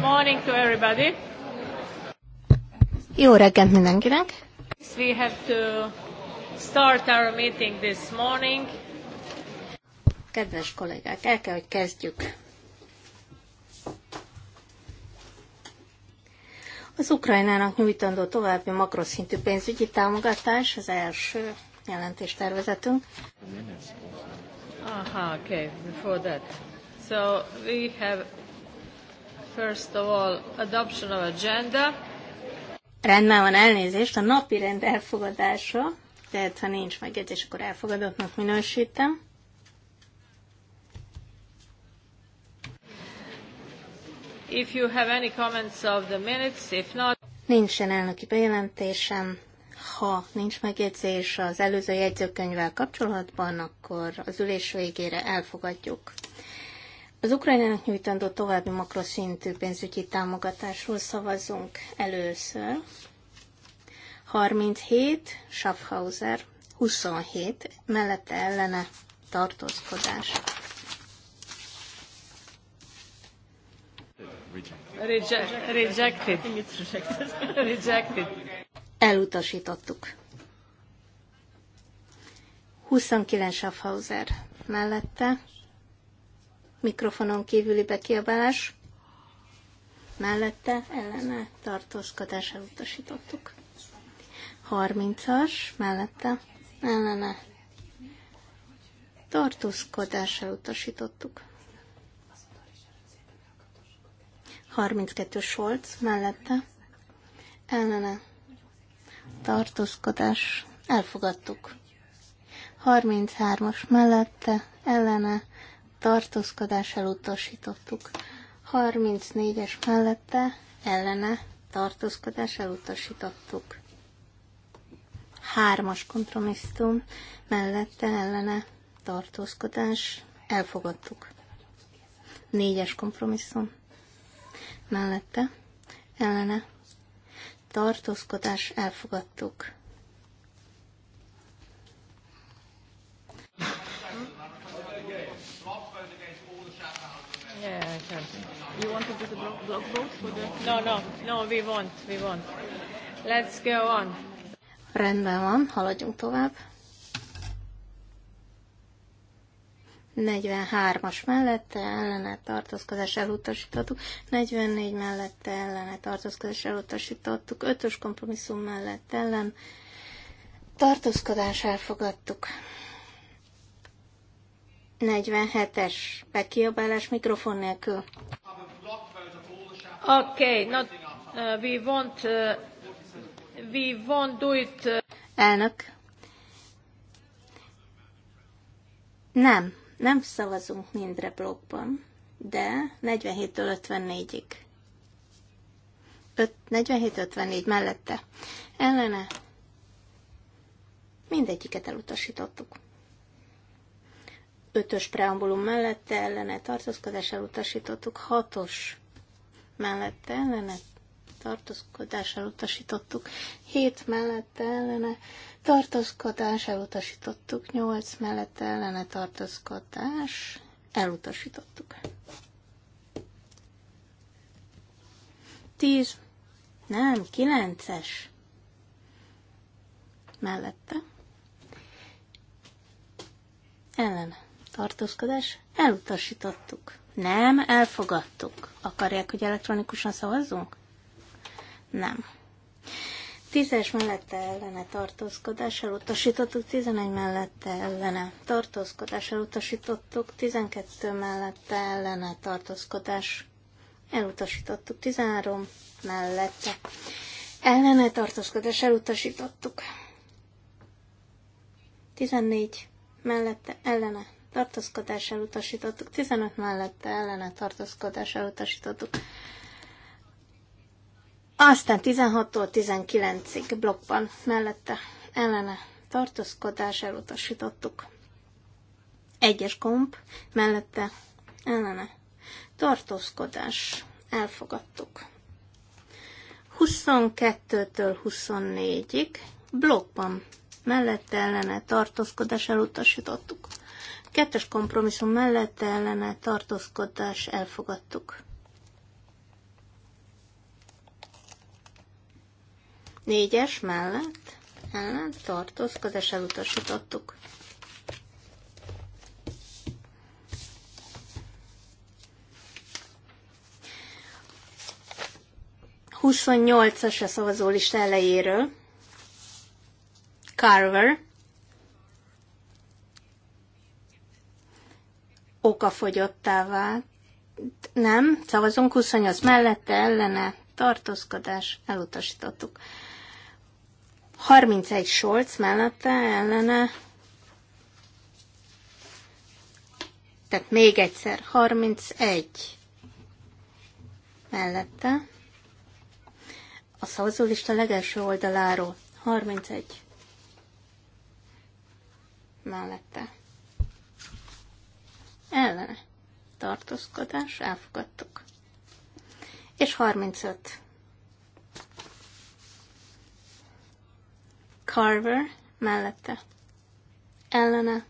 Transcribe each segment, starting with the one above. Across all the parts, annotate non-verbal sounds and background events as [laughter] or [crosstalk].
morning to everybody. Jó reggelt mindenkinek. We have to start our meeting this morning. Kedves kollégák, el kell, hogy kezdjük. Az Ukrajnának nyújtandó további makroszintű pénzügyi támogatás az első jelentéstervezetünk. tervezetünk. Aha, okay, before that. So we have, first of all, adoption of agenda. Rendben van elnézést, a napi rend elfogadása, tehát ha nincs megjegyzés, akkor elfogadottnak minősítem. If you have any comments of the minutes, if not... Nincsen elnöki bejelentésem, ha nincs megjegyzés az előző jegyzőkönyvvel kapcsolatban, akkor az ülés végére elfogadjuk. Az Ukrajnának nyújtandó további makroszintű pénzügyi támogatásról szavazunk először. 37, Schaffhauser, 27, mellette ellene tartózkodás. Rejected. Rejected. Rejected. Elutasítottuk. 29 Schaffhauser mellette. Mikrofonon kívüli bekiabálás. Mellette ellene tartózkodás elutasítottuk. 30-as mellette ellene tartózkodás elutasítottuk. 32 Scholz mellette ellene tartózkodás elfogadtuk. 33-as mellette ellene tartózkodás elutasítottuk. 34-es mellette ellene tartózkodás elutasítottuk. 3-as kompromisszum mellette ellene tartózkodás elfogadtuk. 4-es kompromisszum mellette ellene tartózkodás elfogadtuk. Yeah, I You want to do the block, block for the? No, no, no. We want, we want. Let's go on. Rendben van, haladjunk tovább. 43-as mellette ellene tartózkodás elutasítottuk, 44 mellette ellene tartózkodás elutasítottuk, 5-ös kompromisszum mellett ellen tartózkodás elfogadtuk. 47-es bekiabálás mikrofon nélkül. Okay, not, uh, we won't, uh, we won't do it. Uh... Elnök. Nem, nem szavazunk mindre blogban, de 47-től 54-ig. 47-54 mellette. Ellene mindegyiket elutasítottuk. Ötös preambulum mellette ellene tartózkodás elutasítottuk, hatos mellette ellene tartózkodás elutasítottuk, hét mellette ellene tartózkodás, elutasítottuk, nyolc mellette ellene tartózkodás, elutasítottuk. Tíz, nem, kilences mellette ellene tartózkodás, elutasítottuk. Nem, elfogadtuk. Akarják, hogy elektronikusan szavazzunk? Nem. Tízes mellette ellene tartózkodás elutasítottuk, 11 mellette ellene tartózkodás elutasítottuk, 12 mellette ellene tartózkodás elutasítottuk, 13 mellette ellene tartózkodás elutasítottuk, 14 mellette ellene tartózkodás elutasítottuk, 15 mellette ellene tartózkodás elutasítottuk, aztán 16-tól 19-ig blokkban mellette ellene tartózkodás elutasítottuk. Egyes komp mellette ellene tartózkodás elfogadtuk. 22-től 24-ig blokkban mellette ellene tartózkodás elutasítottuk. Kettes kompromisszum mellette ellene tartózkodás elfogadtuk. Négyes mellett ellen tartózkodás elutasítottuk. Huszonnyolcas a szavazólista elejéről. Carver. Okafogyottá vált. Nem, szavazunk 28 mellette, ellene, tartózkodás, elutasítottuk. 31 Scholz mellette ellene. Tehát még egyszer, 31 mellette. A szavazólista legelső oldaláról, 31 mellette. Ellene. Tartózkodás, elfogadtuk. És 35 Carver mellette. Ellene.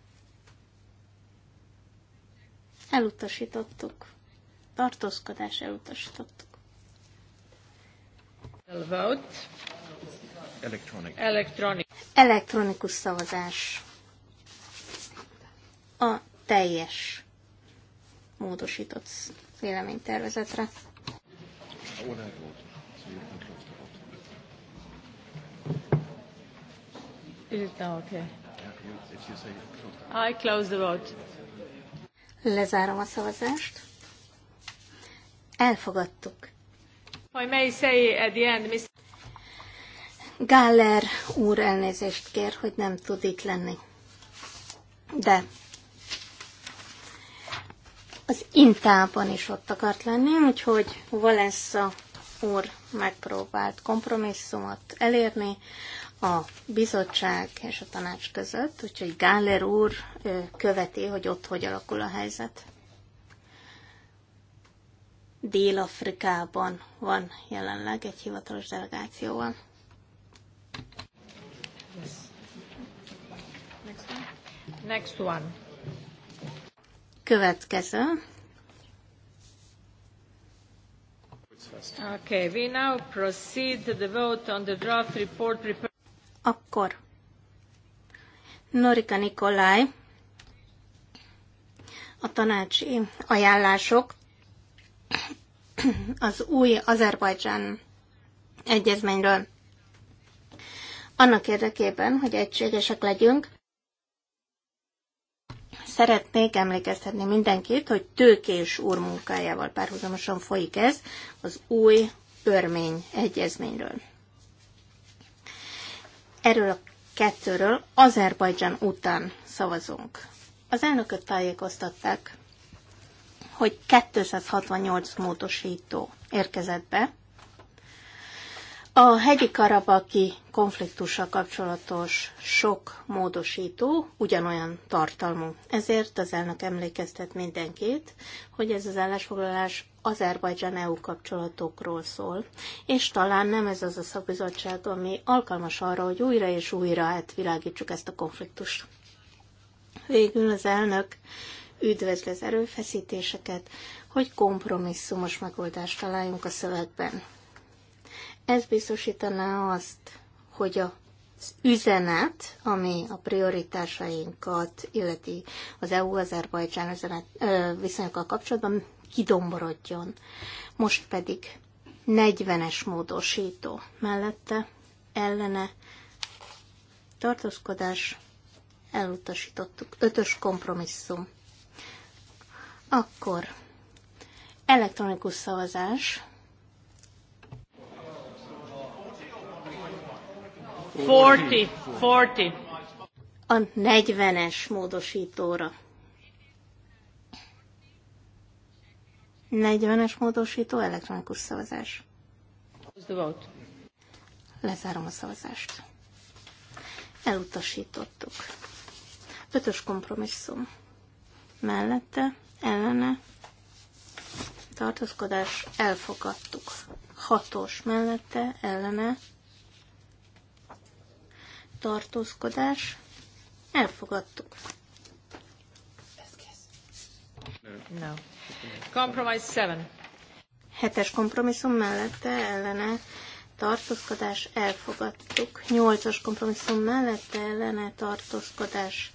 Elutasítottuk. Tartózkodás elutasítottuk. Electronic. Electronic. Elektronikus szavazás. A teljes módosított véleménytervezetre. All Oh, okay? I close the vote. Lezárom a szavazást. Elfogadtuk. I may say at the end, Mr. Galler úr elnézést kér, hogy nem tud itt lenni. De az Intában is ott akart lenni, úgyhogy Valessa úr megpróbált kompromisszumot elérni, a bizottság és a tanács között, úgyhogy Gáler úr követi, hogy ott hogy alakul a helyzet. Dél-Afrikában van jelenleg egy hivatalos delegációval. Next one. Következő. Okay, we now proceed to the vote on the draft report prepared akkor Norika Nikolaj a tanácsi ajánlások az új Azerbajdzsán egyezményről. Annak érdekében, hogy egységesek legyünk, szeretnék emlékeztetni mindenkit, hogy Tőkés úr munkájával párhuzamosan folyik ez az új örmény egyezményről. Erről a kettőről Azerbajdzsán után szavazunk. Az elnököt tájékoztatták, hogy 268 módosító érkezett be. A hegyi karabaki konfliktussal kapcsolatos sok módosító ugyanolyan tartalmú. Ezért az elnök emlékeztet mindenkit, hogy ez az állásfoglalás Azerbajdzsán EU kapcsolatokról szól, és talán nem ez az a szakbizottság, ami alkalmas arra, hogy újra és újra átvilágítsuk ezt a konfliktust. Végül az elnök üdvözli az erőfeszítéseket, hogy kompromisszumos megoldást találjunk a szövegben. Ez biztosítaná azt, hogy a az üzenet, ami a prioritásainkat illeti az EU-Azerbajdzsán viszonyokkal kapcsolatban kidomborodjon. Most pedig 40-es módosító mellette ellene tartózkodás elutasítottuk. Ötös kompromisszum. Akkor elektronikus szavazás. Forty, forty. A 40-es módosítóra. 40-es módosító elektronikus szavazás. Lezárom a szavazást. Elutasítottuk. Ötös kompromisszum. Mellette, ellene, tartózkodás, elfogadtuk. Hatos mellette, ellene, tartózkodás, elfogadtuk. No. Compromise 7. Hetes kompromisszum mellette ellene tartózkodás elfogadtuk. Nyolcas kompromisszum mellette ellene tartózkodás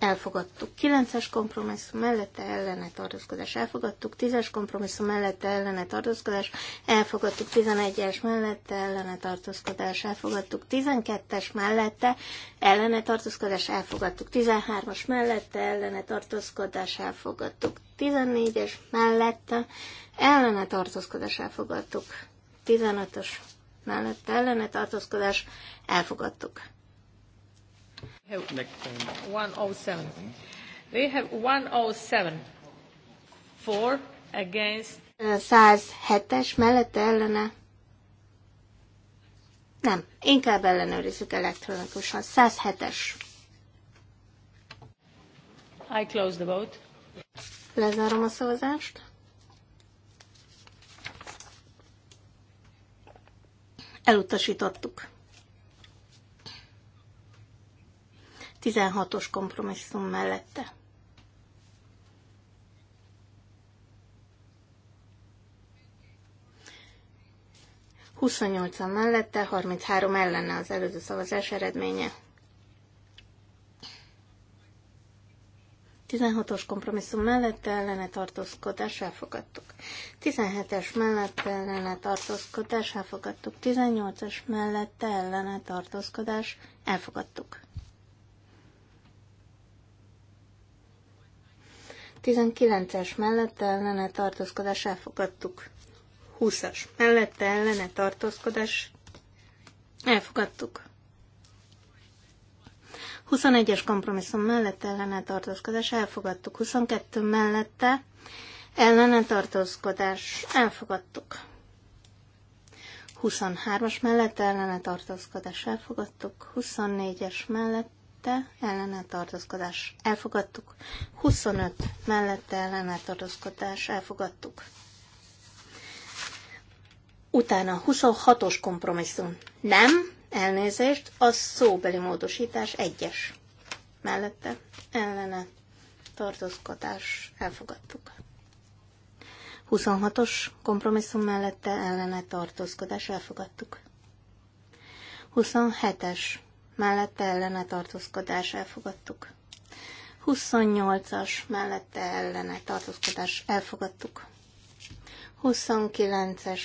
elfogadtuk. 9-es kompromisszum mellette ellene tartózkodás elfogadtuk, 10-es kompromisszum mellette ellene tartózkodás elfogadtuk, 11-es mellette ellene tartózkodás elfogadtuk, 12-es mellette ellene tartózkodás elfogadtuk, 13-as mellette ellene tartózkodás elfogadtuk, 14-es mellette ellene tartózkodás elfogadtuk, 15-ös mellette ellene tartózkodás elfogadtuk. 107. We have 107. For, against. 107-es mellette ellene. Nem, inkább ellenőrizzük elektronikusan. 107-es. I close the vote. Lezárom a szavazást. Elutasítottuk. 16-os kompromisszum mellette. Huszonnyolcan mellette, 33 ellene az előző szavazás eredménye. 16-os kompromisszum mellette ellene tartózkodás elfogadtuk. 17-es mellette ellene tartózkodás elfogadtuk. 18 es mellette ellene tartózkodás elfogadtuk. 19-es mellette ellene tartózkodás elfogadtuk. 20-as mellette ellene tartózkodás elfogadtuk. 21-es kompromisszum mellette ellene tartózkodás elfogadtuk. 22 mellette ellene tartózkodás elfogadtuk. 23-as mellette ellene tartózkodás elfogadtuk. 24-es mellett mellette ellene tartózkodás elfogadtuk. 25 mellette ellene tartózkodás elfogadtuk. Utána 26-os kompromisszum. Nem, elnézést, az szóbeli módosítás egyes. Mellette ellene tartózkodás elfogadtuk. 26-os kompromisszum mellette ellene tartózkodás elfogadtuk. 27-es mellette ellene tartózkodás elfogadtuk. 28-as mellette ellene tartózkodás elfogadtuk. 29-es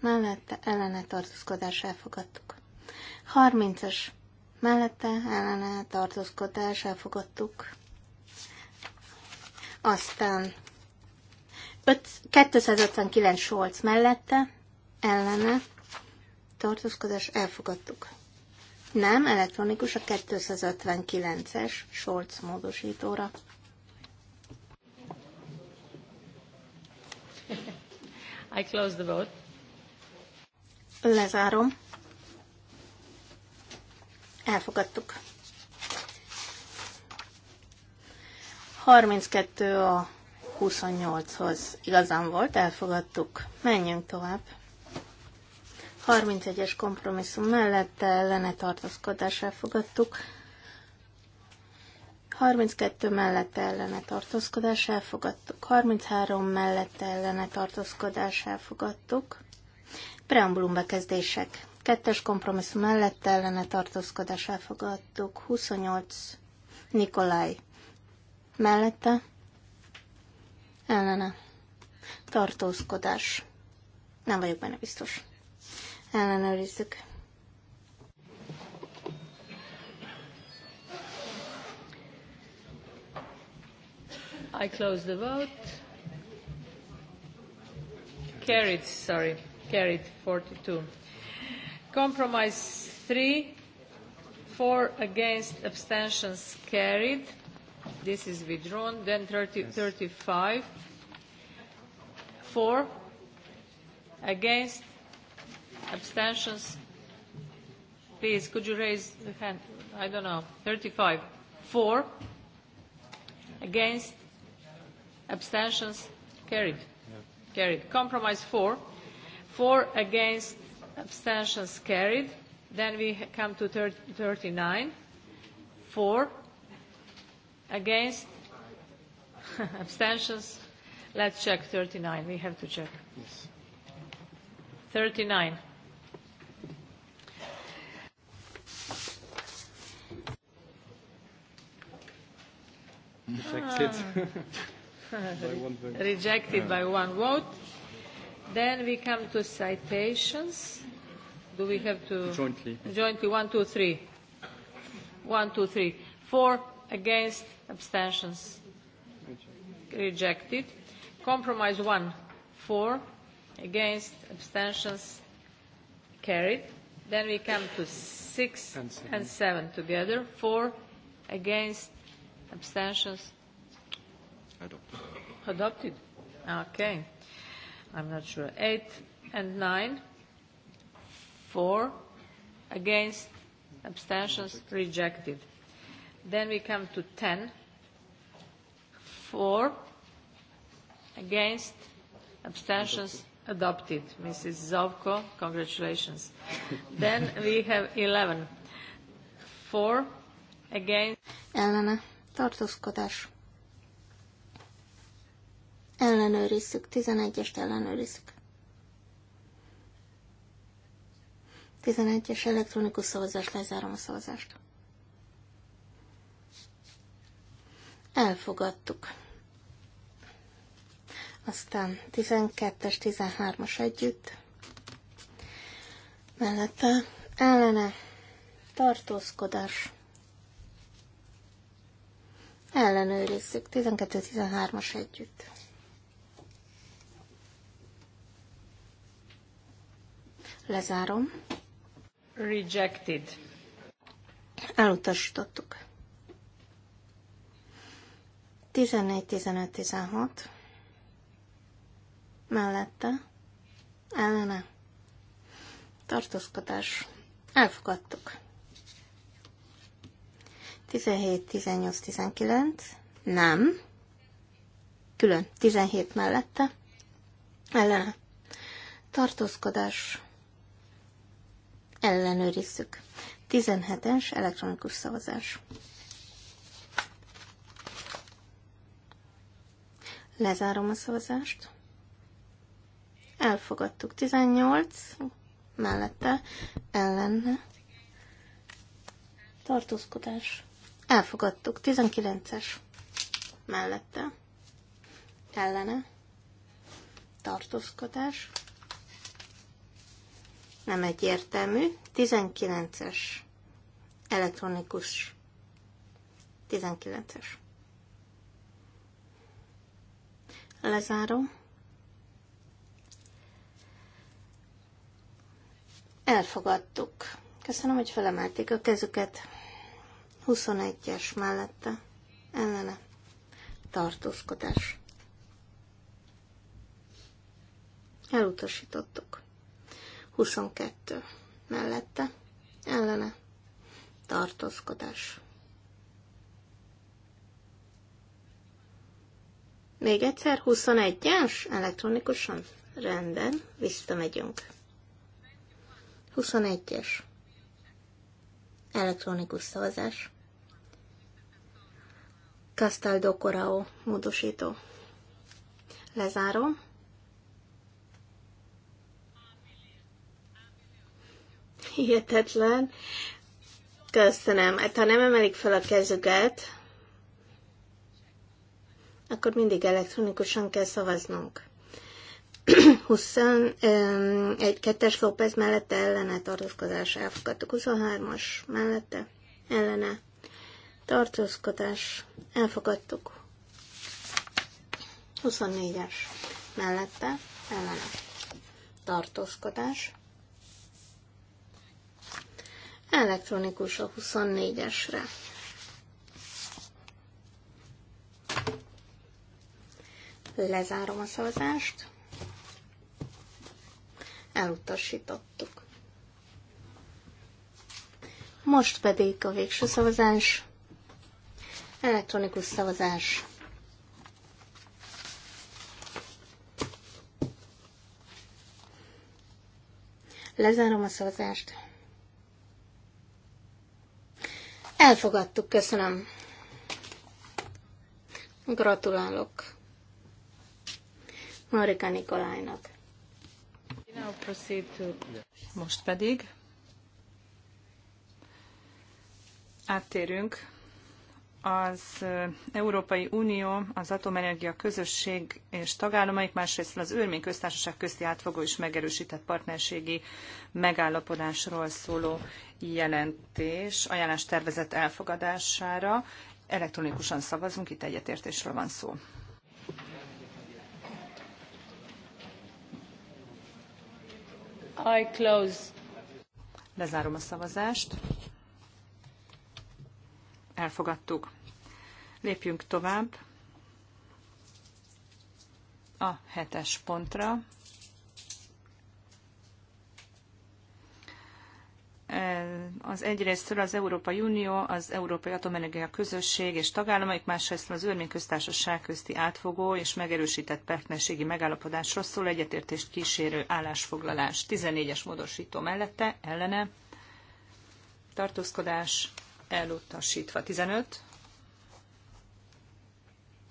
mellette ellene tartózkodás elfogadtuk. 30-as mellette ellene tartózkodás elfogadtuk. Aztán 5, 259 solc mellette ellene tartózkodás elfogadtuk. Nem, elektronikus a 259-es Scholz módosítóra. I close the vote. Lezárom. Elfogadtuk. 32 a 28-hoz igazán volt, elfogadtuk. Menjünk tovább. 31-es kompromisszum mellette ellene tartózkodás elfogadtuk. 32 mellette ellene tartózkodás elfogadtuk. 33 mellette ellene tartózkodás elfogadtuk. Preambulum bekezdések. Kettes kompromisszum mellette ellene tartózkodás elfogadtuk. 28 Nikolaj mellette ellene tartózkodás. Nem vagyok benne biztos ellenőrizzük. I close the vote. Carried, sorry, carried 42. Compromise 3, 4 against abstentions carried. This is withdrawn. Then 30, yes. 35, 4 against abstentions? Please, could you raise the hand? I don't know. 35. four, Against? Abstentions? Carried. Yeah. Carried. Compromise 4. four against, abstentions carried. Then we come to 39. four, against, [laughs] abstentions. Let's check 39. We have to check. Yes. 39. Rejected. by one vote. Rejected by one vote. Then we come to citations. Do we have to? Jointly. Jointly, one, two, three. One, two, three. Four against abstentions. Rejected. Compromise one, four against abstentions carried. Then we come to six and seven, and seven together. Four against Abstentions? Adopted. Adopted? Okay. I'm not sure. Eight and nine. Four. Against? Abstentions? Rejected. Then we come to ten. Four. Against? Abstentions? Adopted. Mrs. Zovko, congratulations. [laughs] then we have eleven. Four. Against? Elena tartózkodás. Ellenőrizzük, 11-est ellenőrizzük. 11-es elektronikus szavazás, lezárom a szavazást. Elfogadtuk. Aztán 12-es, 13-as együtt. Mellette ellene tartózkodás Ellenőrizzük. 12-13-as együtt. Lezárom. Rejected. Elutasítottuk. 14-15-16. Mellette. Ellene. Tartózkodás. Elfogadtuk. 17, 18, 19. Nem. Külön. 17 mellette. Ellene. Tartózkodás. Ellenőrizzük. 17-es elektronikus szavazás. Lezárom a szavazást. Elfogadtuk 18 mellette ellen tartózkodás. Elfogadtuk. 19-es mellette. Ellene. Tartózkodás. Nem egyértelmű. 19-es. Elektronikus. 19-es. Lezárom. Elfogadtuk. Köszönöm, hogy felemelték a kezüket. 21-es mellette ellene tartózkodás. Elutasítottuk. 22 mellette ellene tartózkodás. Még egyszer 21-es elektronikusan? Rendben, visszamegyünk. 21-es. Elektronikus szavazás do Corao módosító. Lezárom. Hihetetlen. Köszönöm. Hát, ha nem emelik fel a kezüket, akkor mindig elektronikusan kell szavaznunk. 21 [clears throat] kettes López mellette ellene tartozkodás elfogadtuk, 23-as mellette ellene tartózkodás, elfogadtuk. 24-es mellette, ellene, tartózkodás. Elektronikus a 24-esre. Lezárom a szavazást. Elutasítottuk. Most pedig a végső szavazás Elektronikus szavazás. Lezárom a szavazást. Elfogadtuk, köszönöm. Gratulálok. Marika Nikolájnak. Most pedig áttérünk az Európai Unió, az Atomenergia Közösség és tagállamaik, másrészt az Örmény Köztársaság közti átfogó és megerősített partnerségi megállapodásról szóló jelentés ajánlás tervezett elfogadására. Elektronikusan szavazunk, itt egyetértésről van szó. I close. Lezárom a szavazást elfogadtuk. Lépjünk tovább a hetes pontra. Az egyrésztről az Európai Unió, az Európai Atomenergia Közösség és tagállamaik, másrészt az Örmény Köztársaság közti átfogó és megerősített partnerségi megállapodásról szól egyetértést kísérő állásfoglalás 14-es módosító mellette, ellene, tartózkodás, elutasítva. 15.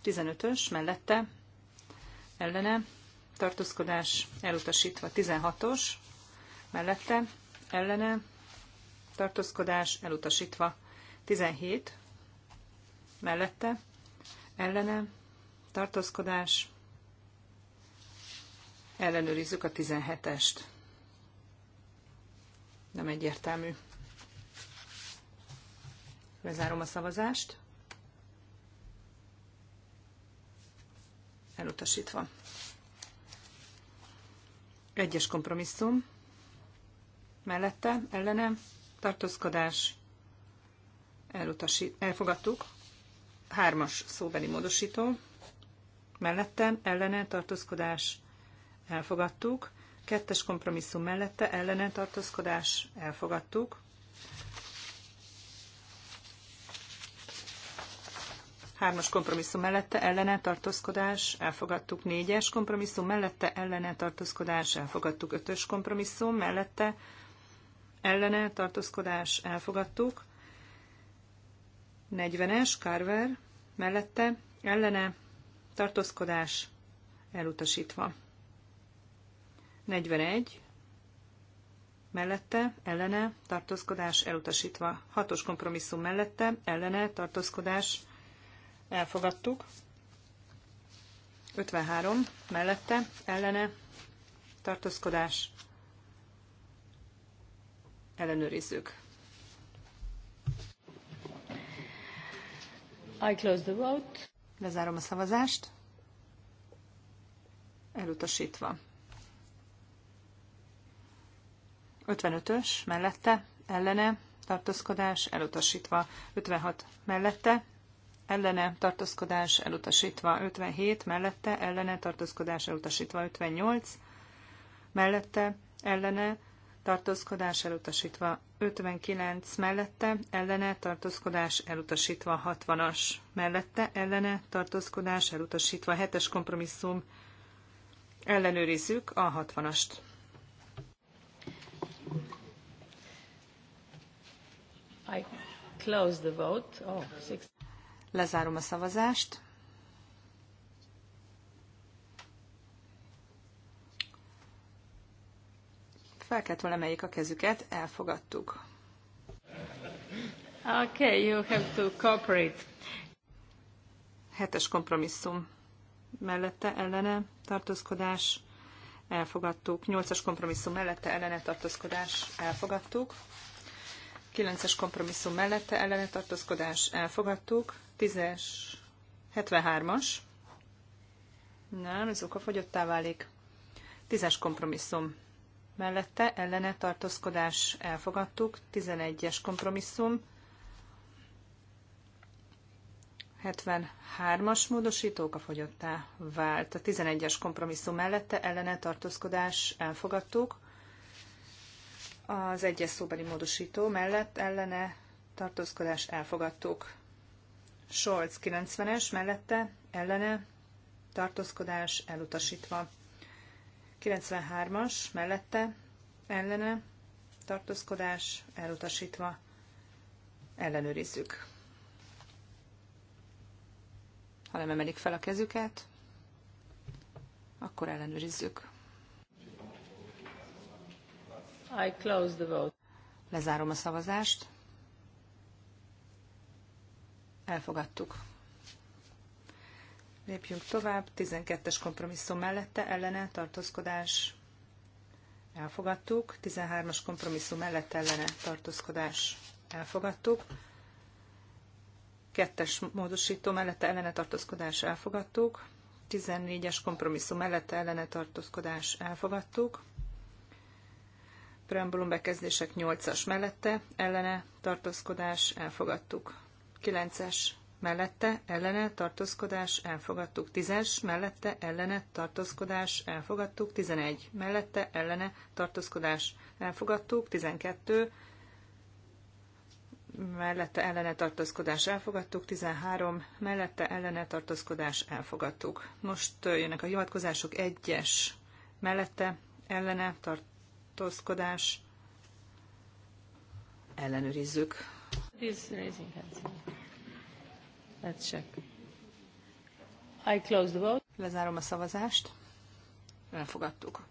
15-ös mellette ellene tartózkodás elutasítva. 16-os mellette ellene tartózkodás elutasítva. 17 mellette ellene tartózkodás ellenőrizzük a 17-est. Nem egyértelmű. Lezárom a szavazást. Elutasítva. Egyes kompromisszum. Mellette, ellene, tartózkodás. Elutasít, elfogadtuk. Hármas szóbeli módosító. Mellette, ellene, tartózkodás. Elfogadtuk. Kettes kompromisszum mellette, ellene, tartózkodás. Elfogadtuk. Hármas kompromisszum mellette ellene tartózkodás, elfogadtuk. Négyes kompromisszum mellette ellene tartózkodás, elfogadtuk. Ötös kompromisszum mellette ellene tartózkodás, elfogadtuk. 40-es Carver mellette ellene tartózkodás elutasítva. 41 mellette, ellene, tartózkodás elutasítva. Hatos kompromisszum mellette, ellene, tartózkodás elfogadtuk. 53 mellette, ellene, tartózkodás, ellenőrizzük. I close the vote. Lezárom a szavazást. Elutasítva. 55-ös mellette, ellene, tartózkodás, elutasítva. 56 mellette, ellene tartózkodás elutasítva 57, mellette ellene tartózkodás elutasítva 58, mellette ellene tartózkodás elutasítva 59, mellette ellene tartózkodás elutasítva 60-as, mellette ellene tartózkodás elutasítva 7-es kompromisszum, ellenőrizzük a 60-ast. I close the vote. Oh, six. Lezárom a szavazást. Fel kellett volna emeljék a kezüket, elfogadtuk. Okay, you have to cooperate. Hetes kompromisszum. Mellette ellene tartózkodás elfogadtuk. Nyolcas kompromisszum mellette ellene tartózkodás elfogadtuk. Kilences kompromisszum mellette ellene tartózkodás elfogadtuk. 10-es, 73-as. Nem, ez okafogyottá válik. 10-es kompromisszum. Mellette ellene tartózkodás elfogadtuk. 11-es kompromisszum. 73-as módosítók a fogyottá vált. A 11-es kompromisszum mellette ellene tartózkodás elfogadtuk. Az egyes szóbeli módosító mellett ellene tartózkodás elfogadtuk. Scholz 90-es mellette ellene tartózkodás elutasítva. 93-as mellette ellene tartózkodás elutasítva. Ellenőrizzük. Ha nem emelik fel a kezüket, akkor ellenőrizzük. I close the vote. Lezárom a szavazást. Elfogadtuk. Lépjünk tovább. 12-es kompromisszum mellette ellene tartózkodás. Elfogadtuk. 13-as kompromisszum mellette ellene tartózkodás. Elfogadtuk. 2-es módosító mellette ellene tartózkodás. Elfogadtuk. 14-es kompromisszum mellette ellene tartózkodás. Elfogadtuk preambulum bekezdések 8-as mellette ellene tartózkodás elfogadtuk. 9-es mellette ellene tartózkodás elfogadtuk. 10-es mellette ellene tartózkodás elfogadtuk. 11 mellette ellene tartózkodás elfogadtuk. 12 mellette ellene tartózkodás elfogadtuk, 13 mellette ellene tartózkodás elfogadtuk. Most jönnek a hivatkozások egyes mellette ellene tartózkodás ellenőrizzük. He's hands. Let's check. I close the vote. Lezárom a szavazást. Elfogadtuk.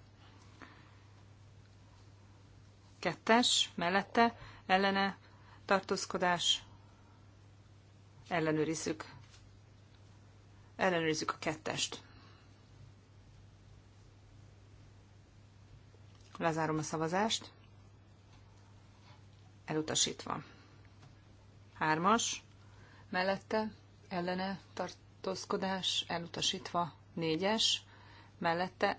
Kettes, mellette, ellene, tartózkodás, ellenőrizzük. Ellenőrizzük a kettest. Lezárom a szavazást. Elutasítva. Hármas. Mellette ellene tartózkodás elutasítva. Négyes. Mellette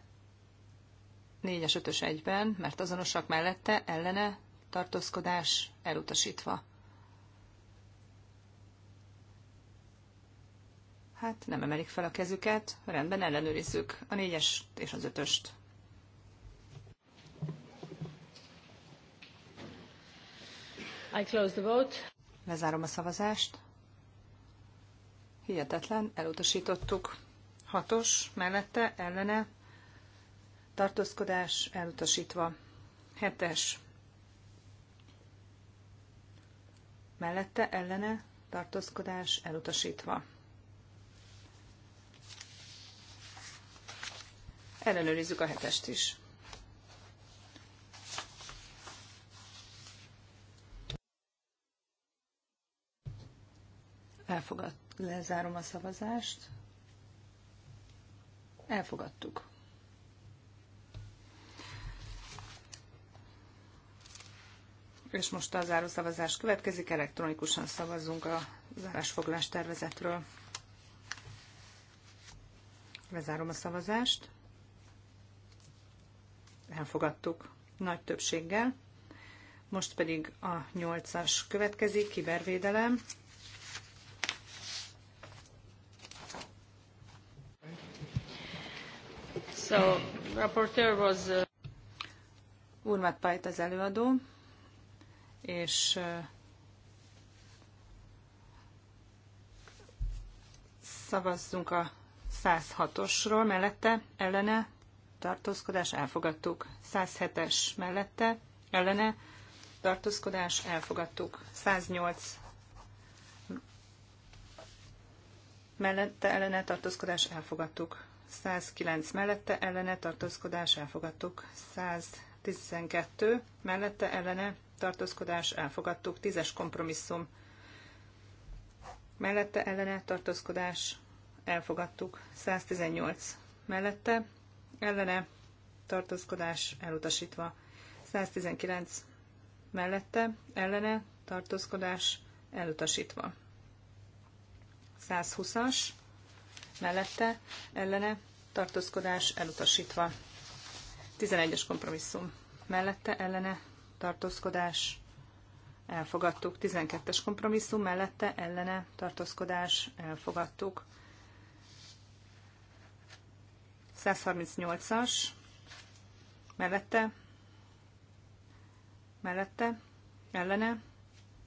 négyes, ötös, egyben, mert azonosak mellette ellene tartózkodás elutasítva. Hát nem emelik fel a kezüket, rendben ellenőrizzük a négyes és az ötöst. I close the vote. Lezárom a szavazást. Hihetetlen, elutasítottuk. Hatos, mellette, ellene, tartózkodás, elutasítva. Hetes, mellette, ellene, tartózkodás, elutasítva. Ellenőrizzük a hetest is. Elfogad, lezárom a szavazást. Elfogadtuk. És most a záró szavazás következik, elektronikusan szavazunk a zárásfoglás tervezetről. Lezárom a szavazást. Elfogadtuk nagy többséggel. Most pedig a nyolcas következik, kibervédelem. So, rapporteur uh, Pajt az előadó, és uh, szavazzunk a 106-osról mellette, ellene, tartózkodás, elfogadtuk. 107-es mellette, ellene, tartózkodás, elfogadtuk. 108 mellette, ellene, tartózkodás, elfogadtuk. 109 mellette ellene tartózkodás elfogadtuk. 112 mellette ellene tartózkodás elfogadtuk. 10-es kompromisszum mellette ellene tartózkodás elfogadtuk. 118 mellette ellene tartózkodás elutasítva. 119 mellette ellene tartózkodás elutasítva. 120-as mellette, ellene, tartózkodás elutasítva. 11-es kompromisszum mellette, ellene, tartózkodás elfogadtuk. 12-es kompromisszum mellette, ellene, tartózkodás elfogadtuk. 138-as mellette, mellette, ellene,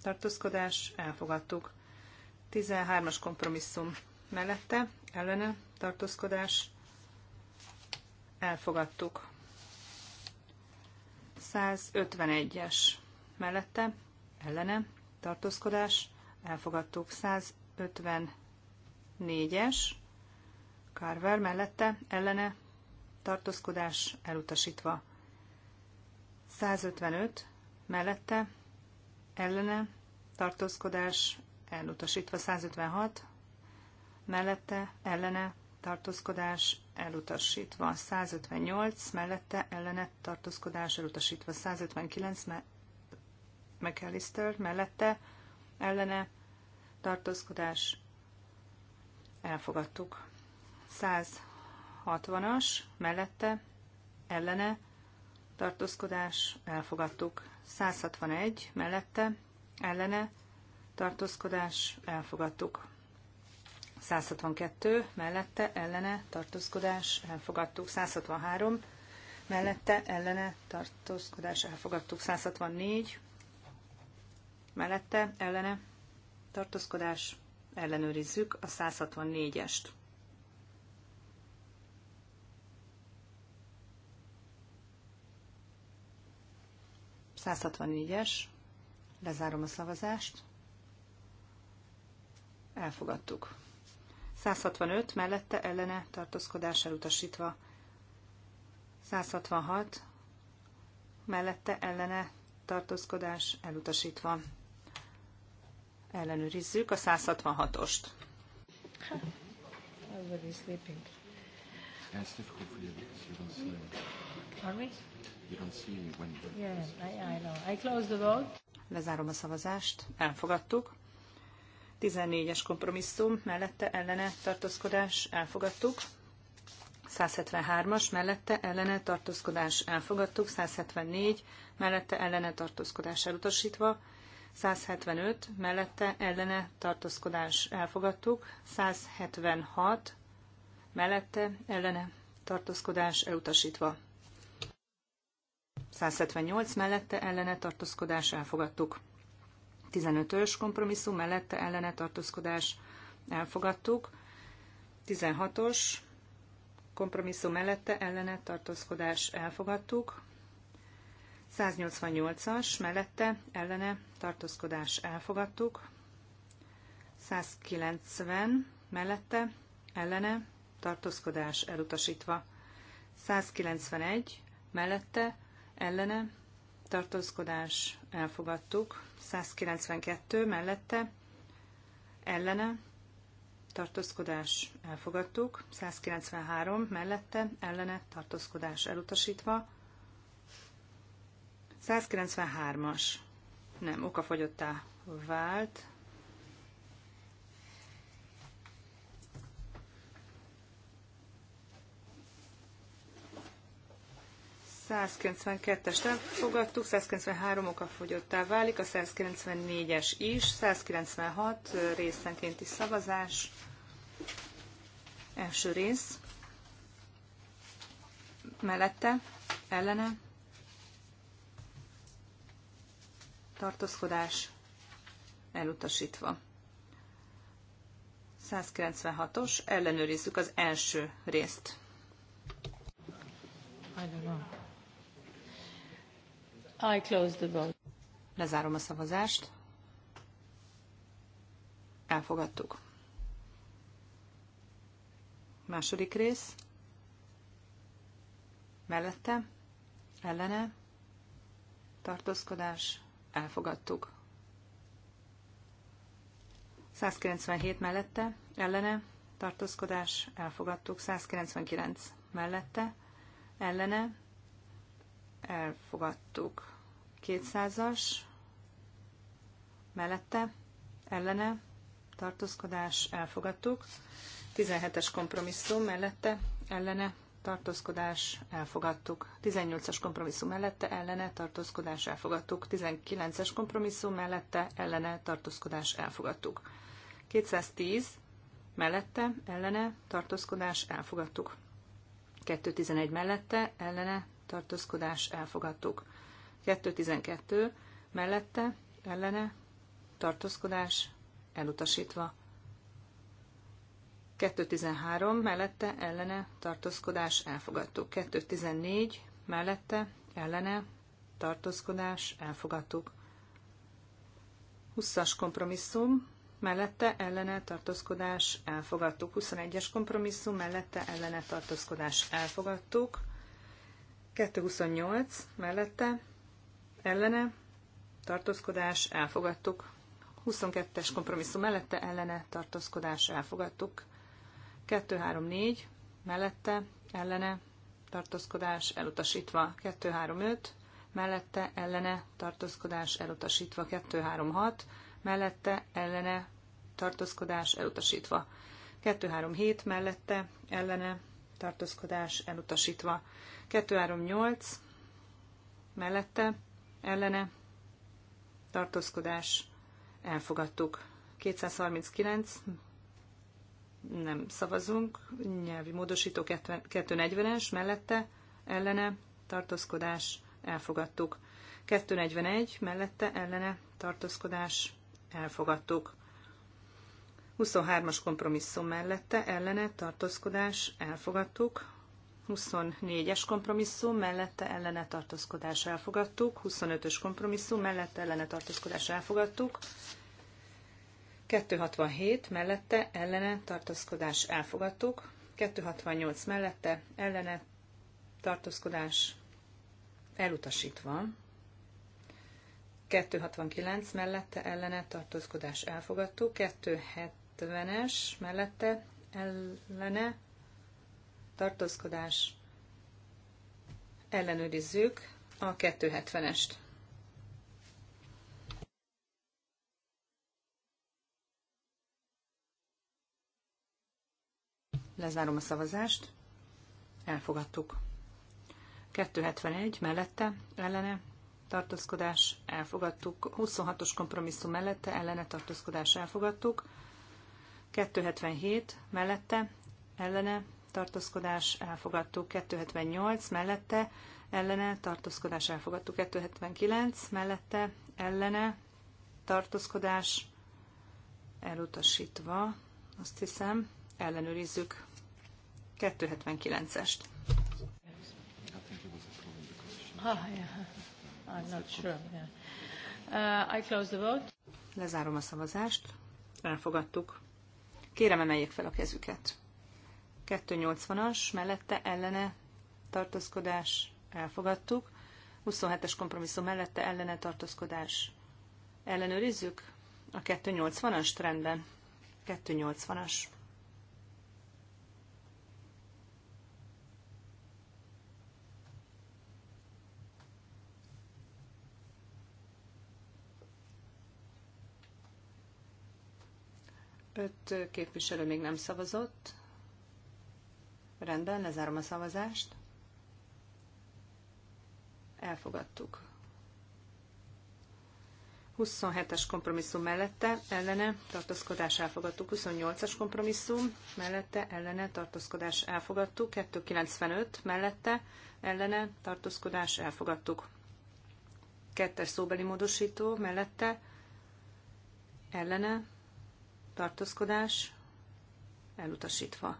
tartózkodás elfogadtuk. 13-as kompromisszum mellette, ellene, tartózkodás, elfogadtuk. 151-es mellette, ellene, tartózkodás, elfogadtuk. 154-es, Carver mellette, ellene, tartózkodás, elutasítva. 155 mellette, ellene, tartózkodás, elutasítva. 156 mellette ellene tartózkodás elutasítva, 158 mellette ellene tartózkodás elutasítva, 159 me- McAllister mellette ellene tartózkodás elfogadtuk. 160-as mellette ellene tartózkodás elfogadtuk. 161 mellette ellene tartózkodás elfogadtuk. 162 mellette ellene tartózkodás elfogadtuk. 163 mellette ellene tartózkodás elfogadtuk. 164 mellette ellene tartózkodás ellenőrizzük a 164-est. es lezárom a szavazást, elfogadtuk. 165 mellette ellene tartózkodás elutasítva. 166 mellette ellene tartózkodás elutasítva. Ellenőrizzük a 166-ost. Lezárom a szavazást. Elfogadtuk. 14-es kompromisszum mellette ellene tartózkodás elfogadtuk. 173-as mellette ellene tartózkodás elfogadtuk, 174 mellette ellene tartózkodás elutasítva, 175 mellette ellene tartózkodás elfogadtuk, 176 mellette ellene tartózkodás elutasítva. 178 mellette ellene tartózkodás elfogadtuk. 15-ös kompromisszum mellette ellene tartózkodás elfogadtuk. 16-os kompromisszum mellette ellene tartózkodás elfogadtuk. 188-as mellette ellene tartózkodás elfogadtuk. 190 mellette ellene tartózkodás elutasítva. 191 mellette ellene tartózkodás elfogadtuk. 192 mellette ellene tartózkodás elfogadtuk, 193 mellette ellene tartózkodás elutasítva, 193-as nem okafogyottá vált, 192 est elfogadtuk, 193 oka fogyottá válik, a 194-es is, 196 részenkénti szavazás, első rész, mellette, ellene, tartózkodás, elutasítva. 196-os, ellenőrizzük az első részt. I don't know. I close the vote. Lezárom a szavazást. Elfogadtuk. Második rész. Mellette, ellene, tartózkodás, elfogadtuk. 197 mellette, ellene, tartózkodás, elfogadtuk. 199 mellette, ellene, elfogadtuk. 200-as mellette, ellene, tartózkodás, elfogadtuk. 17-es kompromisszum mellette, ellene, tartózkodás, elfogadtuk. 18-as kompromisszum mellette, ellene, tartózkodás, elfogadtuk. 19-es kompromisszum mellette, ellene, tartózkodás, elfogadtuk. 210 mellette, ellene, tartózkodás, elfogadtuk. 211 mellette, ellene, tartózkodás elfogadtuk. 2.12 mellette, ellene, tartózkodás elutasítva. 2.13 mellette, ellene, tartózkodás elfogadtuk. 2.14 mellette, ellene, tartózkodás elfogadtuk. 20-as kompromisszum, mellette ellene tartózkodás elfogadtuk. 21-es kompromisszum, mellette ellene tartózkodás elfogadtuk. 228 mellette, ellene, tartózkodás, elfogadtuk. 22-es kompromisszum mellette, ellene, tartózkodás, elfogadtuk. 234 mellette, ellene, tartózkodás, elutasítva. 235 mellette, ellene, tartózkodás, elutasítva. 236 mellette, ellene, tartózkodás, elutasítva. 237 mellette, ellene, tartózkodás elutasítva. 238 mellette, ellene, tartózkodás elfogadtuk. 239 nem szavazunk, nyelvi módosító 240-es mellette, ellene, tartózkodás elfogadtuk. 241 mellette, ellene, tartózkodás elfogadtuk. 23-as kompromisszum mellette ellene tartózkodás elfogadtuk. 24-es kompromisszum mellette ellene tartózkodás elfogadtuk. 25-ös kompromisszum mellette ellene tartózkodás elfogadtuk. 267 mellette ellene tartózkodás elfogadtuk. 268 mellette ellene tartózkodás elutasítva. 269 mellette ellene tartózkodás elfogadtuk, 27 ötvenes es mellette ellene tartózkodás ellenőrizzük a 270-est. Lezárom a szavazást. Elfogadtuk. 271 mellette, ellene, tartózkodás, elfogadtuk. 26-os kompromisszum mellette, ellene, tartózkodás, elfogadtuk. 277 mellette, ellene, tartózkodás elfogadtuk 278, mellette, ellene, tartózkodás elfogadtuk 279, mellette, ellene, tartózkodás elutasítva, azt hiszem, ellenőrizzük 279-est. Ah, yeah. I'm not sure. Yeah. Uh, I close the vote. Lezárom a szavazást. Elfogadtuk. Kérem, emeljék fel a kezüket. 280-as, mellette ellene tartózkodás, elfogadtuk. 27-es kompromisszum mellette ellene tartózkodás. Ellenőrizzük a 280-as trendben. 280-as. Öt képviselő még nem szavazott. Rendben, lezárom a szavazást. Elfogadtuk. 27-es kompromisszum mellette, ellene, tartózkodás elfogadtuk. 28-as kompromisszum mellette, ellene, tartózkodás elfogadtuk. 295 mellette, ellene, tartózkodás elfogadtuk. Kettes szóbeli módosító mellette, ellene, tartózkodás elutasítva.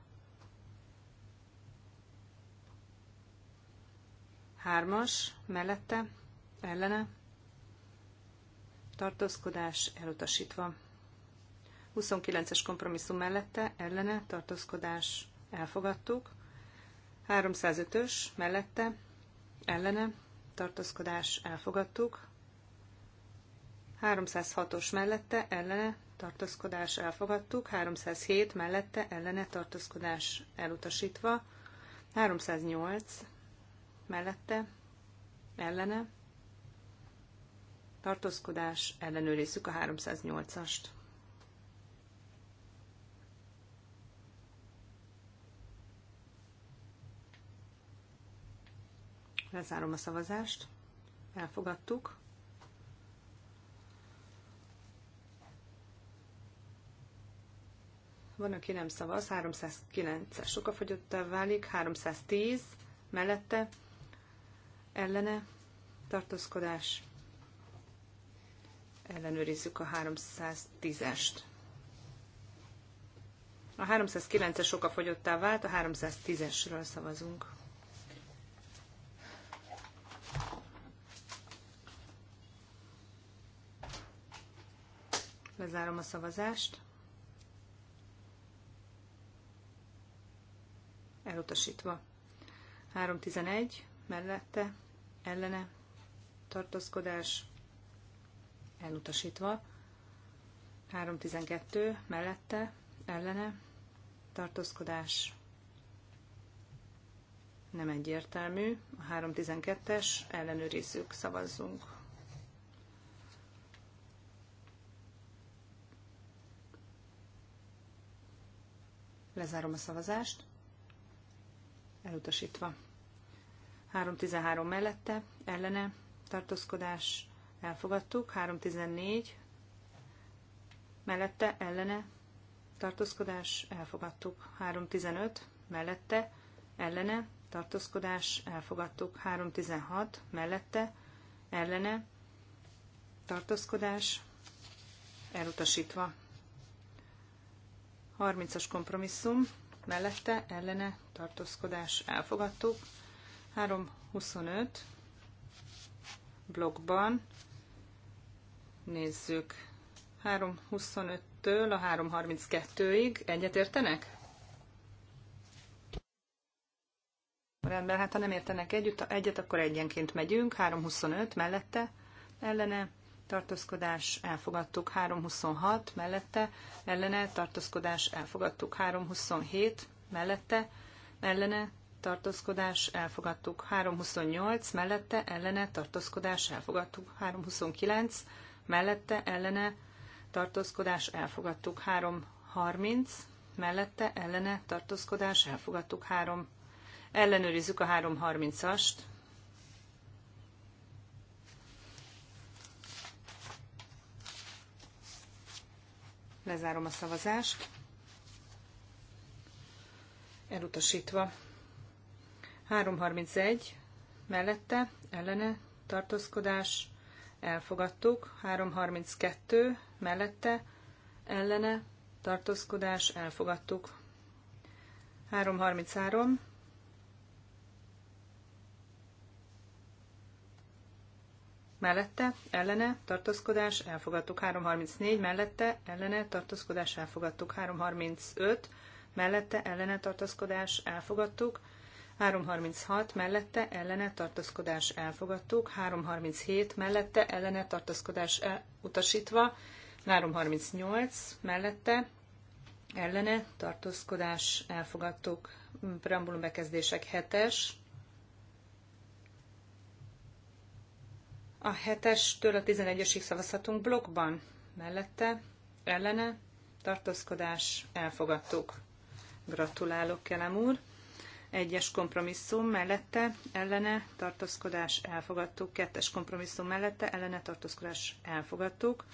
Hármas, mellette, ellene, tartózkodás elutasítva. 29-es kompromisszum mellette, ellene, tartózkodás elfogadtuk. 305-ös mellette, ellene, tartózkodás elfogadtuk. 306-os mellette, ellene, tartózkodás elfogadtuk, 307 mellette ellene tartózkodás elutasítva, 308 mellette ellene tartózkodás, ellenőrizzük a 308-ast. Lezárom a szavazást, elfogadtuk. Van, aki nem szavaz, 309-es sokafogyottá válik, 310 mellette, ellene, tartózkodás, ellenőrizzük a 310-est. A 309-es sokafogyottá vált, a 310-esről szavazunk. Lezárom a szavazást. elutasítva. 311 mellette, ellene, tartózkodás, elutasítva. 312 mellette, ellene, tartózkodás, nem egyértelmű. A 312-es ellenőrizzük, szavazzunk. Lezárom a szavazást elutasítva. 313 mellette, ellene, tartózkodás, elfogadtuk. 314 mellette, ellene, tartózkodás, elfogadtuk. 315 mellette, ellene, tartózkodás, elfogadtuk. 316 mellette, ellene, tartózkodás, elutasítva. 30-as kompromisszum mellette ellene tartózkodás elfogadtuk. 3.25 blokkban nézzük 3.25-től a 3.32-ig. Egyetértenek? Rendben, hát ha nem értenek együtt, egyet, akkor egyenként megyünk. 3.25 mellette ellene tartózkodás elfogadtuk 326 mellette, ellene tartózkodás elfogadtuk 327 mellette, ellene tartózkodás elfogadtuk 328 mellette, ellene tartózkodás elfogadtuk 329 mellette, ellene tartózkodás elfogadtuk 330 mellette, ellene tartózkodás elfogadtuk 3 ellenőrizzük a 330-ast, Lezárom a szavazást. Elutasítva. 331 mellette, ellene, tartózkodás, elfogadtuk. 332 mellette, ellene, tartózkodás, elfogadtuk. 333 mellette, ellene, tartózkodás, elfogadtuk 334, mellette, ellene, tartózkodás, elfogadtuk 335, mellette, ellene, tartózkodás, elfogadtuk 336, mellette, ellene, tartózkodás, elfogadtuk 337, mellette, ellene, tartózkodás, utasítva 338, mellette, ellene, tartózkodás, elfogadtuk preambulum bekezdések 7-es, A 7-estől a 11-esig szavazhatunk blokkban. Mellette, ellene, tartózkodás, elfogadtuk. Gratulálok, Kelem úr! Egyes kompromisszum mellette, ellene, tartózkodás, elfogadtuk. Kettes kompromisszum mellette, ellene, tartózkodás, elfogadtuk.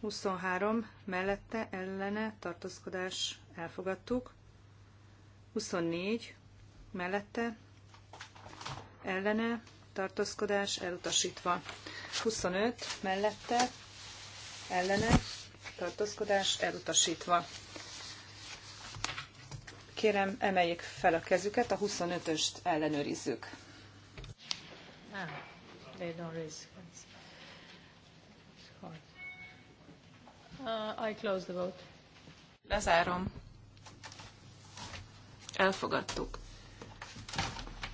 23 mellette, ellene, tartózkodás, elfogadtuk. 24 mellette, ellene, tartózkodás elutasítva. 25 mellette, ellene, tartózkodás elutasítva. Kérem, emeljék fel a kezüket, a 25-öst ellenőrizzük. Ah, uh, I close the vote. Lezárom. Elfogadtuk.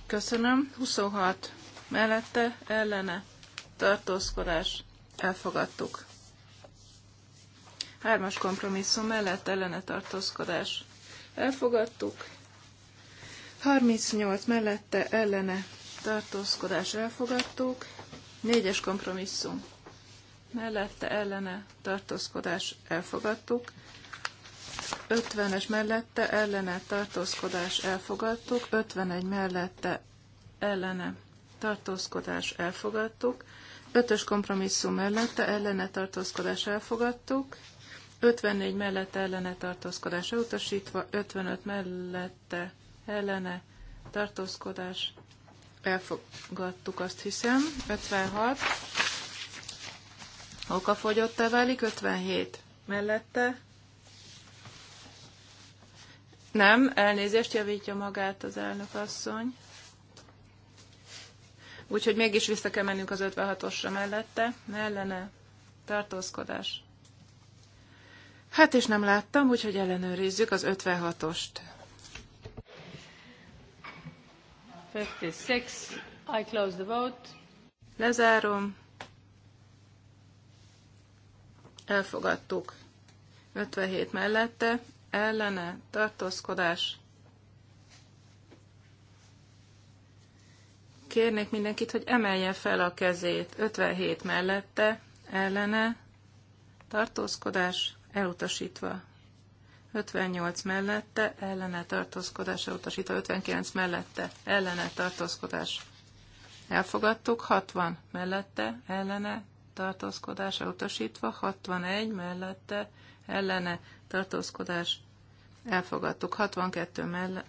Köszönöm. 26. Mellette, ellene, tartózkodás, elfogadtuk. Hármas kompromisszum mellett ellene tartózkodás, elfogadtuk. 38 mellette ellene tartózkodás, elfogadtuk. Négyes kompromisszum mellette ellene tartózkodás, elfogadtuk. 50-es mellette ellene tartózkodás elfogadtuk, 51 mellette ellene tartózkodás elfogadtuk, 5-ös kompromisszum mellette ellene tartózkodás elfogadtuk, 54 mellette ellene tartózkodás elutasítva, 55 mellette ellene tartózkodás elfogadtuk, azt hiszem, 56 okafogyottá válik, 57 mellette nem, elnézést javítja magát az elnök asszony. Úgyhogy mégis vissza kell mennünk az 56-osra mellette, ellene, tartózkodás. Hát és nem láttam, úgyhogy ellenőrizzük az 56-ost. 56, I close the vote. Lezárom. Elfogadtuk. 57 mellette, ellene tartózkodás. Kérnék mindenkit, hogy emelje fel a kezét. 57 mellette ellene tartózkodás elutasítva. 58 mellette ellene tartózkodás elutasítva. 59 mellette ellene tartózkodás. Elfogadtuk. 60 mellette ellene tartózkodás elutasítva. 61 mellette ellene tartózkodás, elfogadtuk. 62 mellett,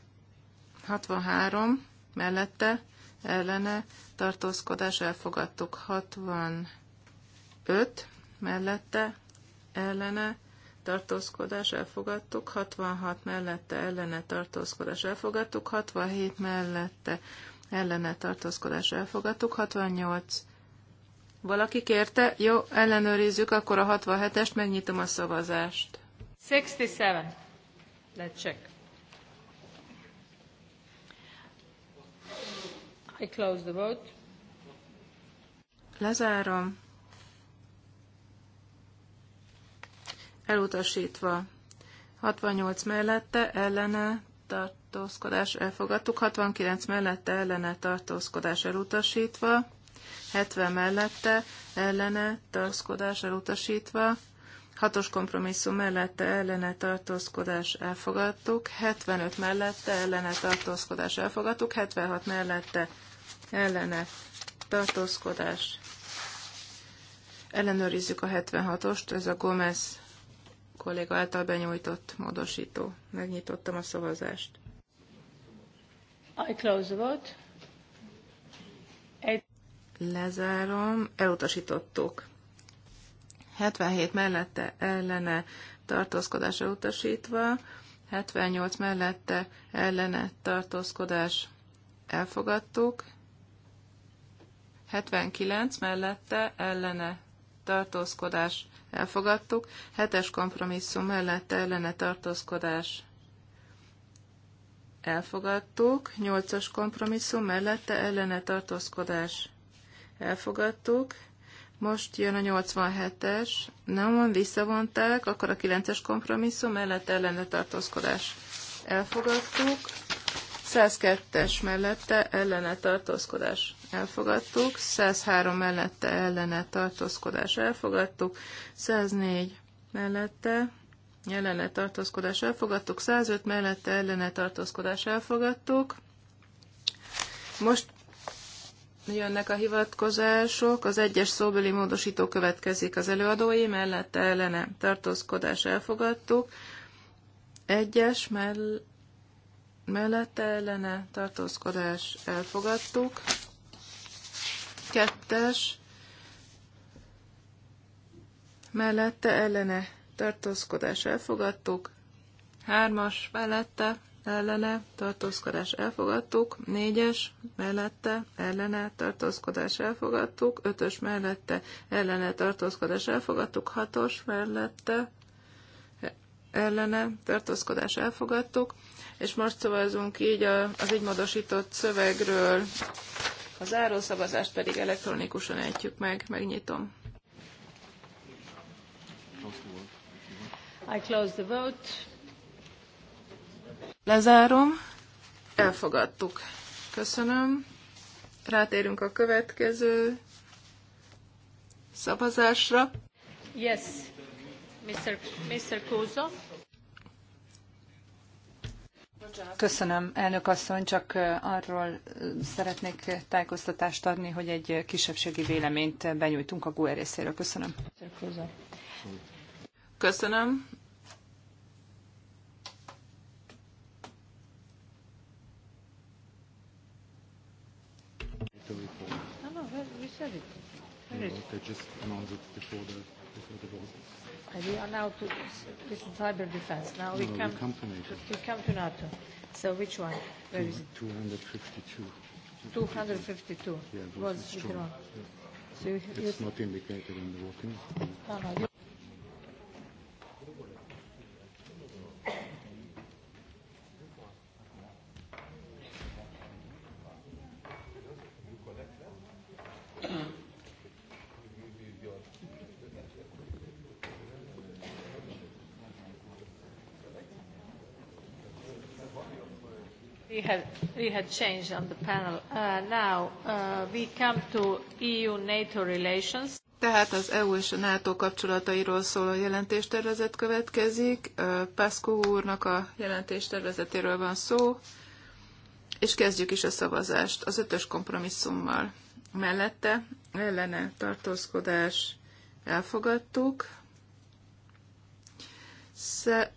63 mellette, ellene, tartózkodás, elfogadtuk. 65 mellette, ellene, tartózkodás, elfogadtuk. 66 mellette, ellene, tartózkodás, elfogadtuk. 67 mellette, ellene, tartózkodás, elfogadtuk. 68 valaki kérte? Jó, ellenőrizzük, akkor a 67-est, megnyitom a szavazást. 67. Let's check. I close the vote. Lezárom. Elutasítva. 68 mellette, ellene, tartózkodás elfogadtuk. 69 mellette, ellene, tartózkodás elutasítva. 70 mellette, ellene, tartózkodás elutasítva. Hatos kompromisszum mellette ellene tartózkodás elfogadtuk, 75 mellette ellene tartózkodás elfogadtuk, 76 mellette ellene tartózkodás. Ellenőrizzük a 76-ost, ez a Gomez kolléga által benyújtott módosító. Megnyitottam a szavazást. I close the vote. Lezárom, elutasítottuk. 77 mellette ellene tartózkodásra utasítva, 78 mellette ellene tartózkodás elfogadtuk, 79 mellette ellene tartózkodás elfogadtuk, 7-es kompromisszum mellette ellene tartózkodás elfogadtuk, 8-as kompromisszum mellette ellene tartózkodás elfogadtuk, most jön a 87-es, nem visszavonták, akkor a 9-es kompromisszum mellett ellene tartózkodás elfogadtuk. 102-es mellette ellene tartózkodás elfogadtuk, 103 mellette ellene tartózkodás elfogadtuk, 104 mellette ellene tartózkodás elfogadtuk, 105 mellette ellene tartózkodás elfogadtuk. Most jönnek a hivatkozások. Az egyes szóbeli módosító következik az előadói, mellette ellene tartózkodás elfogadtuk. Egyes mell- mellette ellene tartózkodás elfogadtuk. Kettes mellette ellene tartózkodás elfogadtuk. Hármas mellette ellene tartózkodás elfogadtuk, négyes mellette ellene tartózkodás elfogadtuk, ötös mellette ellene tartózkodás elfogadtuk, hatos mellette ellene tartózkodás elfogadtuk, és most szavazunk így az így módosított szövegről, a zárószavazást pedig elektronikusan ejtjük meg, megnyitom. I close the vote. Lezárom. Elfogadtuk. Köszönöm. Rátérünk a következő szavazásra. Yes, Mr. Mr. Kuzo. Köszönöm, elnök asszony, csak arról szeretnék tájékoztatást adni, hogy egy kisebbségi véleményt benyújtunk a GUE részéről. Köszönöm. Köszönöm. just announce it before the, before the vote. And we are now to this is cyber defense. Now we, no, we come to NATO. To, we come to NATO. So which one? Where is it? 252. 252. Yeah, was withdrawn. Yeah. So you, it's you, not indicated in the voting. No, no, we had changed on the panel. Uh, now uh, we come to EU-NATO relations. Tehát az EU és a NATO kapcsolatairól szóló jelentéstervezet következik. Uh, Pászkó úrnak a jelentéstervezetéről van szó, és kezdjük is a szavazást az ötös kompromisszummal. Mellette ellene tartózkodás elfogadtuk. Sze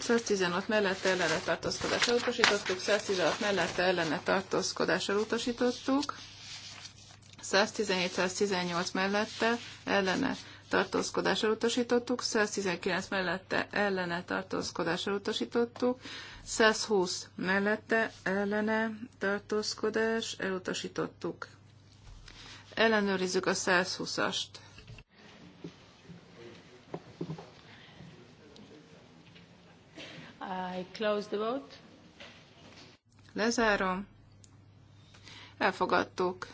116 mellette ellene tartózkodás elutasítottuk, 116 mellette ellene tartózkodás elutasítottuk, 117-118 mellette ellene tartózkodás elutasítottuk, 119 mellette ellene tartózkodás elutasítottuk, 120 mellette ellene tartózkodás elutasítottuk. Ellenőrizzük a 120-ast. I close the vote. Lezárom. Elfogadtuk.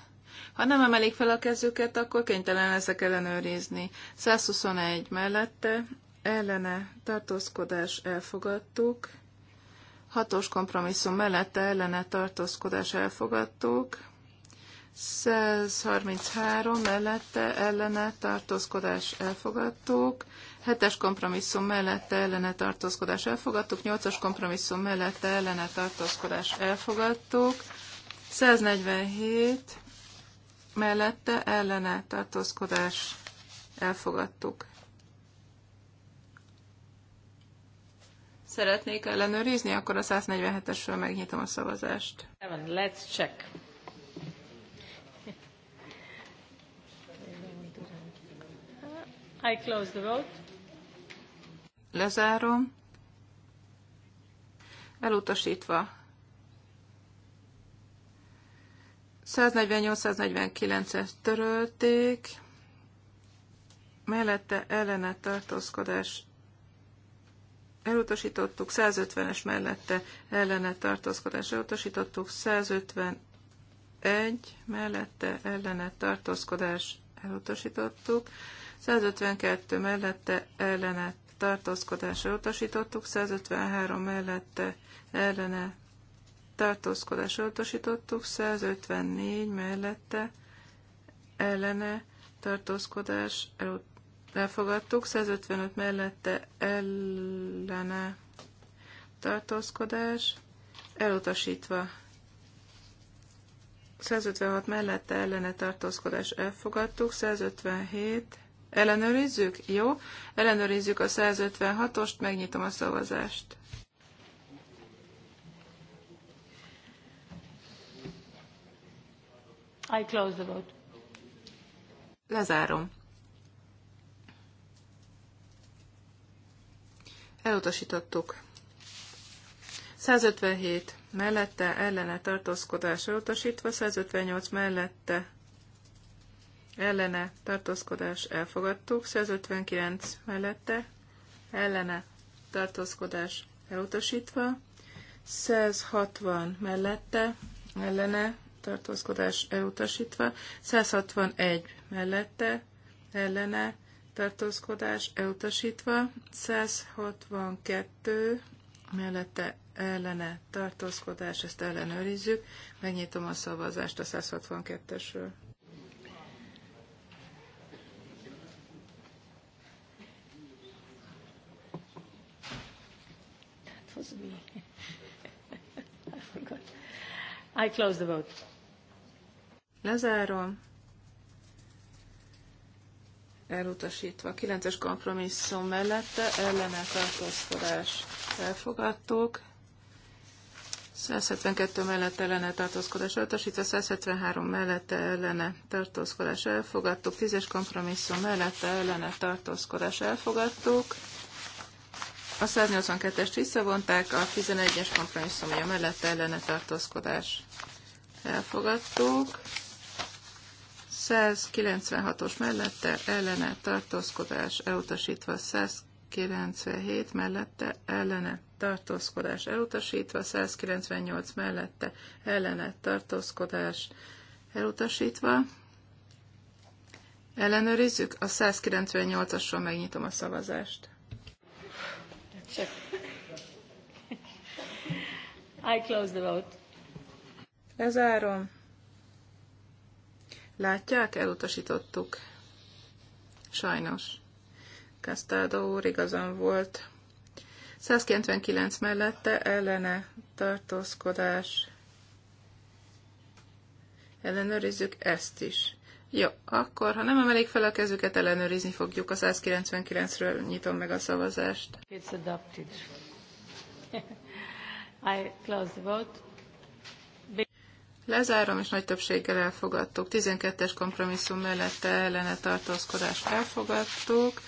Ha nem emelik fel a kezüket, akkor kénytelen leszek ellenőrizni. 121 mellette, ellene, tartózkodás, elfogadtuk. Hatos kompromisszum mellette, ellene, tartózkodás, elfogadtuk. 133 mellette, ellene, tartózkodás, elfogadtuk. 7-es kompromisszum mellette ellene tartózkodás elfogadtuk, 8-as kompromisszum mellette ellene tartózkodás elfogadtuk, 147 mellette ellene tartózkodás elfogadtuk. Szeretnék ellenőrizni, akkor a 147-esről megnyitom a szavazást. Let's check. I close the vote. Lezárom. Elutasítva. 148 149 et törölték. Mellette ellene tartózkodás elutasítottuk, 150-es mellette ellene tartózkodás elutasítottuk, 151 mellette ellene tartózkodás elutasítottuk, 152 mellette ellene tartózkodásra utasítottuk, 153 mellette ellene tartózkodásra utasítottuk, 154 mellette ellene tartózkodás elfogadtuk, 155 mellette ellene tartózkodás elutasítva. 156 mellette ellene tartózkodás elfogadtuk, 157 Ellenőrizzük? Jó. Ellenőrizzük a 156-ost, megnyitom a szavazást. I close the vote. Lezárom. Elutasítottuk. 157 mellette ellene tartózkodás elutasítva, 158 mellette ellene tartózkodás elfogadtuk, 159 mellette ellene tartózkodás elutasítva, 160 mellette ellene tartózkodás elutasítva, 161 mellette ellene tartózkodás elutasítva, 162 mellette ellene tartózkodás, ezt ellenőrizzük. Megnyitom a szavazást a 162-esről. was [laughs] me. I forgot. I close the vote. Lezárom. Elutasítva. 9-es kompromisszum mellette ellene tartózkodás elfogadtuk. 172 mellett ellene tartózkodás elutasítva, 173 mellette ellene tartózkodás elfogadtuk, 10-es kompromisszum mellette ellene tartózkodás elfogadtuk. A 182-est visszavonták, a 11-es kompromisszumja mellett ellene tartózkodás elfogadtuk. 196-os mellette ellene tartózkodás elutasítva, 197 mellette ellene tartózkodás elutasítva, 198 mellette ellene tartózkodás elutasítva. Ellenőrizzük, a 198-asról megnyitom a szavazást. I close the vote. Lezárom. Látják, elutasítottuk. Sajnos. Castado úr igazán volt. 199 mellette ellene tartózkodás. Ellenőrizzük ezt is. Jó, akkor ha nem emelik fel a kezüket, ellenőrizni fogjuk. A 199-ről nyitom meg a szavazást. It's adopted. [laughs] I close the vote. Lezárom, és nagy többséggel elfogadtuk. 12-es kompromisszum mellette ellene tartózkodás elfogadtuk,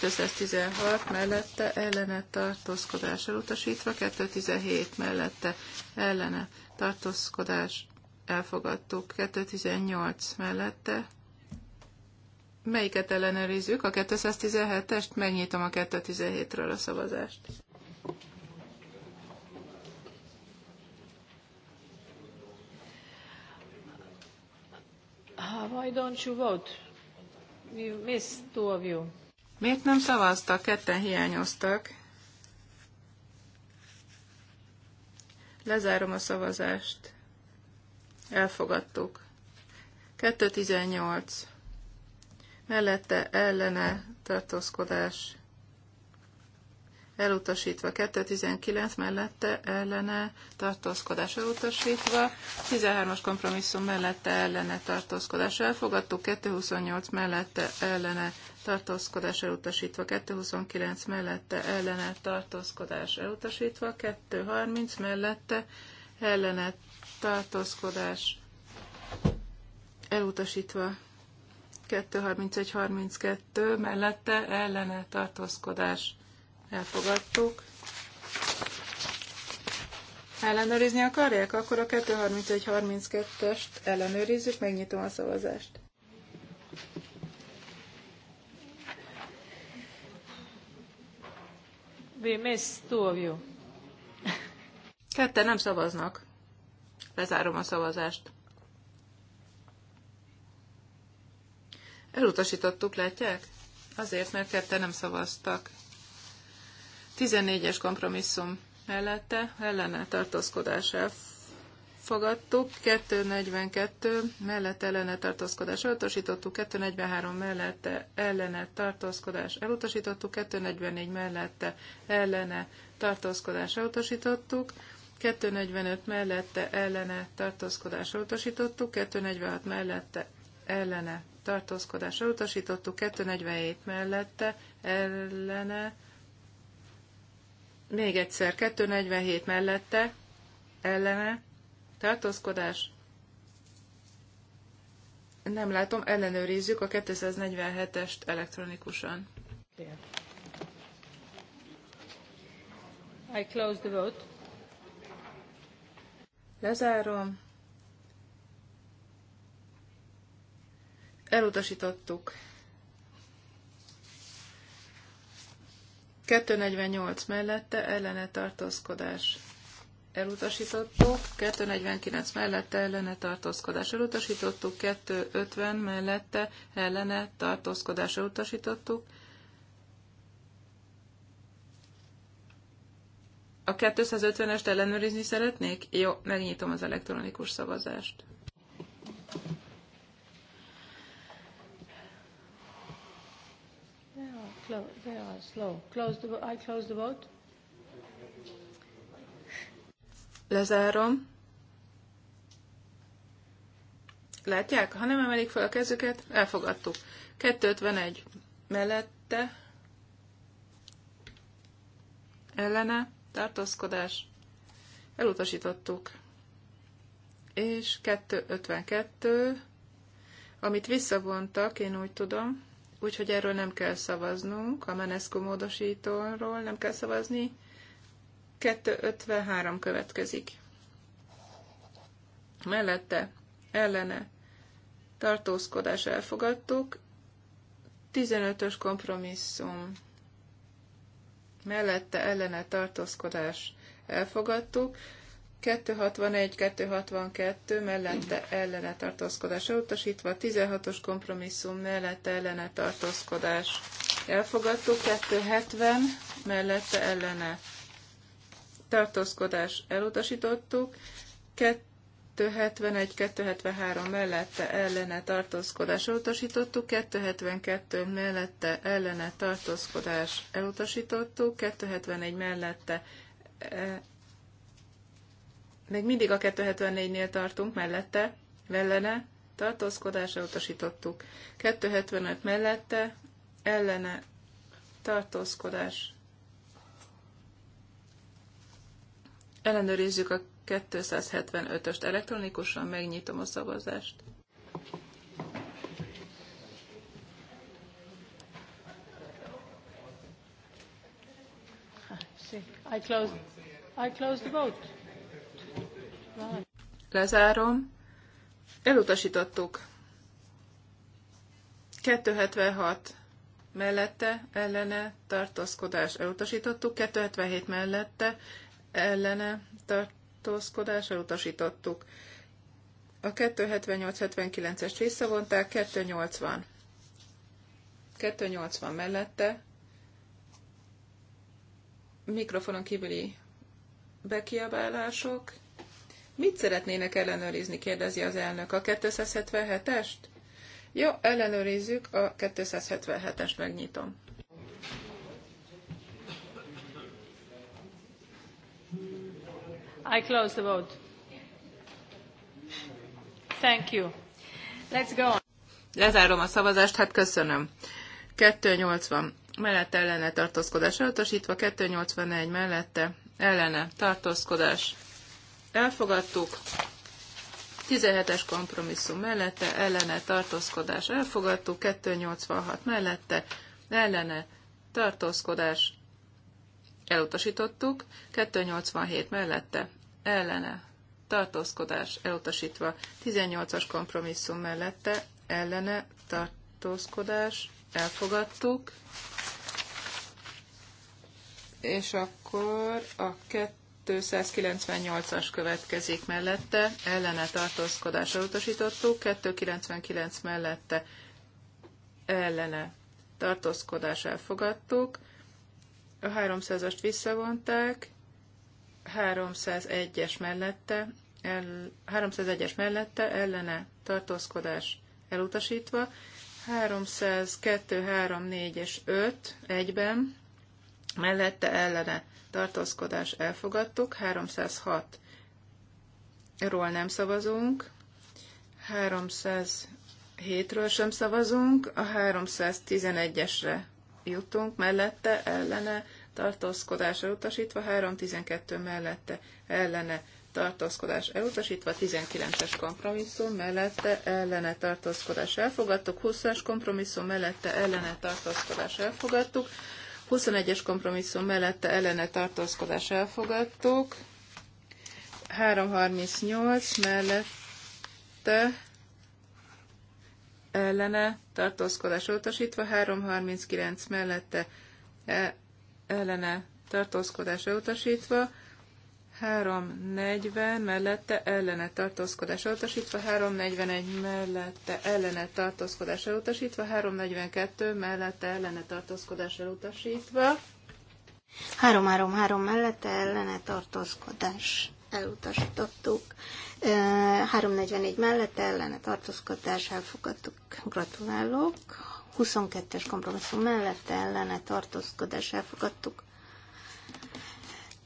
216 mellette ellene tartózkodás elutasítva, 217 mellette ellene tartózkodás elfogadtuk. 218 mellette. Melyiket ellenőrizzük? A 217-est? Megnyitom a 217-ről a szavazást. Ah, why don't you vote? We missed two of you. Miért nem szavaztak? Ketten hiányoztak. Lezárom a szavazást. Elfogadtuk. 218. Mellette ellene tartózkodás elutasítva. 219 mellette ellene tartózkodás elutasítva. 13-as kompromisszum mellette ellene tartózkodás elfogadtuk. 228 mellette ellene tartózkodás elutasítva, 229 mellette ellene tartózkodás elutasítva, 230 mellette ellene tartózkodás elutasítva 231-32 mellette ellene tartózkodás elfogadtuk. Ellenőrizni akarják? Akkor a 231-32-est ellenőrizzük, megnyitom a szavazást. We missed two of you. Ketten nem szavaznak. Lezárom a szavazást. Elutasítottuk, látják? Azért, mert ketten nem szavaztak. 14-es kompromisszum mellette ellene tartózkodás elfogadtuk, 242 mellette ellene tartózkodás elutasítottuk, 243 mellette ellene tartózkodás elutasítottuk, 244 mellette ellene tartózkodás elutasítottuk, 245 mellette ellene tartózkodásra utasítottuk, 246 mellette ellene tartózkodásra utasítottuk, 247 mellette ellene, még egyszer 247 mellette ellene tartózkodás. Nem látom, ellenőrizzük a 247-est elektronikusan. I close the vote. Lezárom. Elutasítottuk. 248 mellette ellene tartózkodás elutasítottuk, 249 mellette ellene tartózkodás elutasítottuk, 250 mellette ellene tartózkodás elutasítottuk, A 250-est ellenőrizni szeretnék? Jó, megnyitom az elektronikus szavazást. They are slow. Close the, I close the vote. Lezárom. Látják? Ha nem emelik fel a kezüket, elfogadtuk. 251 mellette, ellene, tartózkodás, elutasítottuk. És 252, amit visszavontak, én úgy tudom, úgyhogy erről nem kell szavaznunk, a Menescu módosítóról nem kell szavazni. 253 következik. Mellette, ellene, tartózkodás elfogadtuk, 15-ös kompromisszum mellette ellene tartózkodás elfogadtuk, 261-262 mellette ellene tartózkodás elutasítva, 16-os kompromisszum mellette ellene tartózkodás elfogadtuk, 270 mellette ellene tartózkodás elutasítottuk, 2 271, 273 mellette ellene tartózkodás elutasítottuk, 272 mellette ellene tartózkodás elutasítottuk, 271 mellette e, még mindig a 274-nél tartunk mellette, ellene tartózkodás elutasítottuk, 275 mellette ellene tartózkodás ellenőrizzük a 275-öst elektronikusan megnyitom a szavazást. I close, I close the vote. Lezárom. Elutasítottuk. 276 mellette, ellene, tartózkodás elutasítottuk, 277 mellette, ellene, tart, tartózkodás, elutasítottuk. A 278-79-est visszavonták, 280. 280 mellette mikrofonon kívüli bekiabálások. Mit szeretnének ellenőrizni, kérdezi az elnök. A 277-est? Jó, ellenőrizzük, a 277-est megnyitom. I close the vote. Thank you. Let's go on. Lezárom a szavazást, hát köszönöm. 280 mellette ellene tartózkodás elutasítva, 281 mellette ellene tartózkodás elfogadtuk, 17-es kompromisszum mellette ellene tartózkodás elfogadtuk, 286 mellette ellene tartózkodás elutasítottuk, 287 mellette, ellene, tartózkodás elutasítva, 18-as kompromisszum mellette, ellene, tartózkodás, elfogadtuk, és akkor a 298-as következik mellette, ellene tartózkodás elutasítottuk, 299 mellette, ellene tartózkodás elfogadtuk, a 300-ast visszavonták, 301-es mellette, el, 301-es mellette ellene tartózkodás elutasítva, 302, 3, 4 és 5 egyben, mellette ellene tartózkodás elfogadtuk, 306 ról nem szavazunk, 307-ről sem szavazunk, a 311-esre jutunk, mellette, ellene, tartózkodás elutasítva, 3.12 mellette, ellene, tartózkodás elutasítva, 19-es kompromisszum mellette ellene tartózkodás elfogadtuk, 20-as kompromisszum mellette ellene tartózkodás elfogadtuk, 21-es kompromisszum mellette ellene tartózkodás elfogadtuk, 338 mellette ellene tartózkodás elutasítva, 339 e, mellette ellene tartózkodás elutasítva, 340 mellette ellene tartózkodás elutasítva, 341 mellette ellene tartózkodás elutasítva, 342 mellette ellene tartózkodás elutasítva. 333 mellette ellene tartózkodás elutasítottuk. 344 mellette ellene tartózkodás elfogadtuk. Gratulálok. 22-es kompromisszum mellette ellene tartózkodás elfogadtuk.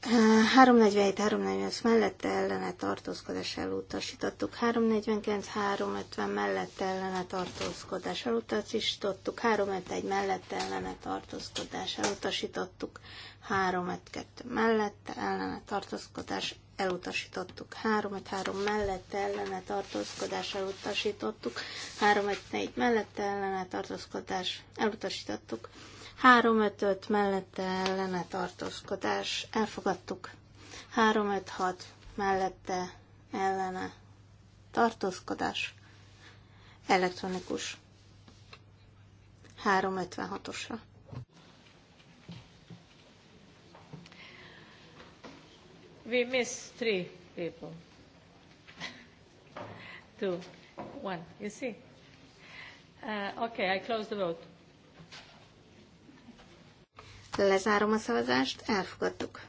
347-348 mellett ellene tartózkodás elutasítottuk, 349-350 mellett ellene tartózkodás elutasítottuk, 351 mellett ellene tartózkodás elutasítottuk, 352 mellett ellene tartózkodás elutasítottuk, 353 mellett ellene tartózkodás elutasítottuk, 354 mellett ellene tartózkodás elutasítottuk, 3-5-5 mellette ellene tartózkodás elfogadtuk. 3-5-6 mellette ellene tartózkodás elektronikus. 356-osra. We miss three people. [laughs] Two, one. You see? Uh, okay, I close the vote. Lezárom a szavazást, elfogadtuk.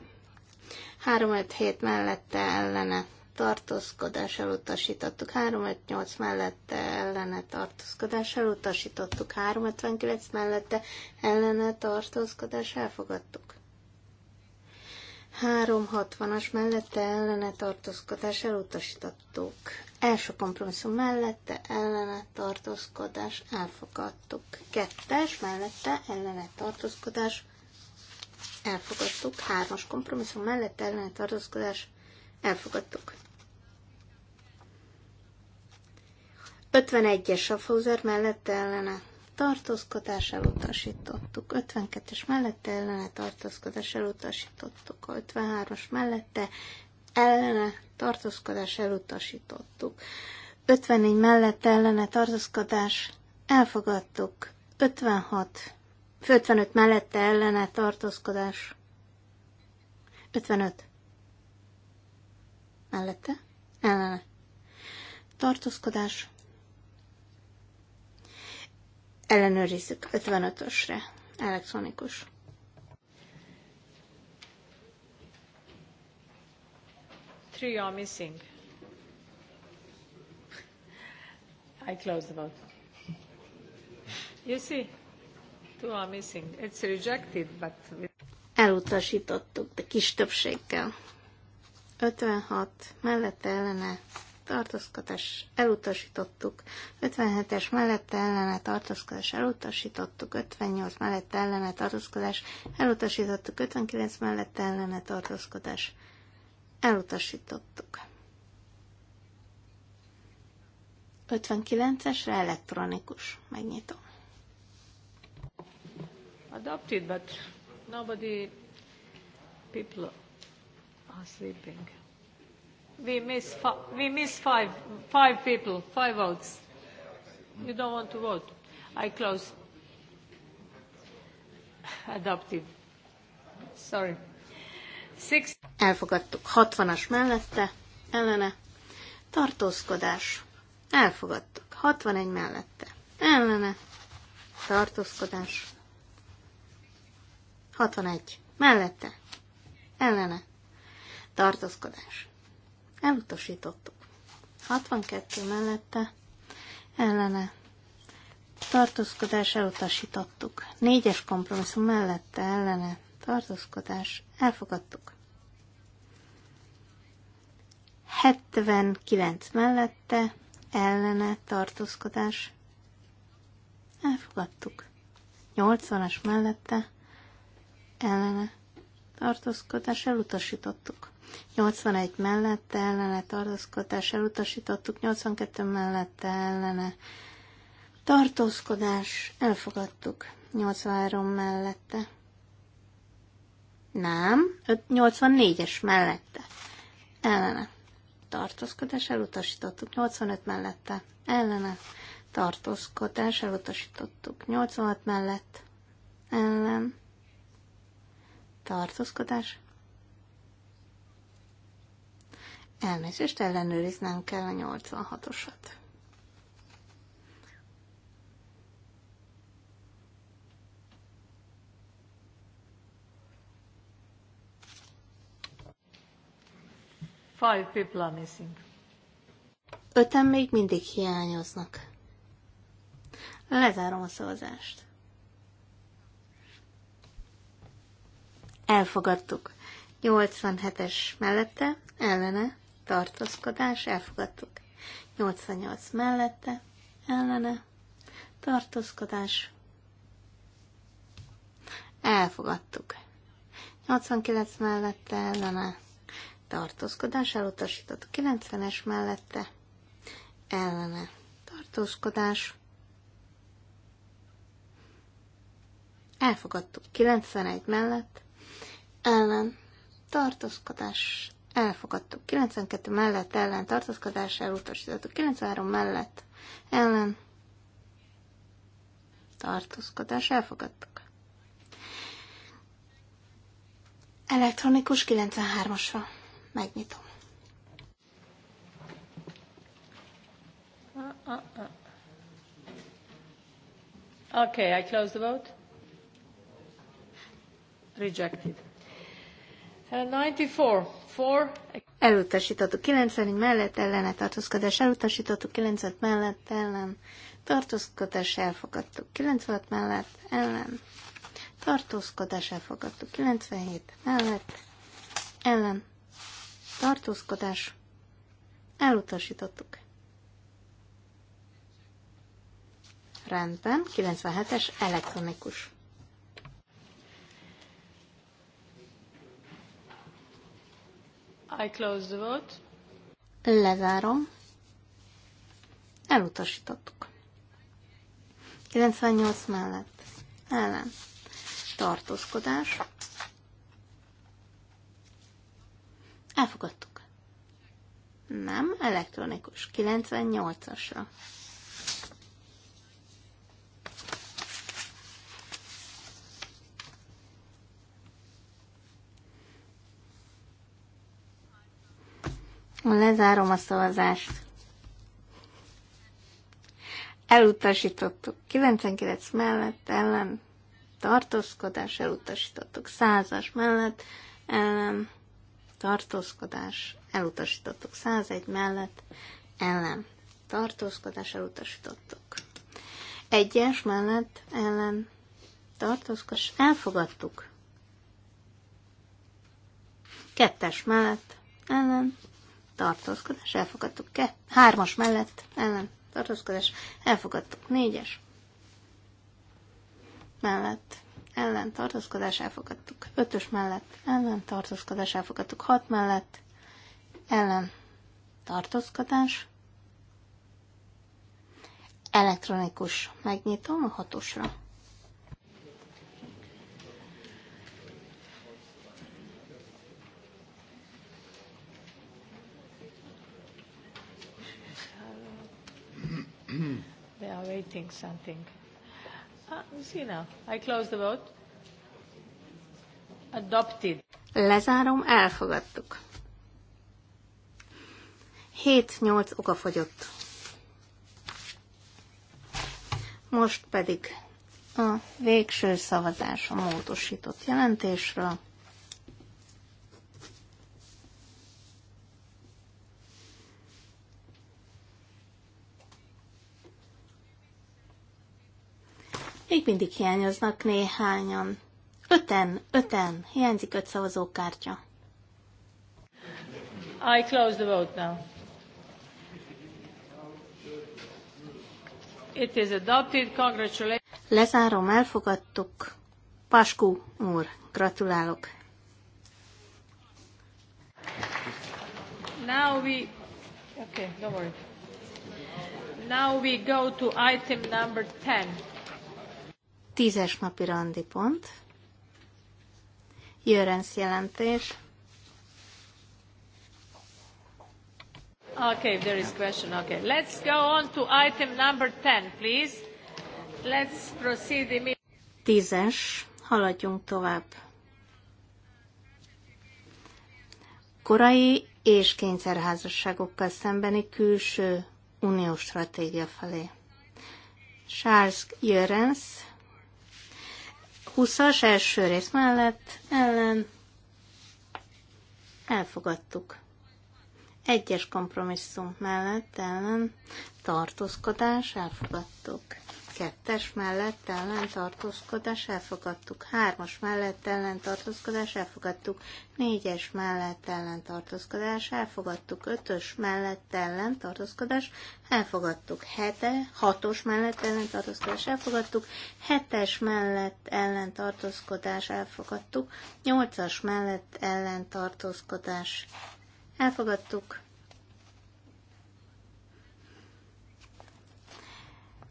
357 mellette ellene tartózkodás elutasítottuk, 358 mellette ellene tartózkodás elutasítottuk, 359 mellette ellene tartózkodás elfogadtuk. 360-as mellette ellene tartózkodás elutasítottuk. Első kompromisszum mellette ellene tartózkodás elfogadtuk. Kettes mellette ellene tartózkodás elfogadtuk, hármas kompromisszum mellett ellene tartózkodás, elfogadtuk. 51-es Schaffhauser mellett ellene tartózkodás elutasítottuk. 52-es mellette ellene tartózkodás elutasítottuk. 53-as mellette ellene tartózkodás elutasítottuk. 54 mellett ellene tartózkodás elfogadtuk. 56 55 mellette ellene tartózkodás. 55. Mellette? Ellene. Tartózkodás. Ellenőrizzük 55-ösre. Elektronikus. Three are missing. I close the vote. You see? Elutasítottuk, de kis többséggel. 56 mellette ellene tartózkodás elutasítottuk, 57-es mellette ellene tartózkodás elutasítottuk, 58 mellette ellene tartózkodás elutasítottuk, 59 mellette ellene tartózkodás elutasítottuk. 59-esre elektronikus. Megnyitom adopted, but nobody, people are sleeping. We miss, fi we miss five, five people, five votes. You don't want to vote. I close. Adopted. Sorry. Six. Elfogadtuk 60-as mellette, ellene. Tartózkodás. Elfogadtuk 61 mellette, ellene. Tartózkodás 61. Mellette. Ellene. Tartózkodás. Elutasítottuk. 62 mellette. Ellene. Tartózkodás elutasítottuk. Négyes kompromisszum mellette ellene. Tartózkodás elfogadtuk. 79 mellette ellene tartózkodás elfogadtuk. 80-as mellette ellene tartózkodás elutasítottuk. 81 mellette ellene tartózkodás elutasítottuk, 82 mellette ellene tartózkodás elfogadtuk, 83 mellette. Nem, 84-es mellette ellene tartózkodás elutasítottuk, 85 mellette ellene tartózkodás elutasítottuk, 86 mellett ellen tartózkodás. Elnézést, ellenőriznem kell a 86-osat. Five people are missing. Öten még mindig hiányoznak. Lezárom a szavazást. elfogadtuk. 87-es mellette, ellene, tartózkodás, elfogadtuk. 88 mellette, ellene, tartózkodás, elfogadtuk. 89 mellette, ellene, tartózkodás, elutasítottuk. 90-es mellette, ellene, tartózkodás, elfogadtuk. 91 mellett, ellen tartózkodás elfogadtuk. 92 mellett ellen tartózkodás elutasítottuk. 93 mellett ellen tartózkodás elfogadtuk. Elektronikus 93-asra. Megnyitom. Okay, I close the vote. Rejected. Uh, elutasítottuk 90 mellett ellene tartózkodás, elutasítottuk 95 mellett ellen tartózkodás, elfogadtuk 96 mellett ellen tartózkodás, elfogadtuk 97 mellett ellen tartózkodás, elutasítottuk. Rendben, 97-es elektronikus. I close the vote. Lezárom. Elutasítottuk. 98 mellett. Ellen. Tartózkodás. Elfogadtuk. Nem, elektronikus. 98-asra. Lezárom a szavazást. Elutasítottuk. 99 mellett ellen tartózkodás, elutasítottuk. Százas mellett ellen tartózkodás, elutasítottuk. 101 mellett ellen tartózkodás, elutasítottuk. Egyes mellett ellen tartózkodás, elfogadtuk. Kettes mellett ellen tartózkodás, elfogadtuk. Ke- hármas mellett, ellen, tartózkodás, elfogadtuk. Négyes mellett, ellen, tartózkodás, elfogadtuk. Ötös mellett, ellen, tartózkodás, elfogadtuk. Hat mellett, ellen, tartózkodás. Elektronikus. Megnyitom a hatosra. they are waiting something. Ah, see now. I close the vote. Adopted. Lezárom, elfogadtuk. 7-8 oka fogyott. Most pedig a végső szavazás a módosított jelentésről. Még mindig hiányoznak néhányan. Öten, öten, hiányzik öt szavazókártya. I close the vote now. It is adopted. Congratulations. Lezárom, elfogadtuk. Pasku úr, gratulálok. Now we... Okay, don't worry. Now we go to item number 10. Tízes napi randi pont. Jörensz jelentés. Okay, there is question. Okay, let's go on to item number 10, please. Let's proceed immediately. Tízes, haladjunk tovább. Korai és kényszerházasságokkal szembeni külső uniós stratégia felé. Charles Jörensz, 20-as első rész mellett ellen elfogadtuk. Egyes kompromisszum mellett ellen tartózkodás elfogadtuk kettes mellett ellentartózkodás elfogadtuk, hármas mellett ellentartózkodás elfogadtuk, négyes mellett ellentartózkodás elfogadtuk, ötös mellett ellentartózkodás elfogadtuk, hete, hatos mellett ellentartózkodás elfogadtuk, hetes mellett ellentartózkodás elfogadtuk, nyolcas mellett ellentartózkodás elfogadtuk,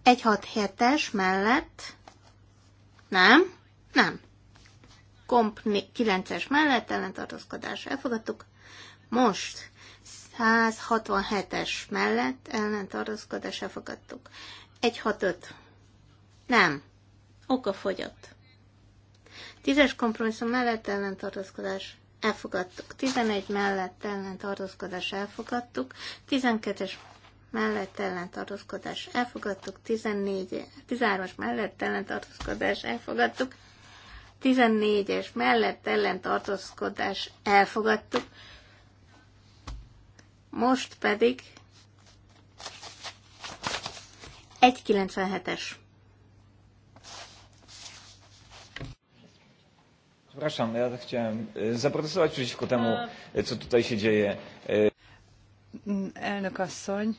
167-es mellett, nem, nem, komp 9-es mellett ellentartózkodás elfogadtuk, most 167-es mellett ellentartózkodás elfogadtuk, 165, nem, oka fogyott. 10-es kompromisszum mellett ellentartózkodás elfogadtuk. 11 mellett ellentartózkodás elfogadtuk. 12-es mellett ellentartózkodás elfogadtuk, 14, 13-as mellett ellentartózkodás elfogadtuk, 14-es mellett ellentartózkodás elfogadtuk, most pedig 1.97-es. Przepraszam, ja tak chciałem e, zaprotestować przeciwko temu, e, e, co tutaj się dzieje. Elnök asszony,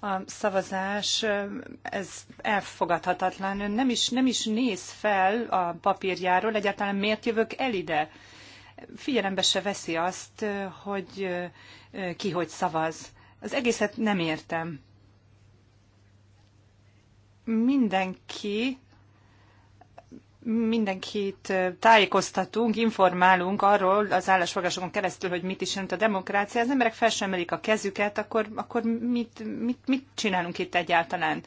a szavazás, ez elfogadhatatlan. Ön nem is, nem is néz fel a papírjáról, egyáltalán miért jövök el ide? Figyelembe se veszi azt, hogy ki hogy szavaz. Az egészet nem értem. Mindenki mindenkit tájékoztatunk, informálunk arról az állásfogásokon keresztül, hogy mit is jelent a demokrácia, az emberek fel sem a kezüket, akkor, akkor mit, mit, mit csinálunk itt egyáltalán?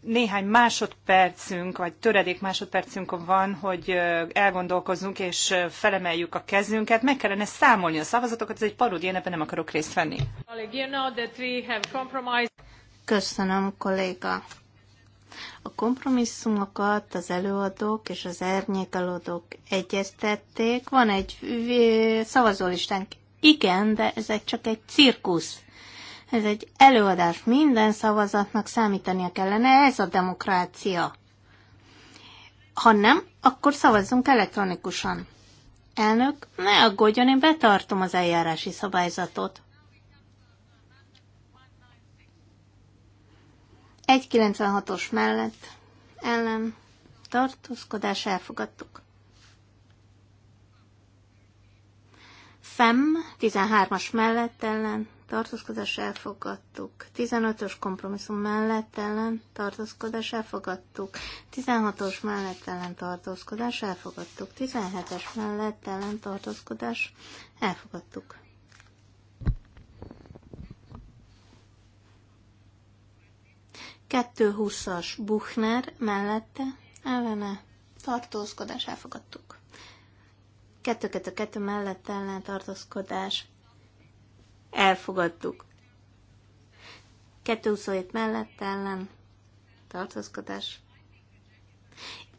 Néhány másodpercünk, vagy töredék másodpercünk van, hogy elgondolkozzunk és felemeljük a kezünket. Meg kellene számolni a szavazatokat, ez egy paródia, én ebben nem akarok részt venni. Köszönöm, kolléga. A kompromisszumokat az előadók és az árnyékalódók egyeztették. Van egy szavazólistánk. Igen, de ez egy csak egy cirkusz. Ez egy előadás. Minden szavazatnak számítania kellene. Ez a demokrácia. Ha nem, akkor szavazzunk elektronikusan. Elnök, ne aggódjon, én betartom az eljárási szabályzatot. 1.96-os mellett ellen tartózkodás elfogadtuk. FEM 13-as mellett ellen tartózkodás elfogadtuk. 15-ös kompromisszum mellett ellen tartózkodás elfogadtuk. 16-os mellett ellen tartózkodás elfogadtuk. 17-es mellett ellen tartózkodás elfogadtuk. 220-as Buchner mellette ellene tartózkodás elfogadtuk. 222 mellette ellen tartózkodás elfogadtuk. 227 mellett ellen tartózkodás.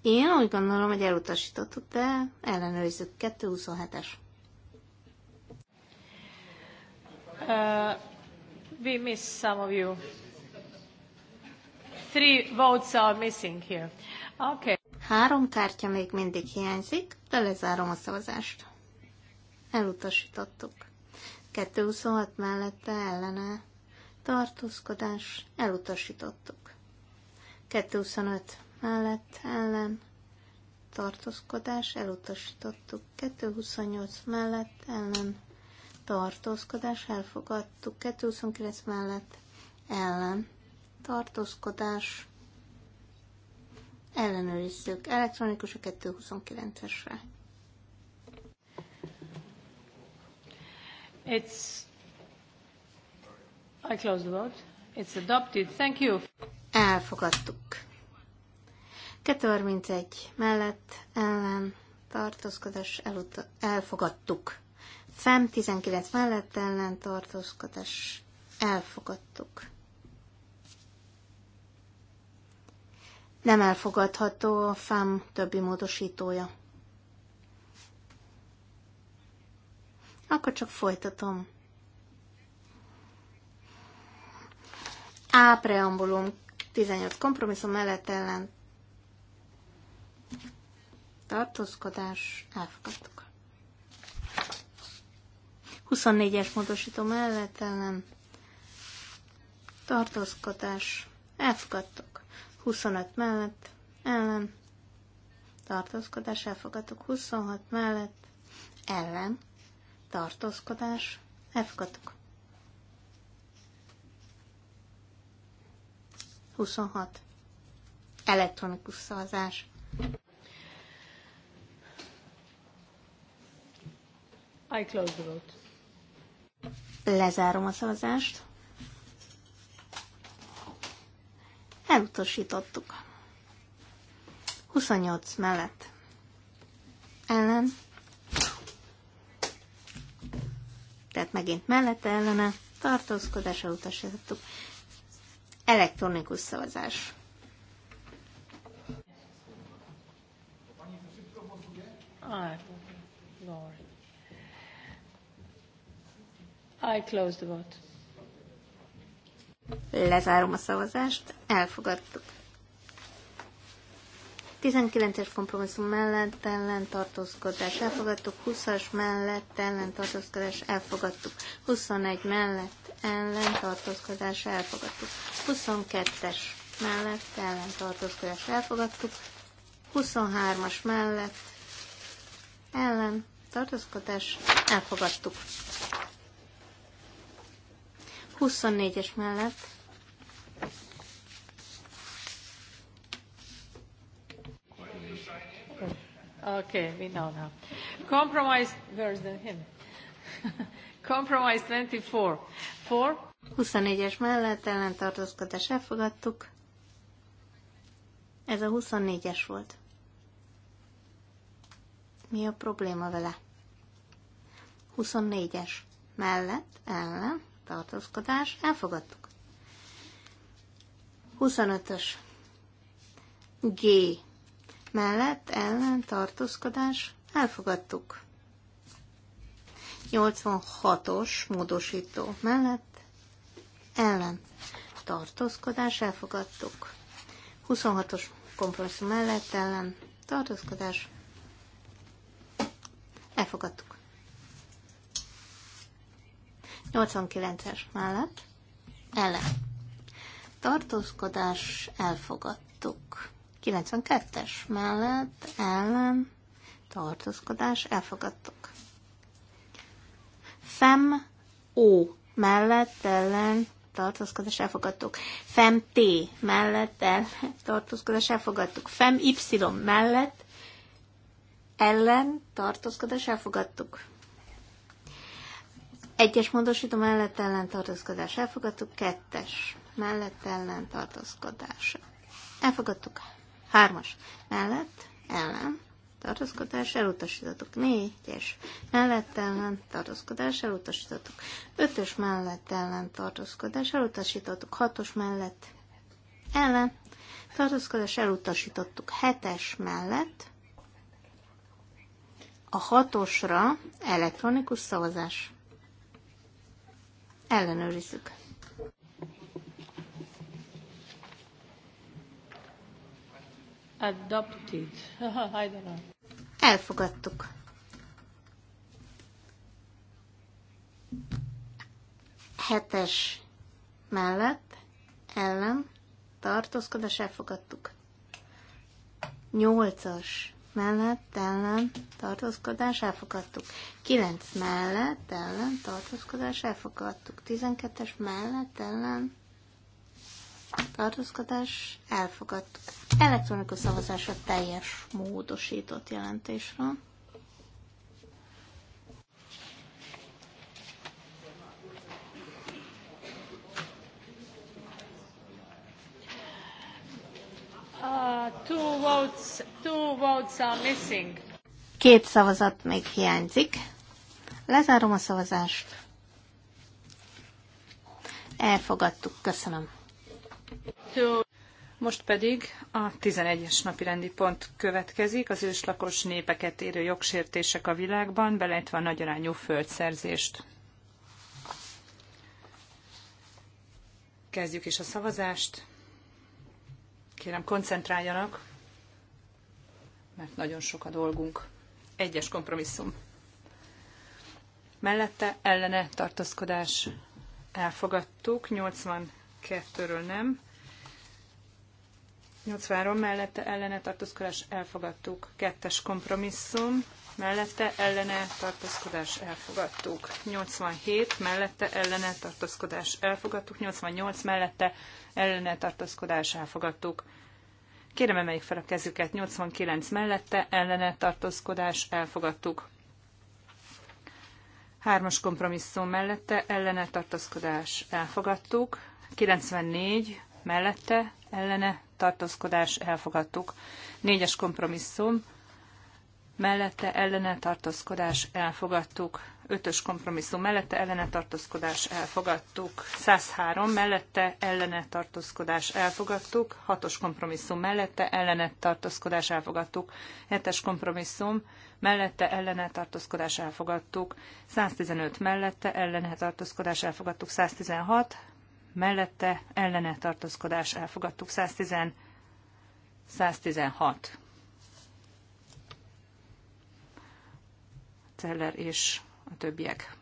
Én úgy gondolom, hogy elutasítottuk, de ellenőrizzük. 227-es. Uh, we miss some of you three votes are missing here. Okay. Három kártya még mindig hiányzik, de lezárom a szavazást. Elutasítottuk. 226 mellette ellene tartózkodás, elutasítottuk. 225 mellett ellen tartózkodás, elutasítottuk. 228 mellett ellen tartózkodás, elfogadtuk. 229 mellett ellen tartózkodás, ellenőrizzük. Elektronikus a 229-esre. It's... I close the vote. It's adopted. Thank you. Elfogadtuk. 231 mellett ellen tartózkodás eluta, elfogadtuk. FEM 19 mellett ellen tartózkodás elfogadtuk. Nem elfogadható a FAM többi módosítója. Akkor csak folytatom. A preambulum 18 kompromisszum mellett ellen tartózkodás elfogadtuk. 24-es módosító mellett ellen tartózkodás elfogadtuk. 25 mellett, ellen, tartózkodás, elfogadtuk 26 mellett, ellen, tartózkodás, elfogadtuk. 26. Elektronikus szavazás. I close the vote. Lezárom a szavazást. Elutasítottuk. 28 mellett. Ellen. Tehát megint mellette ellene. Tartózkodás elutasítottuk. Elektronikus szavazás. I close the vote. Lezárom a szavazást, elfogadtuk. 19-es kompromisszum mellett ellen tartózkodás elfogadtuk, 20-as mellett ellen tartózkodás elfogadtuk, 21 mellett ellen tartózkodás elfogadtuk, 22-es mellett ellen tartózkodás elfogadtuk, 23-as mellett ellen tartózkodás elfogadtuk. 24-es mellett. Okay, we know now. Compromise, where's the him? [laughs] Compromise 24. Four. 24-es mellett ellentartózkodás elfogadtuk. Ez a 24-es volt. Mi a probléma vele? 24-es mellett ellen tartózkodás, elfogadtuk. 25-ös G mellett ellen tartózkodás, elfogadtuk. 86-os módosító mellett ellen tartózkodás, elfogadtuk. 26-os kompromisszum mellett ellen tartózkodás, elfogadtuk. 89-es mellett ellen. Tartózkodás elfogadtuk. 92-es mellett ellen. Tartózkodás elfogadtuk. Fem O mellett ellen tartózkodás elfogadtuk. Fem T mellett ellen tartózkodás elfogadtuk. Fem Y mellett ellen tartózkodás elfogadtuk. Egyes módosító mellett ellentartózkodás elfogadtuk, kettes mellett ellentartózkodás elfogadtuk, hármas mellett ellen tartózkodás elutasítottuk, négyes mellett ellen tartózkodás elutasítottuk, ötös mellett ellen tartózkodás elutasítottuk, hatos mellett ellen tartózkodás elutasítottuk, hetes mellett a hatosra elektronikus szavazás. Ellenőrizzük. Adopted. [laughs] I don't know. Elfogadtuk. Hetes mellett, ellen, tartózkodás elfogadtuk. Nyolcas mellett ellen tartózkodás elfogadtuk. 9 mellett ellen tartózkodás elfogadtuk. 12-es mellett ellen tartózkodás elfogadtuk. Elektronikus szavazás a teljes módosított jelentésről. votes, two votes are missing. Két szavazat még hiányzik. Lezárom a szavazást. Elfogadtuk, köszönöm. Most pedig a 11-es napi rendi pont következik, az őslakos népeket érő jogsértések a világban, beleértve a nagyarányú földszerzést. Kezdjük is a szavazást. Kérem, koncentráljanak mert nagyon sok a dolgunk. Egyes kompromisszum. Mellette ellene tartózkodás elfogadtuk, 82-ről nem. 83 mellette ellene tartózkodás elfogadtuk, kettes kompromisszum, mellette ellene tartózkodás elfogadtuk, 87 mellette ellene tartózkodás elfogadtuk, 88 mellette ellene tartózkodás elfogadtuk, Kérem, emeljük fel a kezüket. 89 mellette, ellene tartózkodás, elfogadtuk. Hármas kompromisszum mellette, ellene tartózkodás, elfogadtuk. 94 mellette, ellene tartózkodás, elfogadtuk. Négyes kompromisszum mellette ellene tartózkodás elfogadtuk. Ötös kompromisszum mellette ellene tartózkodás elfogadtuk. 103 mellette ellene tartózkodás elfogadtuk. Hatos kompromisszum mellette ellene tartózkodás elfogadtuk. Hetes kompromisszum mellette ellene tartózkodás elfogadtuk. 115 mellette ellene tartózkodás elfogadtuk. 116 mellette ellene tartózkodás elfogadtuk. 110 116 Teller és a többiek.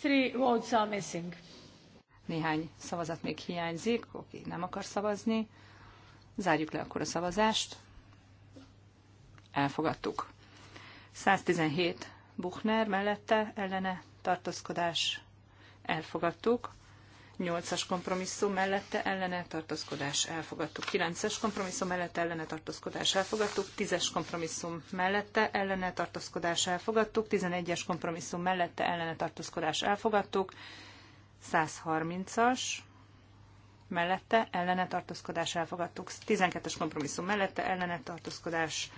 Three votes are missing. Néhány szavazat még hiányzik, oké, nem akar szavazni. Zárjuk le akkor a szavazást. Elfogadtuk. 117 Buchner mellette ellene tartózkodás elfogadtuk. 8-as kompromisszum mellette ellene tartózkodás elfogadtuk. 9-es kompromisszum mellette ellene tartózkodás elfogadtuk. 10-es kompromisszum mellette ellene tartózkodás elfogadtuk. 11-es kompromisszum mellette ellene tartózkodás elfogadtuk. 130-as mellette ellene tartózkodás elfogadtuk. 12-es kompromisszum mellette ellene tartózkodás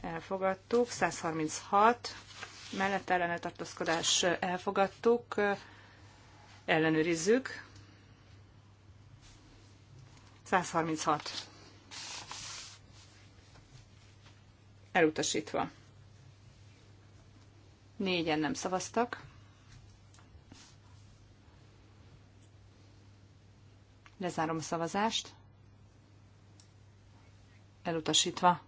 elfogadtuk. 136 mellette ellene tartózkodás elfogadtuk ellenőrizzük. 136. Elutasítva. Négyen nem szavaztak. Lezárom a szavazást. Elutasítva.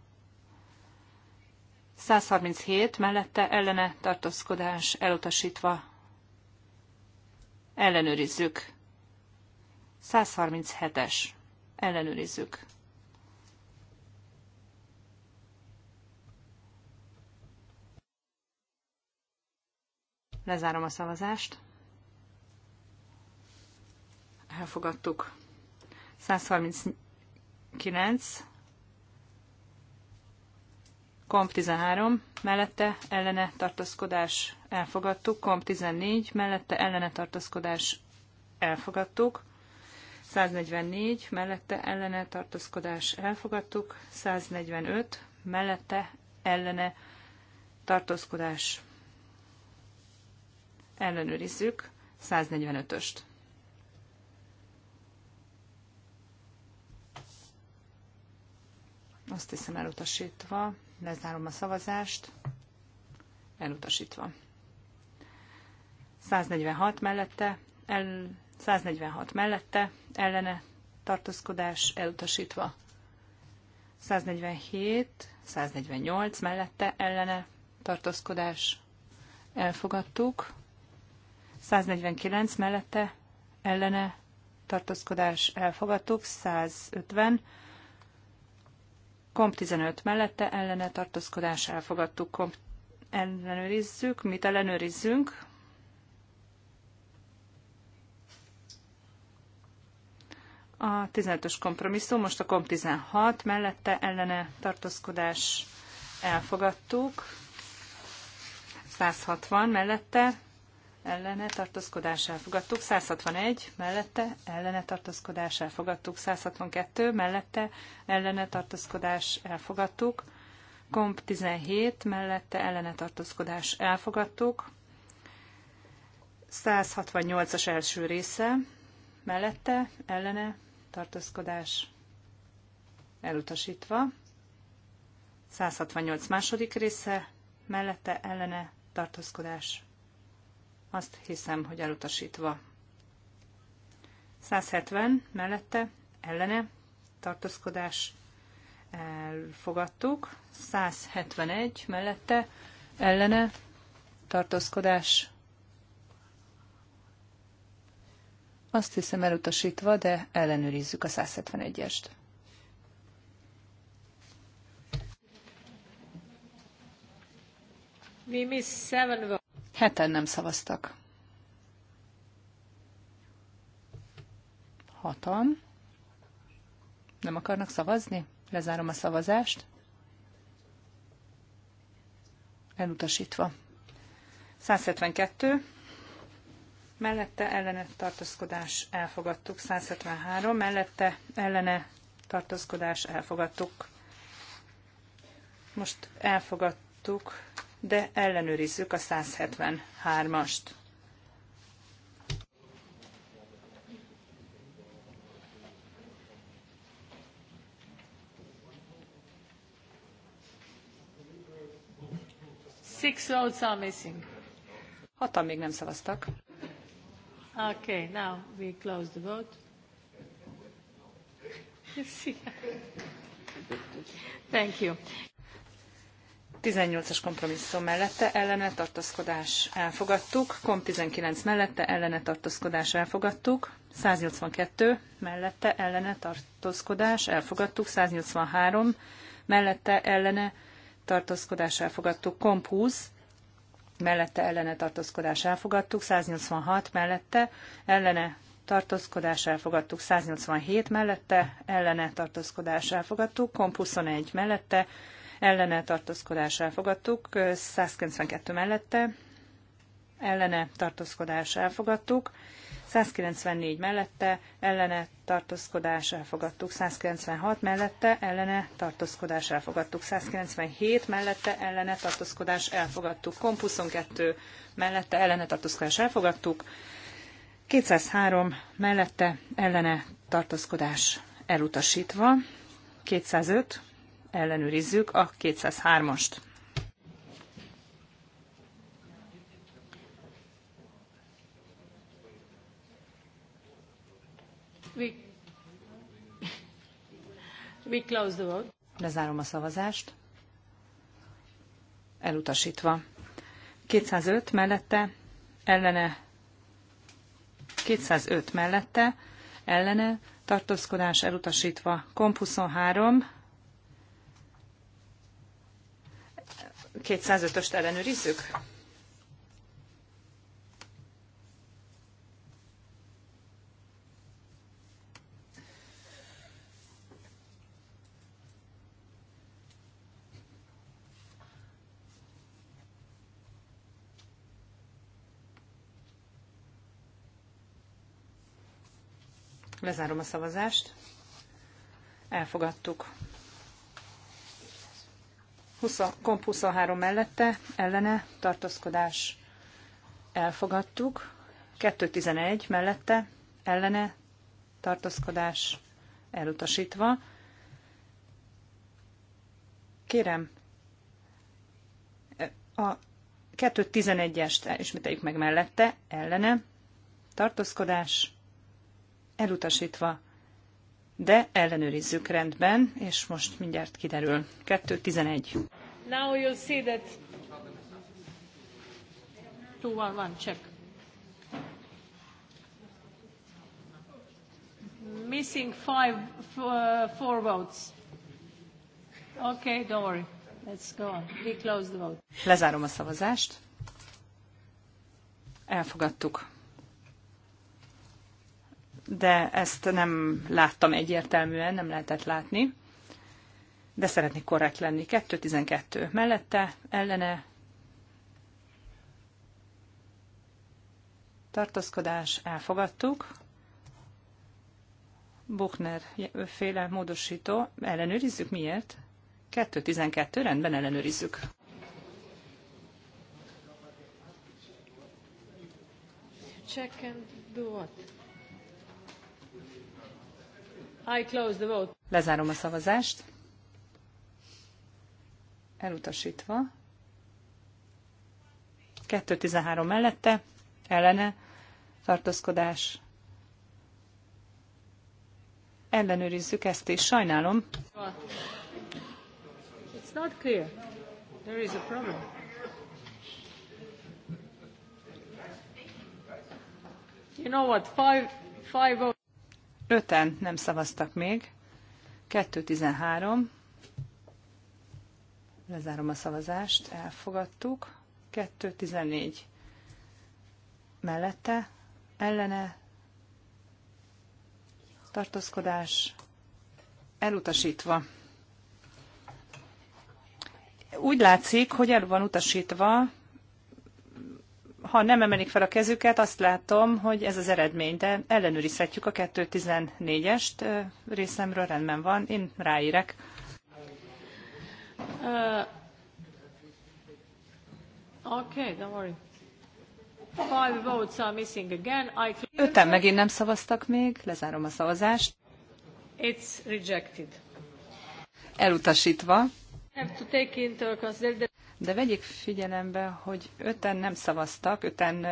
137 mellette ellene tartózkodás elutasítva. Ellenőrizzük. 137-es ellenőrizzük. Lezárom a szavazást. Elfogadtuk. 139. Komp 13, mellette ellene tartaszkodás. elfogadtuk. Komp 14, mellette ellene tartaszkodás. elfogadtuk. 144 mellette ellene tartózkodás elfogadtuk, 145 mellette ellene tartózkodás ellenőrizzük 145-öst. Azt hiszem elutasítva, lezárom a szavazást, elutasítva. 146 mellette el, 146 mellette, ellene tartózkodás elutasítva. 147, 148 mellette, ellene tartózkodás elfogadtuk. 149 mellette, ellene tartózkodás elfogadtuk. 150 Komp 15 mellette ellene tartózkodás elfogadtuk. Komp ellenőrizzük, mit ellenőrizzünk? A 15-ös kompromisszum, most a komp 16, mellette ellene tartózkodás elfogadtuk. 160 mellette ellene tartózkodás elfogadtuk, 161 mellette ellene tartózkodás elfogadtuk, 162 mellette ellene tartózkodás elfogadtuk, komp 17 mellette ellene tartózkodás elfogadtuk, 168-as első része mellette ellene tartózkodás elutasítva. 168 második része, mellette ellene tartózkodás. Azt hiszem, hogy elutasítva. 170 mellette ellene tartózkodás elfogadtuk. 171 mellette ellene tartózkodás Azt hiszem elutasítva, de ellenőrizzük a 171-est. We miss seven Heten nem szavaztak. Hatan. Nem akarnak szavazni? Lezárom a szavazást. Elutasítva. 172 mellette ellene tartózkodás elfogadtuk, 173, mellette ellene tartózkodás elfogadtuk. Most elfogadtuk, de ellenőrizzük a 173-ast. Six votes are missing. Hatan még nem szavaztak. Okay, now we close the vote. Thank you. 18-as kompromisszum mellette ellene tartózkodás elfogadtuk, kom 19 mellette ellene tartózkodás elfogadtuk, 182 mellette ellene tartózkodás elfogadtuk, 183 mellette ellene tartózkodás elfogadtuk, komp 20 mellette ellene tartózkodás elfogadtuk, 186 mellette ellene tartózkodás elfogadtuk, 187 mellette ellene tartózkodás elfogadtuk, komp 21 mellette ellene tartózkodás elfogadtuk, 192 mellette ellene tartózkodás elfogadtuk, 194 mellette ellene tartózkodás elfogadtuk, 196 mellette ellene tartózkodás elfogadtuk, 197 mellette ellene tartózkodás elfogadtuk, komp 22 mellette ellene tartózkodás elfogadtuk, 203 mellette ellene tartózkodás elutasítva, 205 ellenőrizzük a 203-ast. We, we close the vote. Lezárom a szavazást. Elutasítva. 205 mellette, ellene, 205 mellette, ellene, tartózkodás elutasítva, komp 23, 205-öst ellenőrizzük. Lezárom a szavazást. Elfogadtuk. 20, komp 23 mellette, ellene, tartózkodás. Elfogadtuk. 211 mellette, ellene, tartózkodás elutasítva. Kérem, a 2.11-est ismételjük meg mellette, ellene, tartózkodás, elutasítva, de ellenőrizzük rendben, és most mindjárt kiderül. 2.11. Now you'll see that 211, check. Missing five, four votes. Okay, don't worry. Let's go on. We close the vote. Lezárom a szavazást. Elfogadtuk de ezt nem láttam egyértelműen, nem lehetett látni. De szeretnék korrekt lenni. 2.12 mellette, ellene, tartózkodás, elfogadtuk. Buchner féle módosító, ellenőrizzük miért? 2.12, rendben ellenőrizzük. Check and do what? Lezárom a szavazást. Elutasítva. 2.13 mellette, ellene, tartózkodás. Ellenőrizzük ezt is, sajnálom. It's not clear. There is a problem. You know what? Five, five Öten nem szavaztak még. 2.13. Lezárom a szavazást. Elfogadtuk. 2.14. Mellette. Ellene. Tartózkodás. Elutasítva. Úgy látszik, hogy el van utasítva ha nem emelik fel a kezüket, azt látom, hogy ez az eredmény, de ellenőrizhetjük a 2.14-est, részemről rendben van, én ráírek. Uh, okay, don't worry. Five votes are missing again. I... Öten megint nem szavaztak még, lezárom a szavazást. It's rejected. Elutasítva. Have to take into consideration de vegyék figyelembe, hogy öten nem szavaztak, öten,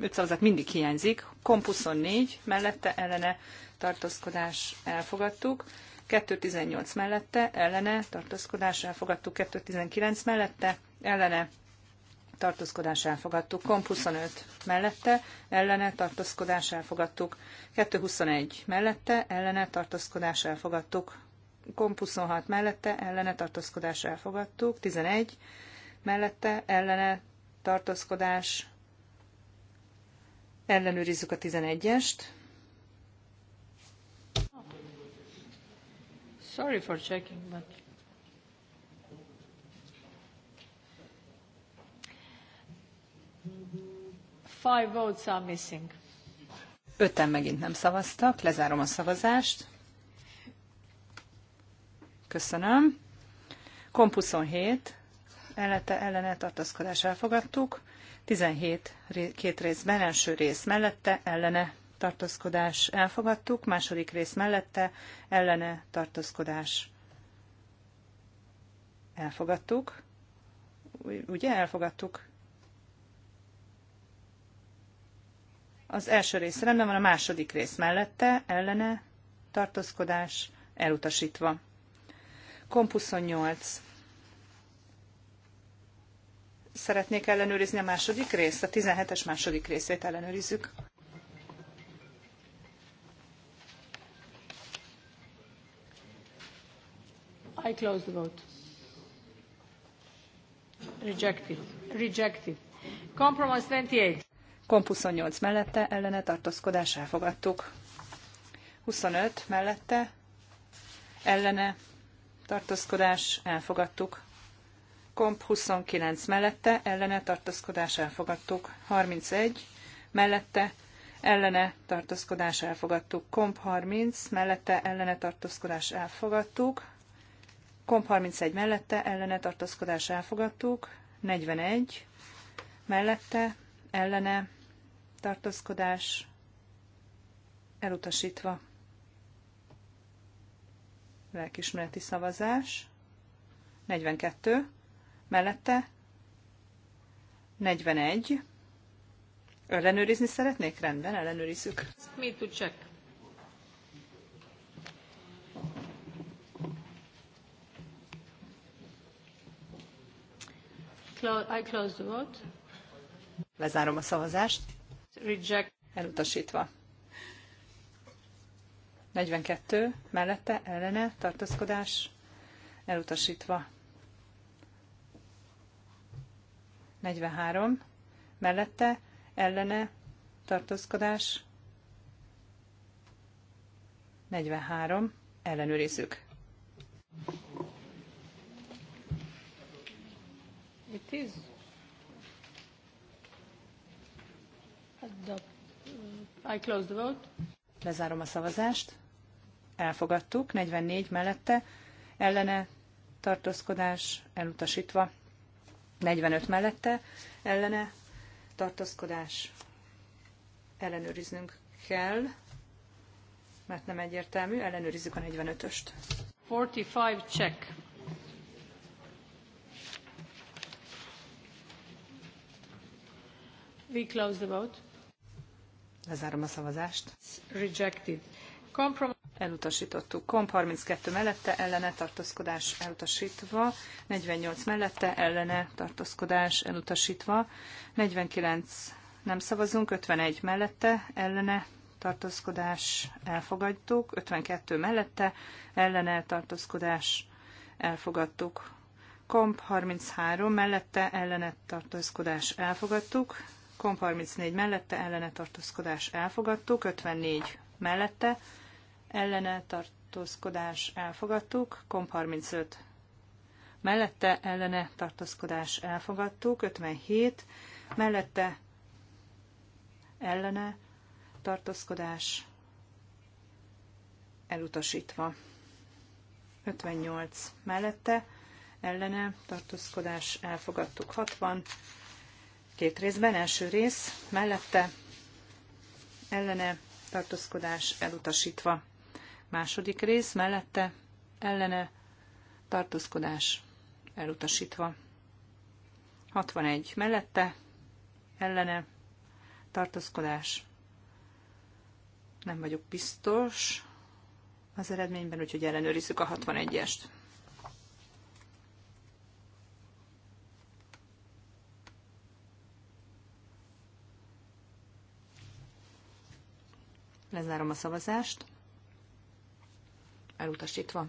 öt szavazat mindig hiányzik. Komp 24 mellette ellene tartózkodás elfogadtuk, 218 mellette ellene tartózkodás elfogadtuk, 219 mellette ellene tartózkodás elfogadtuk, komp 25 mellette ellene tartózkodás elfogadtuk, 221 mellette ellene tartózkodás elfogadtuk, komp 26 mellette ellene tartózkodás elfogadtuk, 11 mellette ellene tartózkodás. Ellenőrizzük a 11-est. Sorry for checking, but... Five votes are missing. Öten megint nem szavaztak, lezárom a szavazást. Köszönöm. Komp 27 mellette ellene tartózkodás elfogadtuk, 17 két részben, első rész mellette ellene tartózkodás elfogadtuk, második rész mellette ellene tartózkodás elfogadtuk. Ugye elfogadtuk? Az első rész rendben van, a második rész mellette ellene tartózkodás elutasítva. Kompuszon 8 szeretnék ellenőrizni a második részt, a 17-es második részét ellenőrizzük. I close the vote. Rejected. Rejected. Compromise 28. Komp 28 mellette ellene tartózkodás elfogadtuk. 25 mellette ellene tartózkodás elfogadtuk. Komp 29 mellette, ellene tartózkodás elfogadtuk. 31 mellette, ellene tartózkodás elfogadtuk. Komp 30 mellette, ellene tartózkodás elfogadtuk. Komp 31 mellette, ellene tartózkodás elfogadtuk. 41 mellette, ellene tartózkodás elutasítva. Lelkismereti szavazás. 42 mellette 41. Ellenőrizni szeretnék? Rendben, ellenőrizzük. Mit to check. I close the vote. Lezárom a szavazást. Reject. Elutasítva. 42. Mellette, ellene, tartózkodás. Elutasítva. 43 mellette ellene tartózkodás 43 ellenőrizzük. It is I close the vote. Lezárom a szavazást. Elfogadtuk. 44 mellette ellene tartózkodás elutasítva. 45 mellette ellene tartózkodás ellenőriznünk kell, mert nem egyértelmű, ellenőrizzük a 45-öst. 45 check. We close the vote. Lezárom a szavazást. It's rejected. Compromise elutasítottuk. Komp 32 mellette ellene tartózkodás elutasítva, 48 mellette ellene tartózkodás elutasítva, 49 nem szavazunk, 51 mellette ellene tartózkodás elfogadtuk, 52 mellette ellene tartózkodás elfogadtuk. Komp 33 mellette ellene tartózkodás elfogadtuk, Komp 34 mellette ellene tartózkodás elfogadtuk, 54 mellette ellene tartózkodás elfogadtuk, komp 35 mellette ellene tartózkodás elfogadtuk, 57 mellette ellene tartózkodás elutasítva. 58 mellette ellene tartózkodás elfogadtuk 60. Két részben, első rész mellette ellene tartózkodás elutasítva. Második rész mellette ellene tartózkodás elutasítva. 61 mellette ellene tartózkodás. Nem vagyok biztos az eredményben, úgyhogy ellenőrizzük a 61-est. Lezárom a szavazást elutasítva.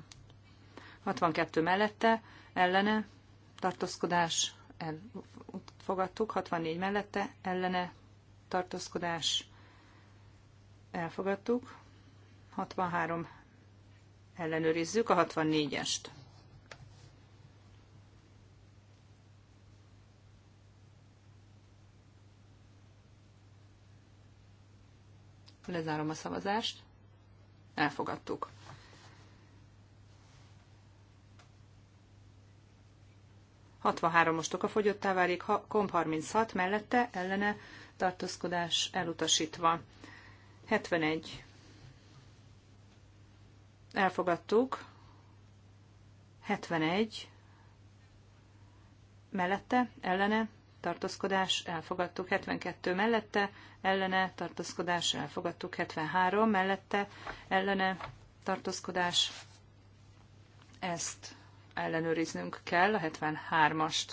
62 mellette, ellene, tartózkodás, elfogadtuk. 64 mellette, ellene, tartózkodás, elfogadtuk. 63 ellenőrizzük a 64-est. Lezárom a szavazást. Elfogadtuk. 63 mostok a fogyottá válik, komp 36 mellette ellene tartózkodás elutasítva. 71. Elfogadtuk. 71. Mellette, ellene, tartózkodás, elfogadtuk 72 mellette, ellene, tartózkodás, elfogadtuk 73 mellette, ellene, tartózkodás. Ezt ellenőriznünk kell, a 73-ast.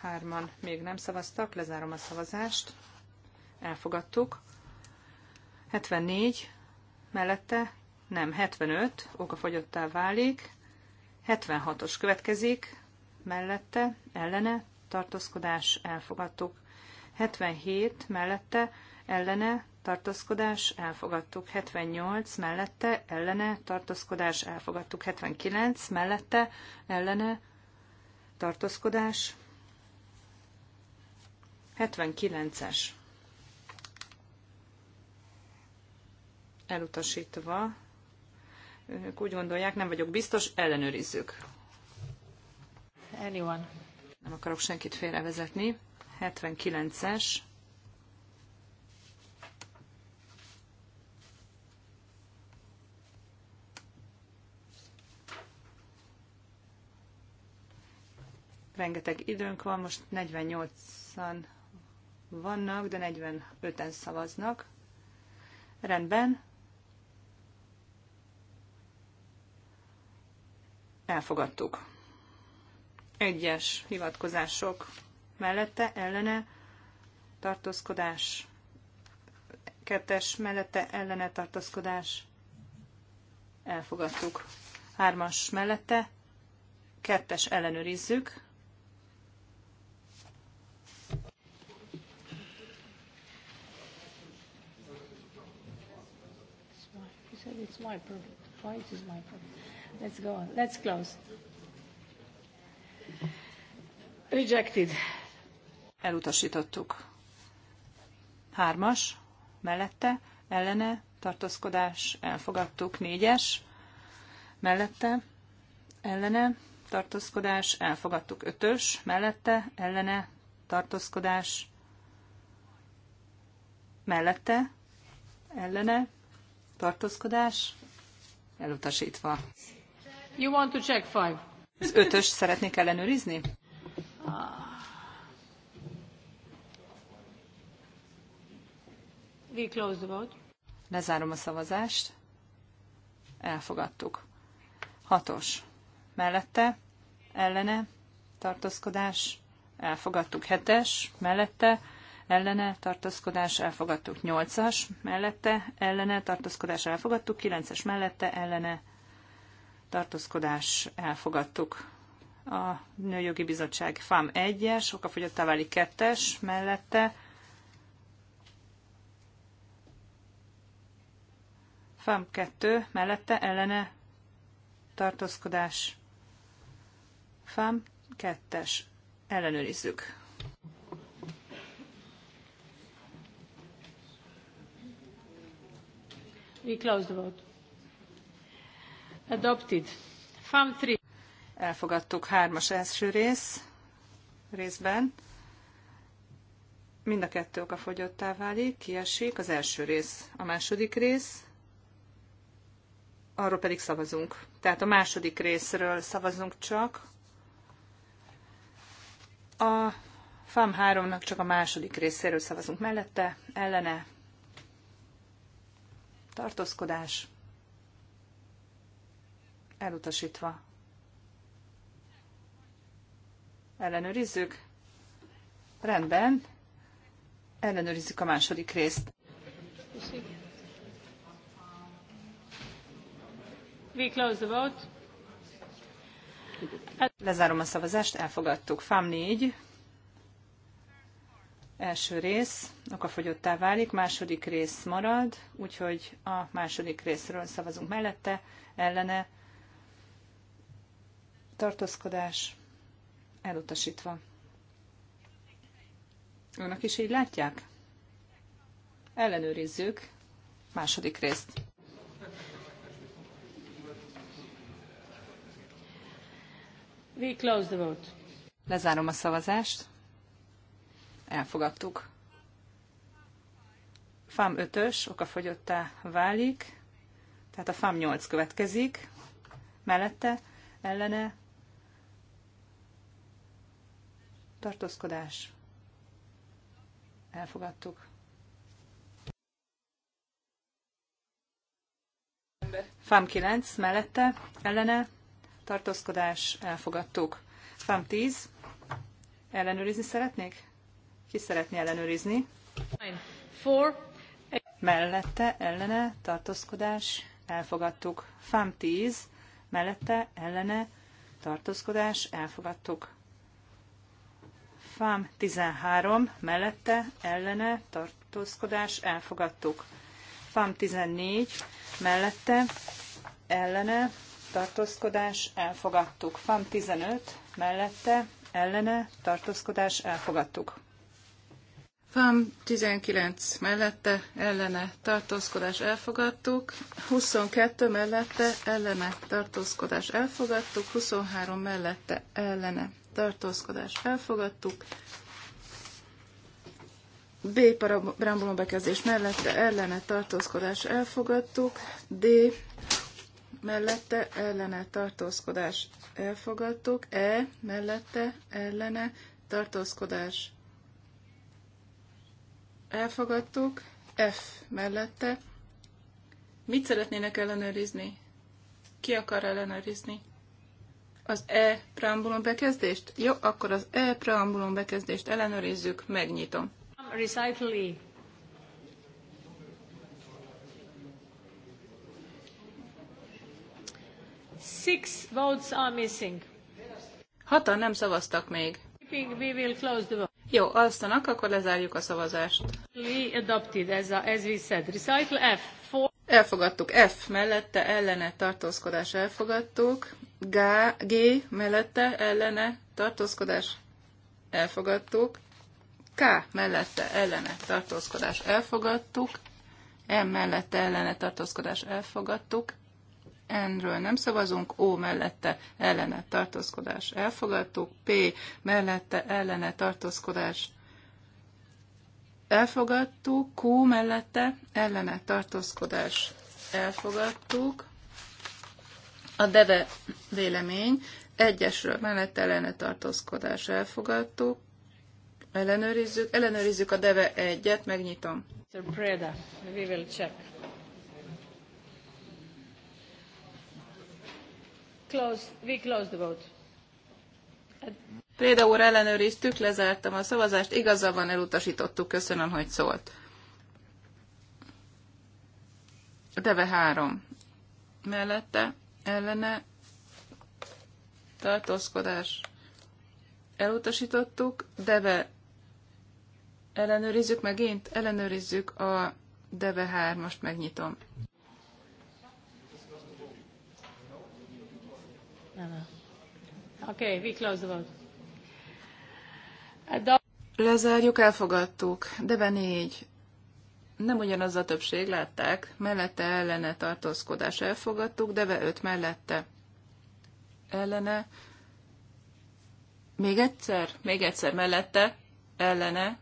Hárman még nem szavaztak, lezárom a szavazást. Elfogadtuk. 74 mellette, nem, 75, fogyottá válik. 76-os következik, mellette, ellene, tartózkodás, elfogadtuk. 77 mellette ellene tartózkodás elfogadtuk, 78 mellette ellene tartózkodás elfogadtuk, 79 mellette ellene tartózkodás 79-es elutasítva. Ők úgy gondolják, nem vagyok biztos, ellenőrizzük. Anyone. Nem akarok senkit félrevezetni. 79-es. Rengeteg időnk van, most 48-an vannak, de 45-en szavaznak. Rendben. Elfogadtuk. Egyes hivatkozások mellette ellene tartózkodás. Kettes mellette ellene tartózkodás. Elfogadtuk. Hármas mellette. Kettes ellenőrizzük. It's my problem. Why it is my problem? Let's go on. Let's close. Rejected elutasítottuk. Hármas, mellette, ellene, tartózkodás, elfogadtuk. Négyes, mellette, ellene, tartózkodás, elfogadtuk. Ötös, mellette, ellene, tartózkodás, mellette, ellene, tartózkodás, elutasítva. You want to check five? Az ötös szeretnék ellenőrizni? Ah. We close the vote. Lezárom a szavazást. Elfogadtuk. Hatos. Mellette, ellene, tartózkodás, elfogadtuk. Hetes, mellette, ellene, tartózkodás, elfogadtuk. Nyolcas, mellette, ellene, tartózkodás, elfogadtuk. Kilences, mellette, ellene, tartózkodás, elfogadtuk. A Nőjogi Bizottság FAM 1-es, okafogyottá válik 2-es, mellette, FAM 2 mellette ellene tartózkodás. FAM 2-es. Ellenőrizzük. We close the vote. Adopted. FAM 3. Elfogadtuk hármas első rész részben. Mind a kettő a fogyottá válik, kiesik az első rész. A második rész arról pedig szavazunk. Tehát a második részről szavazunk csak. A FAM 3-nak csak a második részéről szavazunk mellette, ellene, tartózkodás, elutasítva. Ellenőrizzük. Rendben. Ellenőrizzük a második részt. Köszönjük. Lezárom a szavazást, elfogadtuk. FAM 4. Első rész, okafogyottá válik, második rész marad, úgyhogy a második részről szavazunk mellette, ellene, tartózkodás, elutasítva. Önök is így látják? Ellenőrizzük második részt. We close the vote. Lezárom a szavazást. Elfogadtuk. FAM 5-ös okafogyottá válik, tehát a FAM 8 következik, mellette, ellene, tartózkodás, elfogadtuk. FAM 9 mellette, ellene, tartózkodás, elfogadtuk. FAM 10, ellenőrizni szeretnék? Ki szeretné ellenőrizni? Four. Mellette, ellene, tartózkodás, elfogadtuk. FAM 10, mellette, ellene, tartózkodás, elfogadtuk. FAM 13, mellette, ellene, tartózkodás, elfogadtuk. FAM 14, mellette, ellene, tartózkodás, elfogadtuk. FAM 15, mellette, ellene, tartózkodás, elfogadtuk. FAM 19 mellette, ellene, tartózkodás, elfogadtuk. 22 mellette, ellene, tartózkodás, elfogadtuk. 23 mellette, ellene, tartózkodás, elfogadtuk. B preambulum bekezdés mellette ellene tartózkodás elfogadtuk, D mellette ellene tartózkodás elfogadtuk, E mellette ellene tartózkodás elfogadtuk, F mellette. Mit szeretnének ellenőrizni? Ki akar ellenőrizni? Az E preambulum bekezdést? Jó, akkor az E preambulum bekezdést ellenőrizzük, megnyitom. Recital E. Six votes are missing. Hatan nem szavaztak még. We will close the vote. Jó, alszanak, akkor lezárjuk a szavazást. Adopted, as, as we said. Recital F. For... Elfogadtuk F mellette, ellene tartózkodás elfogadtuk. G, G mellette, ellene tartózkodás elfogadtuk. K mellette, ellene tartózkodás elfogadtuk. M mellette, ellene tartózkodás elfogadtuk. N-ről nem szavazunk, O mellette ellene tartózkodás elfogadtuk, P mellette ellene tartózkodás elfogadtuk, Q mellette ellene tartózkodás elfogadtuk. A deve vélemény egyesről mellette ellene tartózkodás elfogadtuk. Ellenőrizzük, ellenőrizzük a deve egyet, megnyitom. Mr. Preda, we will check. Close. We close the vote. Préda úr ellenőriztük, lezártam a szavazást, igaza van, elutasítottuk, köszönöm, hogy szólt. Deve három. Mellette, ellene, tartózkodás. Elutasítottuk, deve ellenőrizzük megint, ellenőrizzük a deve 3 most megnyitom. Okay, we close the vote. Lezárjuk, elfogadtuk. Debe négy. Nem ugyanaz a többség, látták. Mellette ellene tartózkodás elfogadtuk, deve öt mellette ellene. Még egyszer, még egyszer mellette ellene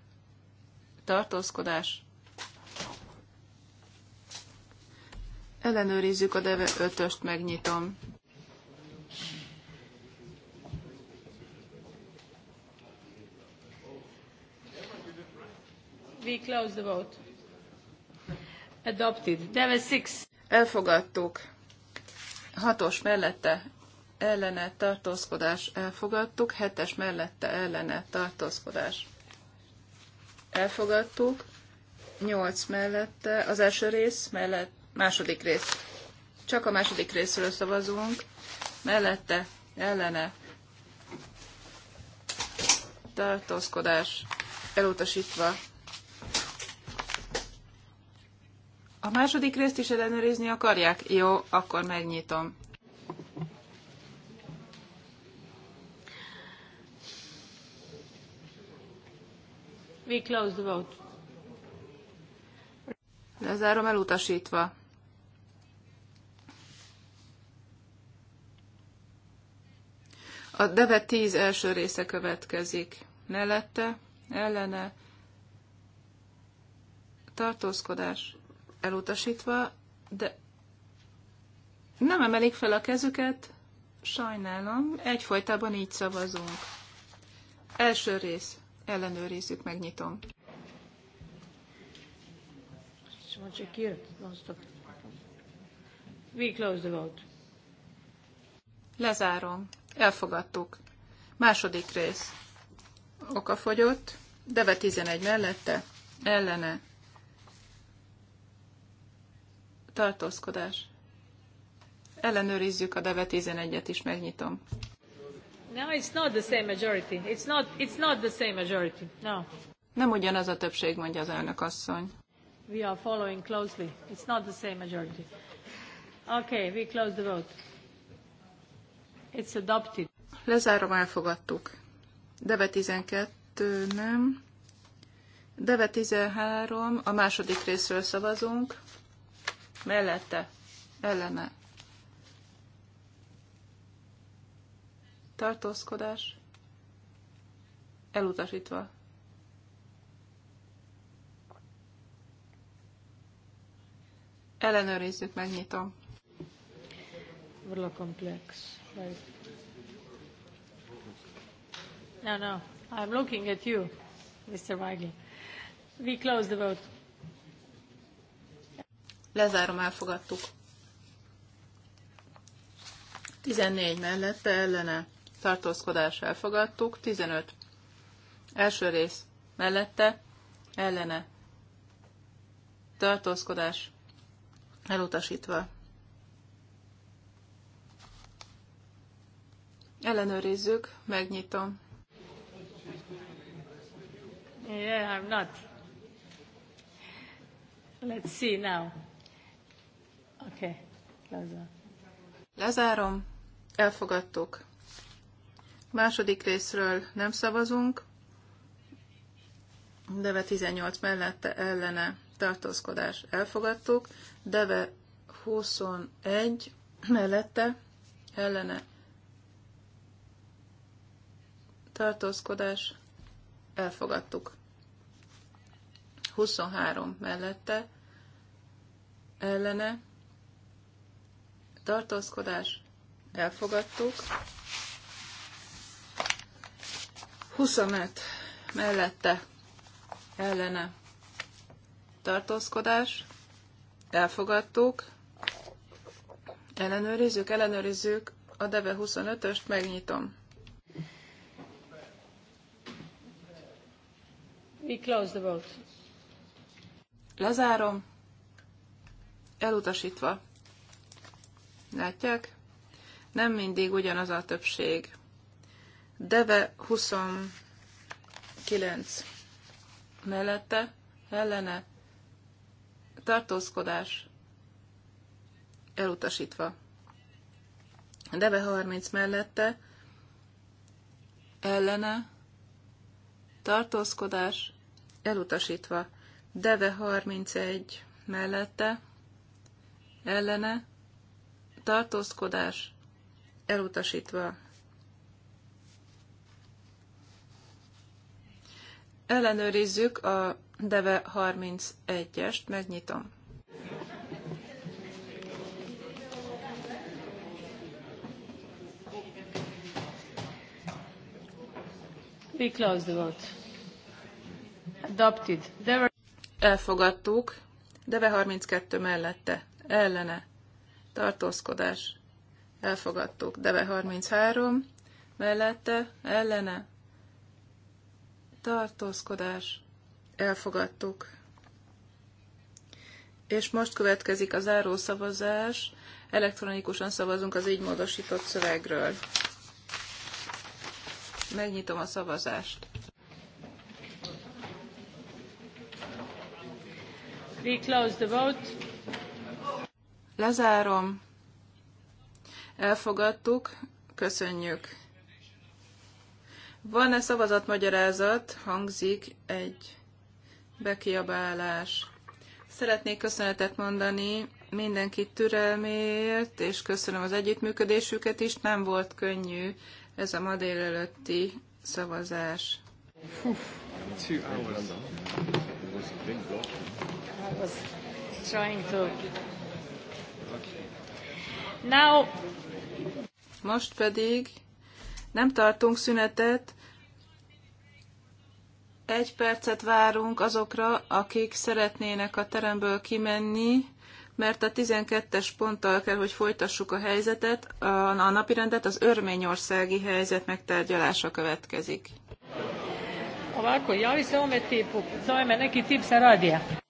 tartózkodás. Ellenőrizzük a deve ötöst, megnyitom. We close the vote. Adopted. Deve six. Elfogadtuk. Hatos mellette ellene tartózkodás elfogadtuk, hetes mellette ellene tartózkodás elfogadtuk, nyolc mellette az első rész, mellett második rész. Csak a második részről szavazunk, mellette ellene tartózkodás elutasítva A második részt is ellenőrizni akarják? Jó, akkor megnyitom. We close the vote. Lezárom elutasítva. A Deve 10 első része következik. Mellette, ellene, tartózkodás, elutasítva, de nem emelik fel a kezüket, sajnálom, egyfolytában így szavazunk. Első rész, ellenőrizzük, megnyitom. We close the vote. Lezárom. Elfogadtuk. Második rész. Oka fogyott. Deve 11 mellette. Ellene tartózkodás. Ellenőrizzük a DEVE 11-et is, megnyitom. No, it's not the same majority. It's not, it's not the same majority. No. Nem ugyanaz a többség, mondja az elnök asszony. We are following closely. It's not the same majority. Okay, we close the vote. It's adopted. Lezárom, elfogadtuk. Deve 12, nem. Deve 13, a második részről szavazunk mellette, ellene, tartózkodás, elutasítva. Ellenőrizzük, megnyitom. Urla komplex. Right. No, no. I'm looking at you, Mr. Weigel. We close the vote. Lezárom, elfogadtuk. 14 mellette ellene tartózkodás elfogadtuk. 15. Első rész mellette ellene tartózkodás elutasítva. Ellenőrizzük, megnyitom. Yeah, I'm not. Let's see now. Oké, okay. Lezárom. Elfogadtuk. Második részről nem szavazunk. Deve 18 mellette ellene tartózkodás elfogadtuk. Deve 21 mellette ellene tartózkodás elfogadtuk. 23 mellette ellene tartózkodás, elfogadtuk. 25 mellette ellene tartózkodás, elfogadtuk. Ellenőrizzük, ellenőrizzük a Deve 25-öst, megnyitom. We close the vote. Lezárom. Elutasítva. Látják? Nem mindig ugyanaz a többség. Deve 29 mellette, ellene, tartózkodás elutasítva. Deve 30 mellette, ellene, tartózkodás elutasítva. Deve 31 mellette, ellene, tartózkodás elutasítva. Ellenőrizzük a Deve 31-est, megnyitom. We close the vote. Adopted. Deve... Elfogadtuk. Deve 32 mellette. Ellene tartózkodás, elfogadtuk. Deve 33, mellette, ellene, tartózkodás, elfogadtuk. És most következik a záró szavazás. Elektronikusan szavazunk az így módosított szövegről. Megnyitom a szavazást. We close the vote. Lezárom. Elfogadtuk. Köszönjük. Van-e szavazatmagyarázat? Hangzik egy bekiabálás. Szeretnék köszönetet mondani mindenki türelméért, és köszönöm az együttműködésüket is. Nem volt könnyű ez a ma délelőtti szavazás. Hú, two hours. I was trying to Now... Most pedig nem tartunk szünetet, egy percet várunk azokra, akik szeretnének a teremből kimenni, mert a 12-es ponttal kell, hogy folytassuk a helyzetet, a napirendet, az örményországi helyzet megtárgyalása következik. Ovako, javi se ome tipu, zove me neki tip sa radija.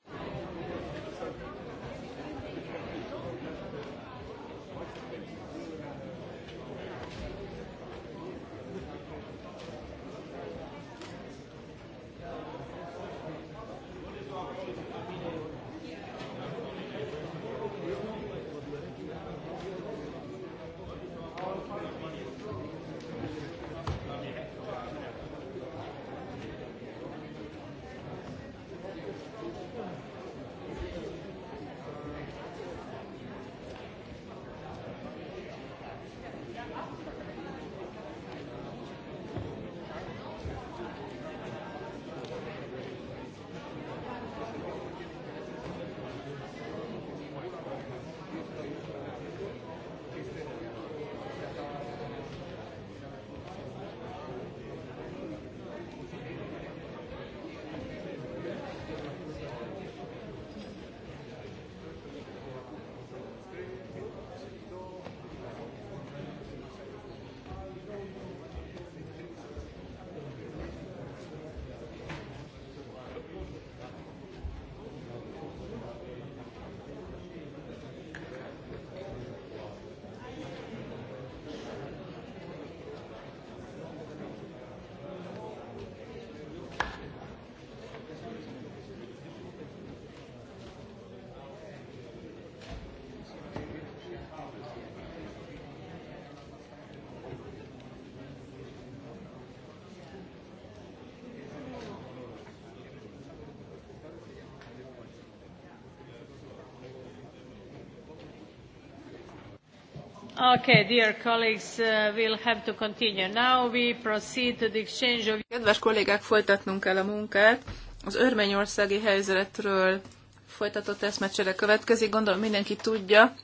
Okay, dear colleagues, uh, we'll have to continue. Now we proceed to the exchange of... Kedves kollégák, folytatnunk kell a munkát. Az örményországi helyzetről folytatott eszmecsere következik. Gondolom mindenki tudja,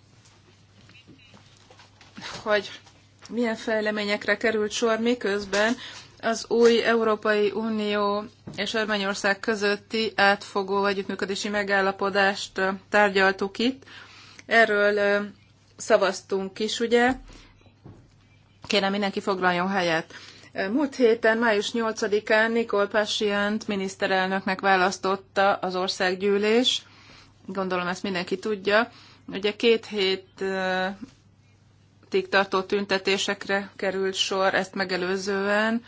hogy milyen fejleményekre került sor, miközben az új Európai Unió és Örményország közötti átfogó együttműködési megállapodást uh, tárgyaltuk itt. Erről uh, szavaztunk is, ugye? Kérem, mindenki foglaljon helyet. Múlt héten, május 8-án Nikol Pásiánt miniszterelnöknek választotta az országgyűlés. Gondolom ezt mindenki tudja. Ugye két hétig tartó tüntetésekre került sor ezt megelőzően,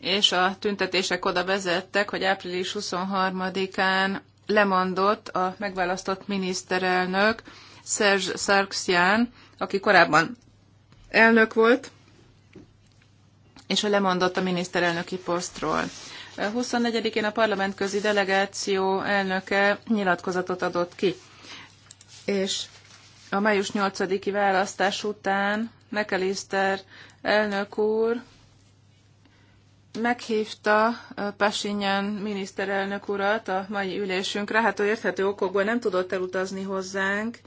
és a tüntetések oda vezettek, hogy április 23-án lemondott a megválasztott miniszterelnök, Serge Sarkisian, aki korábban elnök volt, és ő lemondott a miniszterelnöki posztról. 24-én a parlamentközi delegáció elnöke nyilatkozatot adott ki, és a május 8-i választás után McAllister elnök úr meghívta Pasinyan miniszterelnök urat a mai ülésünkre. Hát ő érthető okokból nem tudott elutazni hozzánk,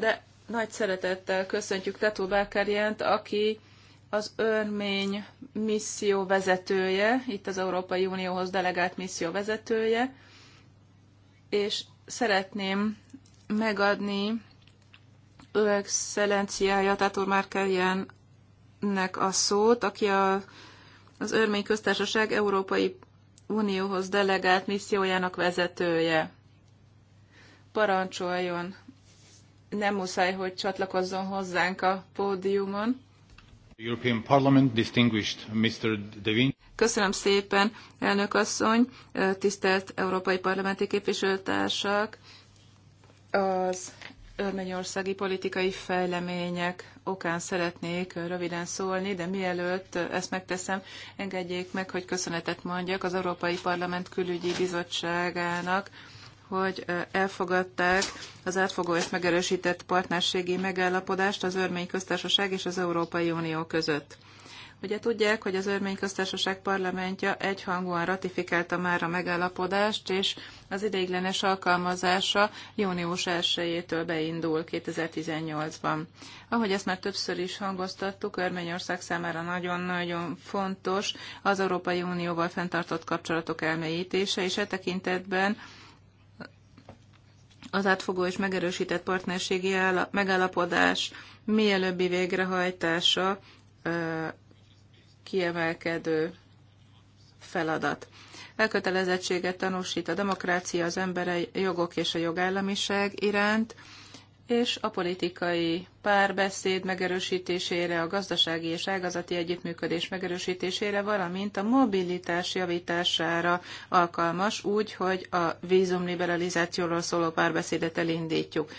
de nagy szeretettel köszöntjük Tetó Belkerjent, aki az örmény misszió vezetője, itt az Európai Unióhoz delegált misszió vezetője, és szeretném megadni ő excellenciája, Tátor Márkeljennek a szót, aki a, az Örmény Köztársaság Európai Unióhoz delegált missziójának vezetője. Parancsoljon, nem muszáj, hogy csatlakozzon hozzánk a pódiumon. European Parliament, distinguished Mr. Devin. Köszönöm szépen, elnök asszony, tisztelt európai parlamenti képviselőtársak, az örményországi politikai fejlemények okán szeretnék röviden szólni, de mielőtt ezt megteszem, engedjék meg, hogy köszönetet mondjak az Európai Parlament Külügyi Bizottságának, hogy elfogadták az átfogó és megerősített partnerségi megállapodást az Örmény Köztársaság és az Európai Unió között. Ugye tudják, hogy az Örmény Köztársaság parlamentja egyhangúan ratifikálta már a megállapodást, és az ideiglenes alkalmazása június 1-től beindul 2018-ban. Ahogy ezt már többször is hangoztattuk, Örményország számára nagyon-nagyon fontos az Európai Unióval fenntartott kapcsolatok elmélyítése, és e tekintetben az átfogó és megerősített partnerségi megállapodás mielőbbi végrehajtása kiemelkedő feladat. Elkötelezettséget tanúsít a demokrácia, az emberi jogok és a jogállamiság iránt, és a politikai párbeszéd megerősítésére, a gazdasági és ágazati együttműködés megerősítésére, valamint a mobilitás javítására alkalmas, úgy, hogy a vízumliberalizációról szóló párbeszédet elindítjuk.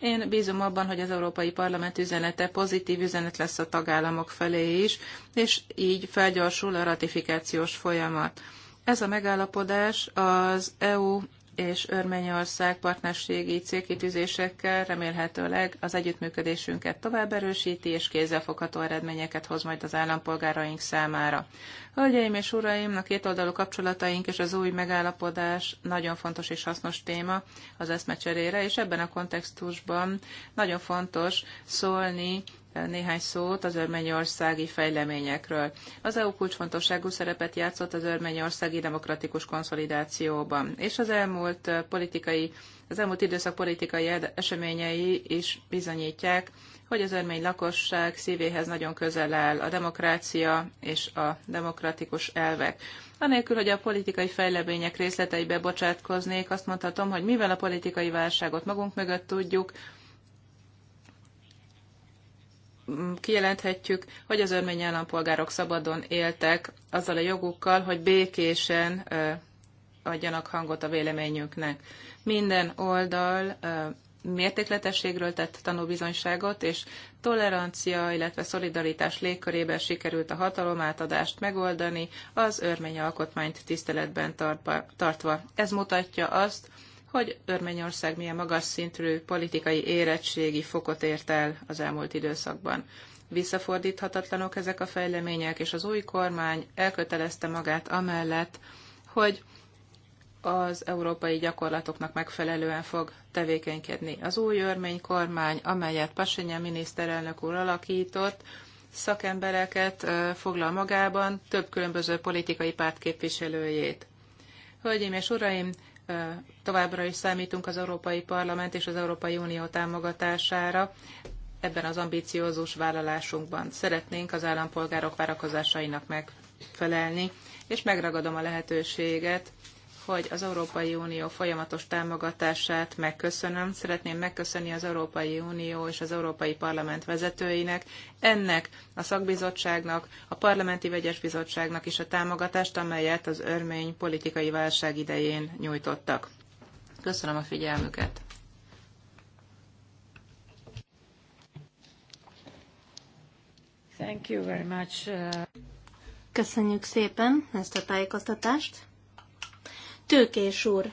Én bízom abban, hogy az Európai Parlament üzenete pozitív üzenet lesz a tagállamok felé is, és így felgyorsul a ratifikációs folyamat. Ez a megállapodás az EU és Örményország partnerségi célkitűzésekkel remélhetőleg az együttműködésünket tovább erősíti, és kézzelfogható eredményeket hoz majd az állampolgáraink számára. Hölgyeim és uraim, a kétoldalú kapcsolataink és az új megállapodás nagyon fontos és hasznos téma az eszmecserére, és ebben a kontextusban nagyon fontos szólni néhány szót az örményországi fejleményekről. Az EU kulcsfontosságú szerepet játszott az örményországi demokratikus konszolidációban, és az elmúlt eh, politikai az elmúlt időszak politikai eseményei is bizonyítják, hogy az örmény lakosság szívéhez nagyon közel áll a demokrácia és a demokratikus elvek. Anélkül, hogy a politikai fejlemények részleteibe bocsátkoznék, azt mondhatom, hogy mivel a politikai válságot magunk mögött tudjuk, kijelenthetjük, hogy az örmény állampolgárok szabadon éltek azzal a jogukkal, hogy békésen adjanak hangot a véleményünknek. Minden oldal mértékletességről tett tanúbizonyságot, és tolerancia, illetve szolidaritás légkörében sikerült a hatalomátadást megoldani, az örmény alkotmányt tiszteletben tartva. Ez mutatja azt, hogy Örményország milyen magas szintű politikai érettségi fokot ért el az elmúlt időszakban. Visszafordíthatatlanok ezek a fejlemények, és az új kormány elkötelezte magát amellett, hogy az európai gyakorlatoknak megfelelően fog tevékenykedni. Az új örmény kormány, amelyet Pasinyan miniszterelnök úr alakított, szakembereket foglal magában, több különböző politikai párt képviselőjét. Hölgyeim és uraim, továbbra is számítunk az Európai Parlament és az Európai Unió támogatására ebben az ambíciózus vállalásunkban. Szeretnénk az állampolgárok várakozásainak megfelelni, és megragadom a lehetőséget, hogy az Európai Unió folyamatos támogatását megköszönöm. Szeretném megköszönni az Európai Unió és az Európai Parlament vezetőinek, ennek a szakbizottságnak, a Parlamenti Vegyes Bizottságnak is a támogatást, amelyet az örmény politikai válság idején nyújtottak. Köszönöm a figyelmüket. Thank you very much. Uh, Köszönjük szépen ezt a tájékoztatást. Tőkés úr,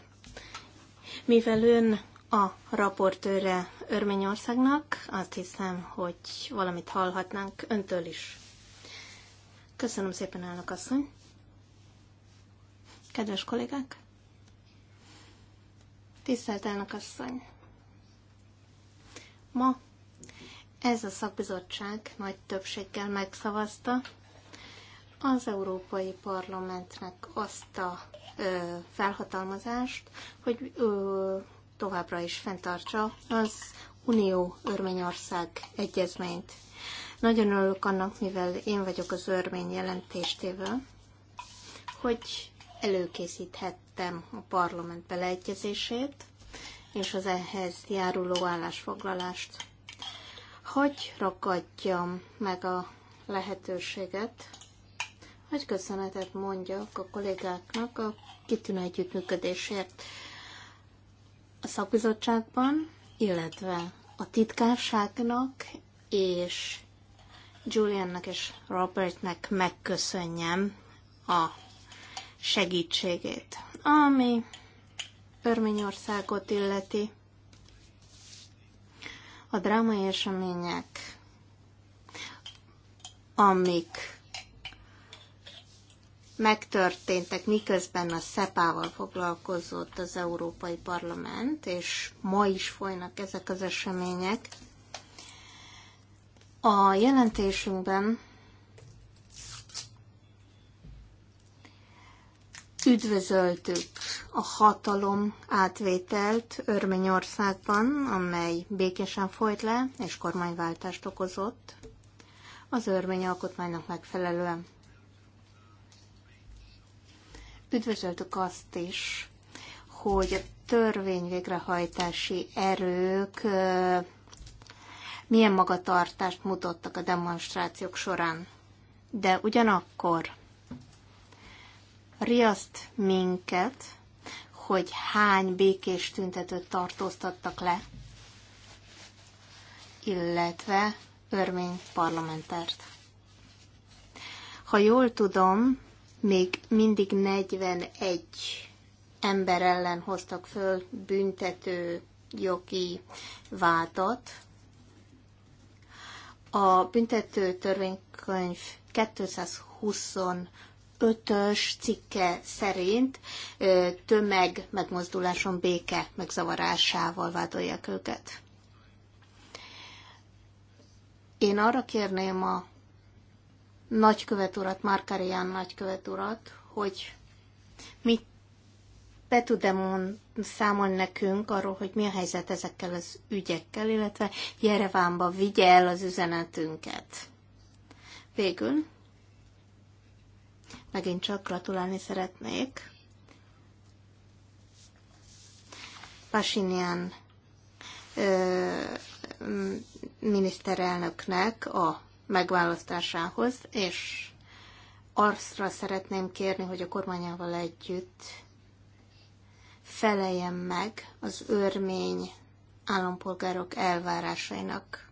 mivel ön a raportőre Örményországnak, azt hiszem, hogy valamit hallhatnánk öntől is. Köszönöm szépen, elnök asszony. Kedves kollégák! Tisztelt elnök asszony! Ma ez a szakbizottság nagy többséggel megszavazta az Európai Parlamentnek azt a felhatalmazást, hogy továbbra is fenntartsa az Unió Örményország egyezményt. Nagyon örülök annak, mivel én vagyok az örmény jelentéstével, hogy előkészíthettem a parlament beleegyezését és az ehhez járuló állásfoglalást. Hogy ragadjam meg a lehetőséget, hogy köszönetet mondjak a kollégáknak a kitűnő együttműködésért a szakbizottságban, illetve a titkárságnak és Juliannak és Robertnek megköszönjem a segítségét, ami Örményországot illeti. A drámai események, amik megtörténtek, miközben a SZEPÁ-val foglalkozott az Európai Parlament, és ma is folynak ezek az események. A jelentésünkben üdvözöltük a hatalom átvételt Örményországban, amely békésen folyt le, és kormányváltást okozott az örmény alkotmánynak megfelelően. Üdvözöltük azt is, hogy a törvény végrehajtási erők milyen magatartást mutattak a demonstrációk során. De ugyanakkor riaszt minket, hogy hány békés tüntetőt tartóztattak le, illetve örmény parlamentert. Ha jól tudom, még mindig 41 ember ellen hoztak föl büntető jogi vádat. A büntető törvénykönyv 225-ös cikke szerint tömeg megmozduláson béke megzavarásával vádolják őket. Én arra kérném a nagykövet urat, Markarián nagykövet urat, hogy mit be tud-e számolni nekünk arról, hogy mi a helyzet ezekkel az ügyekkel, illetve Jerevánba vigye el az üzenetünket. Végül megint csak gratulálni szeretnék Pasinian miniszterelnöknek a megválasztásához, és arra szeretném kérni, hogy a kormányával együtt feleljen meg az örmény állampolgárok elvárásainak.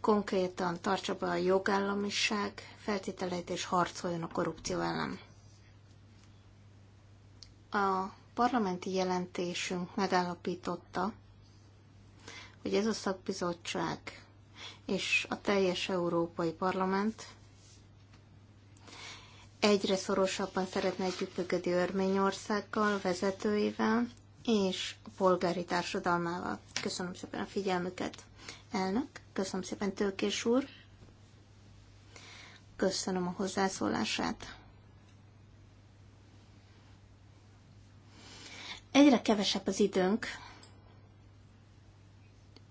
Konkrétan tartsa be a jogállamiság feltételeit és harcoljon a korrupció ellen. A parlamenti jelentésünk megállapította, hogy ez a szakbizottság és a teljes Európai Parlament egyre szorosabban szeretne együttműködni Örményországgal, vezetőivel és a polgári társadalmával. Köszönöm szépen a figyelmüket, elnök. Köszönöm szépen, Tőkés úr. Köszönöm a hozzászólását. Egyre kevesebb az időnk,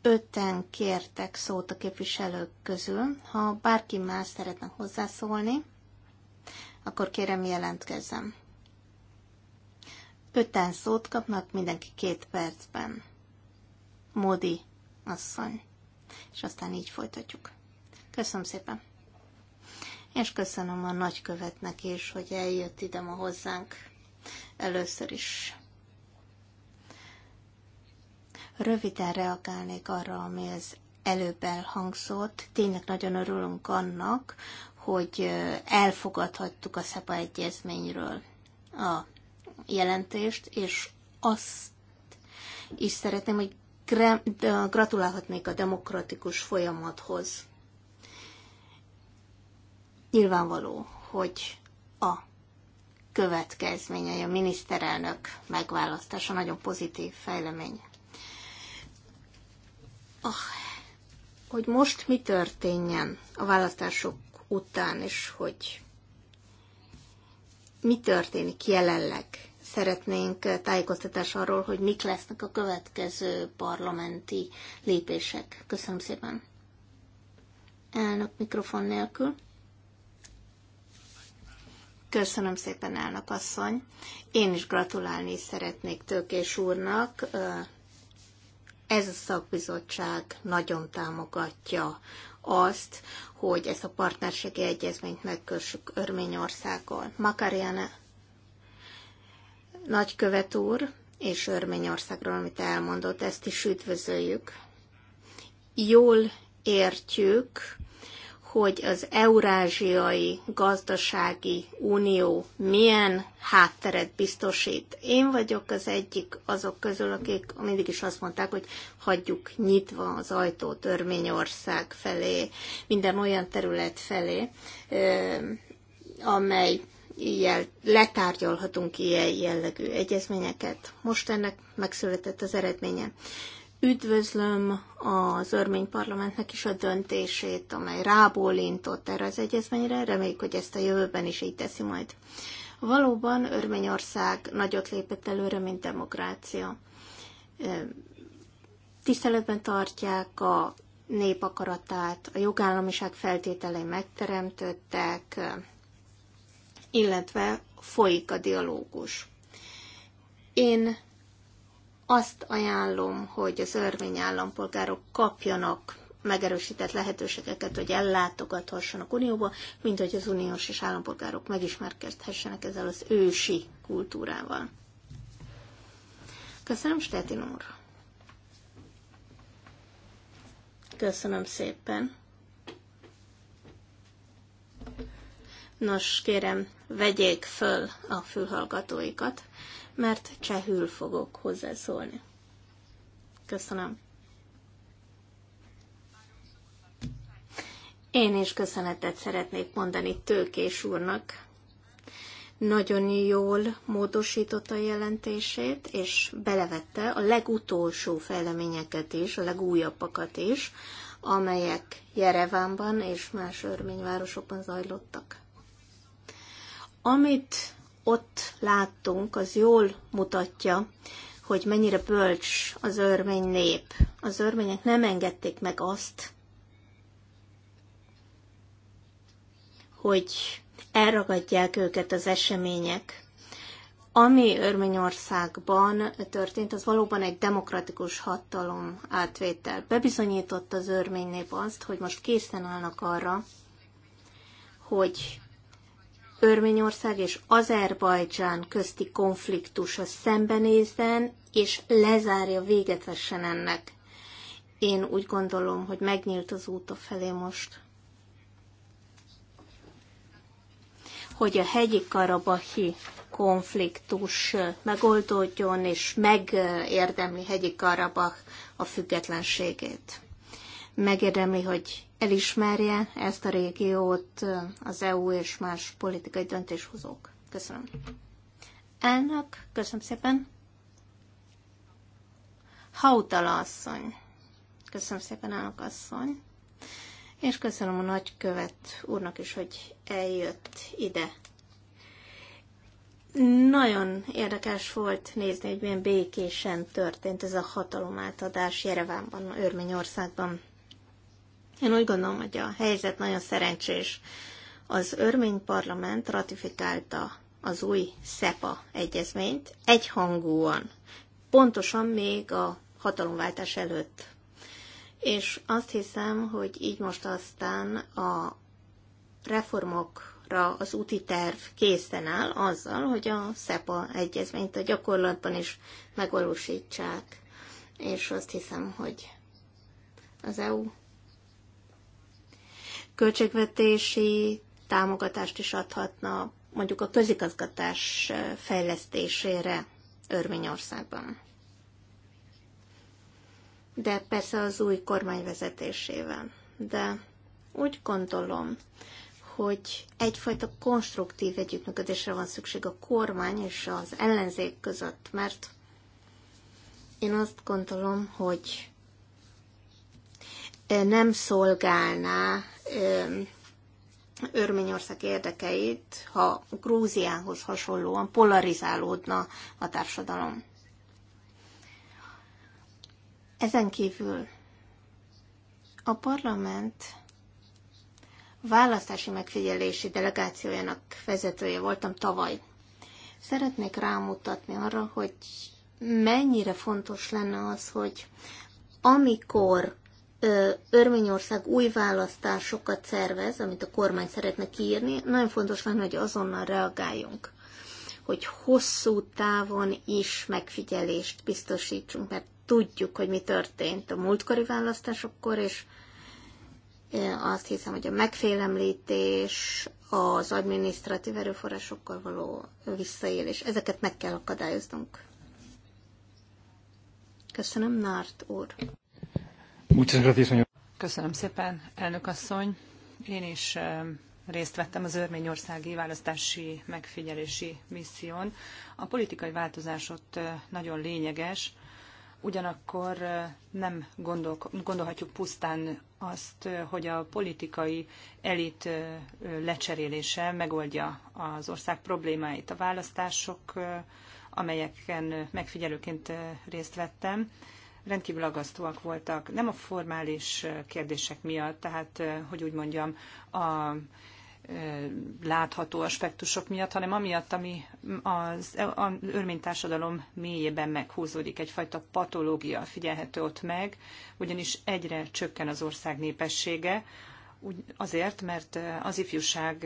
öten kértek szót a képviselők közül. Ha bárki más szeretne hozzászólni, akkor kérem jelentkezzem. Öten szót kapnak mindenki két percben. Modi asszony. És aztán így folytatjuk. Köszönöm szépen. És köszönöm a nagykövetnek is, hogy eljött ide ma hozzánk először is. Röviden reagálnék arra, ami az előbb elhangzott. Tényleg nagyon örülünk annak, hogy elfogadhattuk a SZEPA egyezményről a jelentést, és azt is szeretném, hogy gratulálhatnék a demokratikus folyamathoz. Nyilvánvaló, hogy a következménye a miniszterelnök megválasztása nagyon pozitív fejlemény ah, hogy most mi történjen a választások után, és hogy mi történik jelenleg. Szeretnénk tájékoztatás arról, hogy mik lesznek a következő parlamenti lépések. Köszönöm szépen. Elnök mikrofon nélkül. Köszönöm szépen, elnök asszony. Én is gratulálni szeretnék Tőkés úrnak ez a szakbizottság nagyon támogatja azt, hogy ezt a partnerségi egyezményt megkössük Örményországgal. Makariana nagykövet úr és Örményországról, amit elmondott, ezt is üdvözöljük. Jól értjük, hogy az Eurázsiai Gazdasági Unió milyen hátteret biztosít. Én vagyok az egyik azok közül, akik mindig is azt mondták, hogy hagyjuk nyitva az ajtót Örményország felé, minden olyan terület felé, amely ilyen, letárgyalhatunk ilyen jellegű egyezményeket. Most ennek megszületett az eredménye. Üdvözlöm az örmény parlamentnek is a döntését, amely rábólintott erre az egyezményre. Reméljük, hogy ezt a jövőben is így teszi majd. Valóban Örményország nagyot lépett előre, mint demokrácia. Tiszteletben tartják a népakaratát, a jogállamiság feltételei megteremtődtek, illetve folyik a dialógus. Én azt ajánlom, hogy az örvény állampolgárok kapjanak megerősített lehetőségeket, hogy ellátogathassanak Unióba, mint hogy az uniós és állampolgárok megismerkedhessenek ezzel az ősi kultúrával. Köszönöm, Stetin úr! Köszönöm szépen! Nos, kérem, vegyék föl a fülhallgatóikat mert csehül fogok hozzászólni. Köszönöm. Én is köszönetet szeretnék mondani Tőkés úrnak. Nagyon jól módosította a jelentését, és belevette a legutolsó fejleményeket is, a legújabbakat is, amelyek Jerevánban és más örményvárosokban zajlottak. Amit ott láttunk, az jól mutatja, hogy mennyire bölcs az örmény nép. Az örmények nem engedték meg azt, hogy elragadják őket az események. Ami Örményországban történt, az valóban egy demokratikus hatalom átvétel. Bebizonyította az örmény nép azt, hogy most készen állnak arra, hogy Örményország és Azerbajdzsán közti konfliktusa szembenézzen, és lezárja, véget vessen ennek. Én úgy gondolom, hogy megnyílt az út a felé most. Hogy a hegyi karabahi konfliktus megoldódjon, és megérdemli hegyi karabah a függetlenségét megérdemli, hogy elismerje ezt a régiót az EU és más politikai döntéshozók. Köszönöm. Elnök, köszönöm szépen. Hautala asszony. Köszönöm szépen, elnök asszony. És köszönöm a nagykövet úrnak is, hogy eljött ide. Nagyon érdekes volt nézni, hogy milyen békésen történt ez a hatalomátadás Jerevánban, Örményországban. Én úgy gondolom, hogy a helyzet nagyon szerencsés. Az örmény parlament ratifikálta az új SEPA egyezményt egyhangúan, pontosan még a hatalomváltás előtt. És azt hiszem, hogy így most aztán a reformokra az úti terv készen áll azzal, hogy a SEPA egyezményt a gyakorlatban is megvalósítsák. És azt hiszem, hogy az EU költségvetési támogatást is adhatna mondjuk a közigazgatás fejlesztésére Örményországban. De persze az új kormány vezetésével. De úgy gondolom, hogy egyfajta konstruktív együttműködésre van szükség a kormány és az ellenzék között, mert én azt gondolom, hogy nem szolgálná Örményország érdekeit, ha Grúziához hasonlóan polarizálódna a társadalom. Ezen kívül a parlament választási megfigyelési delegációjának vezetője voltam tavaly. Szeretnék rámutatni arra, hogy mennyire fontos lenne az, hogy amikor Örményország új választásokat szervez, amit a kormány szeretne kiírni, nagyon fontos lenne, hogy azonnal reagáljunk, hogy hosszú távon is megfigyelést biztosítsunk, mert tudjuk, hogy mi történt a múltkori választásokkor, és azt hiszem, hogy a megfélemlítés, az adminisztratív erőforrásokkal való visszaélés, ezeket meg kell akadályoznunk. Köszönöm, Nárt úr. Köszönöm szépen, elnök asszony. Én is részt vettem az örményországi választási megfigyelési misszión. A politikai változás ott nagyon lényeges, ugyanakkor nem gondol, gondolhatjuk pusztán azt, hogy a politikai elit lecserélése megoldja az ország problémáit. A választások, amelyeken megfigyelőként részt vettem, rendkívül agasztóak voltak. Nem a formális kérdések miatt, tehát, hogy úgy mondjam, a látható aspektusok miatt, hanem amiatt, ami az, az örménytársadalom mélyében meghúzódik, egyfajta patológia figyelhető ott meg, ugyanis egyre csökken az ország népessége, azért, mert az ifjúság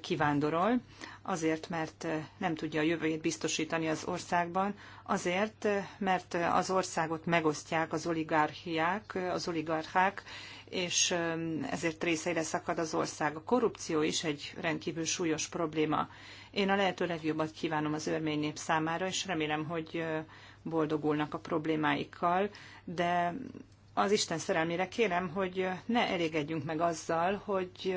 kivándorol, azért, mert eh, nem tudja a jövőjét biztosítani az országban, azért, eh, mert eh, az országot megosztják az oligarchiák, az oligarchák, és ezért részeire szakad az ország. A korrupció is egy rendkívül súlyos probléma. Én a lehető legjobbat kívánom az örmény nép számára, és remélem, hogy boldogulnak a problémáikkal, de az Isten szerelmére kérem, hogy ne elégedjünk meg azzal, hogy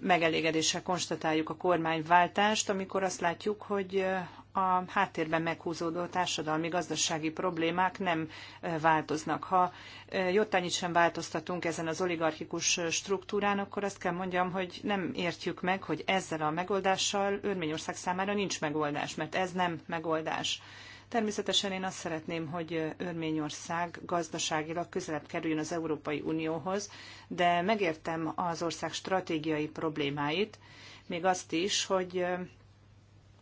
megelégedéssel konstatáljuk a kormányváltást, amikor azt látjuk, hogy a háttérben meghúzódó társadalmi-gazdasági problémák nem változnak. Ha jottányit sem változtatunk ezen az oligarchikus struktúrán, akkor azt kell mondjam, hogy nem értjük meg, hogy ezzel a megoldással Örményország számára nincs megoldás, mert ez nem megoldás. Természetesen én azt szeretném, hogy Örményország gazdaságilag közelebb kerüljön az Európai Unióhoz, de megértem az ország stratégiai problémáit, még azt is, hogy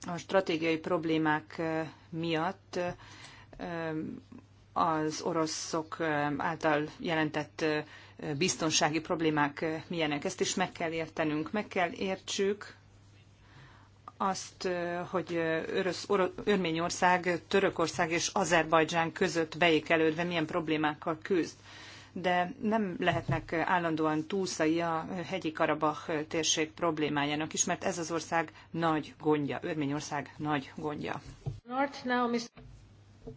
a stratégiai problémák miatt az oroszok által jelentett biztonsági problémák milyenek. Ezt is meg kell értenünk, meg kell értsük, azt, hogy Örösz, Örményország, Törökország és Azerbajdzsán között beékelődve milyen problémákkal küzd. De nem lehetnek állandóan túlszai a hegyi Karabach térség problémájának is, mert ez az ország nagy gondja, Örményország nagy gondja.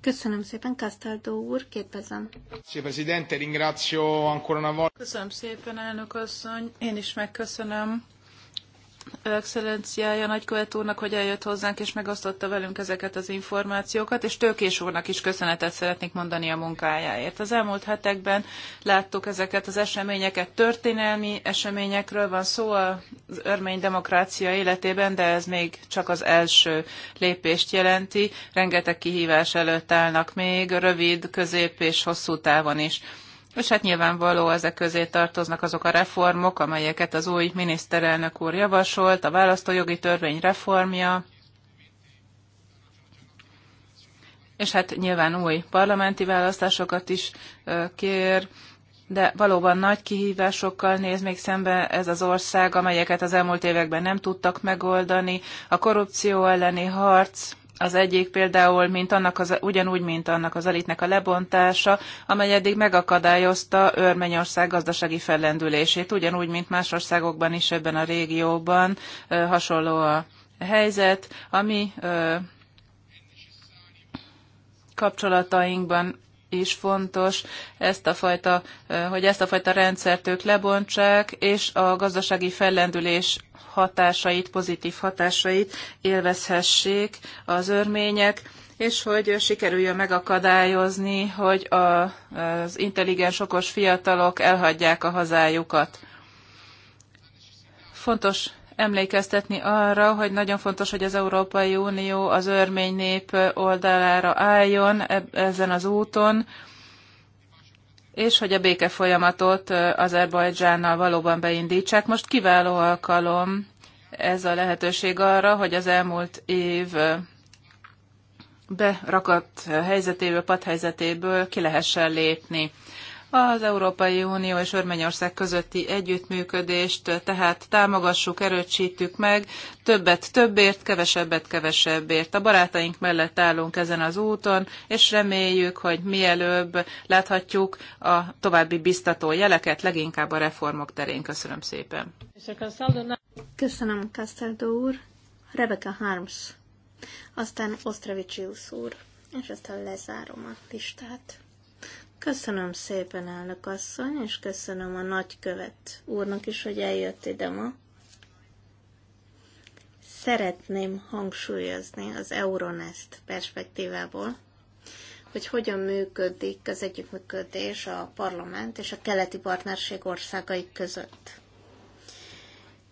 Köszönöm szépen, Castaldo úr, két Köszönöm szépen, elnök asszony. Én is megköszönöm excellenciája nagykövet úrnak, hogy eljött hozzánk és megosztotta velünk ezeket az információkat, és Tőkés úrnak is köszönetet szeretnék mondani a munkájáért. Az elmúlt hetekben láttuk ezeket az eseményeket, történelmi eseményekről van szó az örmény demokrácia életében, de ez még csak az első lépést jelenti. Rengeteg kihívás előtt állnak még, rövid, közép és hosszú távon is és hát nyilvánvaló ezek közé tartoznak azok a reformok, amelyeket az új miniszterelnök úr javasolt, a választójogi törvény reformja, és hát nyilván új parlamenti választásokat is kér, de valóban nagy kihívásokkal néz még szembe ez az ország, amelyeket az elmúlt években nem tudtak megoldani. A korrupció elleni harc, az egyik például mint annak az, ugyanúgy, mint annak az elitnek a lebontása, amely eddig megakadályozta Örmennyország gazdasági fellendülését, ugyanúgy, mint más országokban is ebben a régióban hasonló a helyzet, ami kapcsolatainkban is fontos, ezt a fajta, hogy ezt a fajta rendszert ők lebontsák, és a gazdasági fellendülés hatásait, pozitív hatásait élvezhessék az örmények, és hogy sikerüljön megakadályozni, hogy a, az intelligens, okos fiatalok elhagyják a hazájukat. Fontos emlékeztetni arra, hogy nagyon fontos, hogy az Európai Unió az örmény nép oldalára álljon ezen az úton, és hogy a béke folyamatot Azerbajdzsánnal valóban beindítsák. Most kiváló alkalom ez a lehetőség arra, hogy az elmúlt év berakott helyzetéből, padhelyzetéből ki lehessen lépni. Az Európai Unió és Örményország közötti együttműködést tehát támogassuk, erősítsük meg, többet többért, kevesebbet kevesebbért. A barátaink mellett állunk ezen az úton, és reméljük, hogy mielőbb láthatjuk a további biztató jeleket, leginkább a reformok terén. Köszönöm szépen. Köszönöm, Castaldo úr. Rebecca Harms, aztán Ostravicius úr, és aztán lezárom a listát. Köszönöm szépen, elnök asszony, és köszönöm a nagykövet úrnak is, hogy eljött ide ma. Szeretném hangsúlyozni az Euronest perspektívából, hogy hogyan működik az együttműködés a parlament és a keleti partnerség országai között.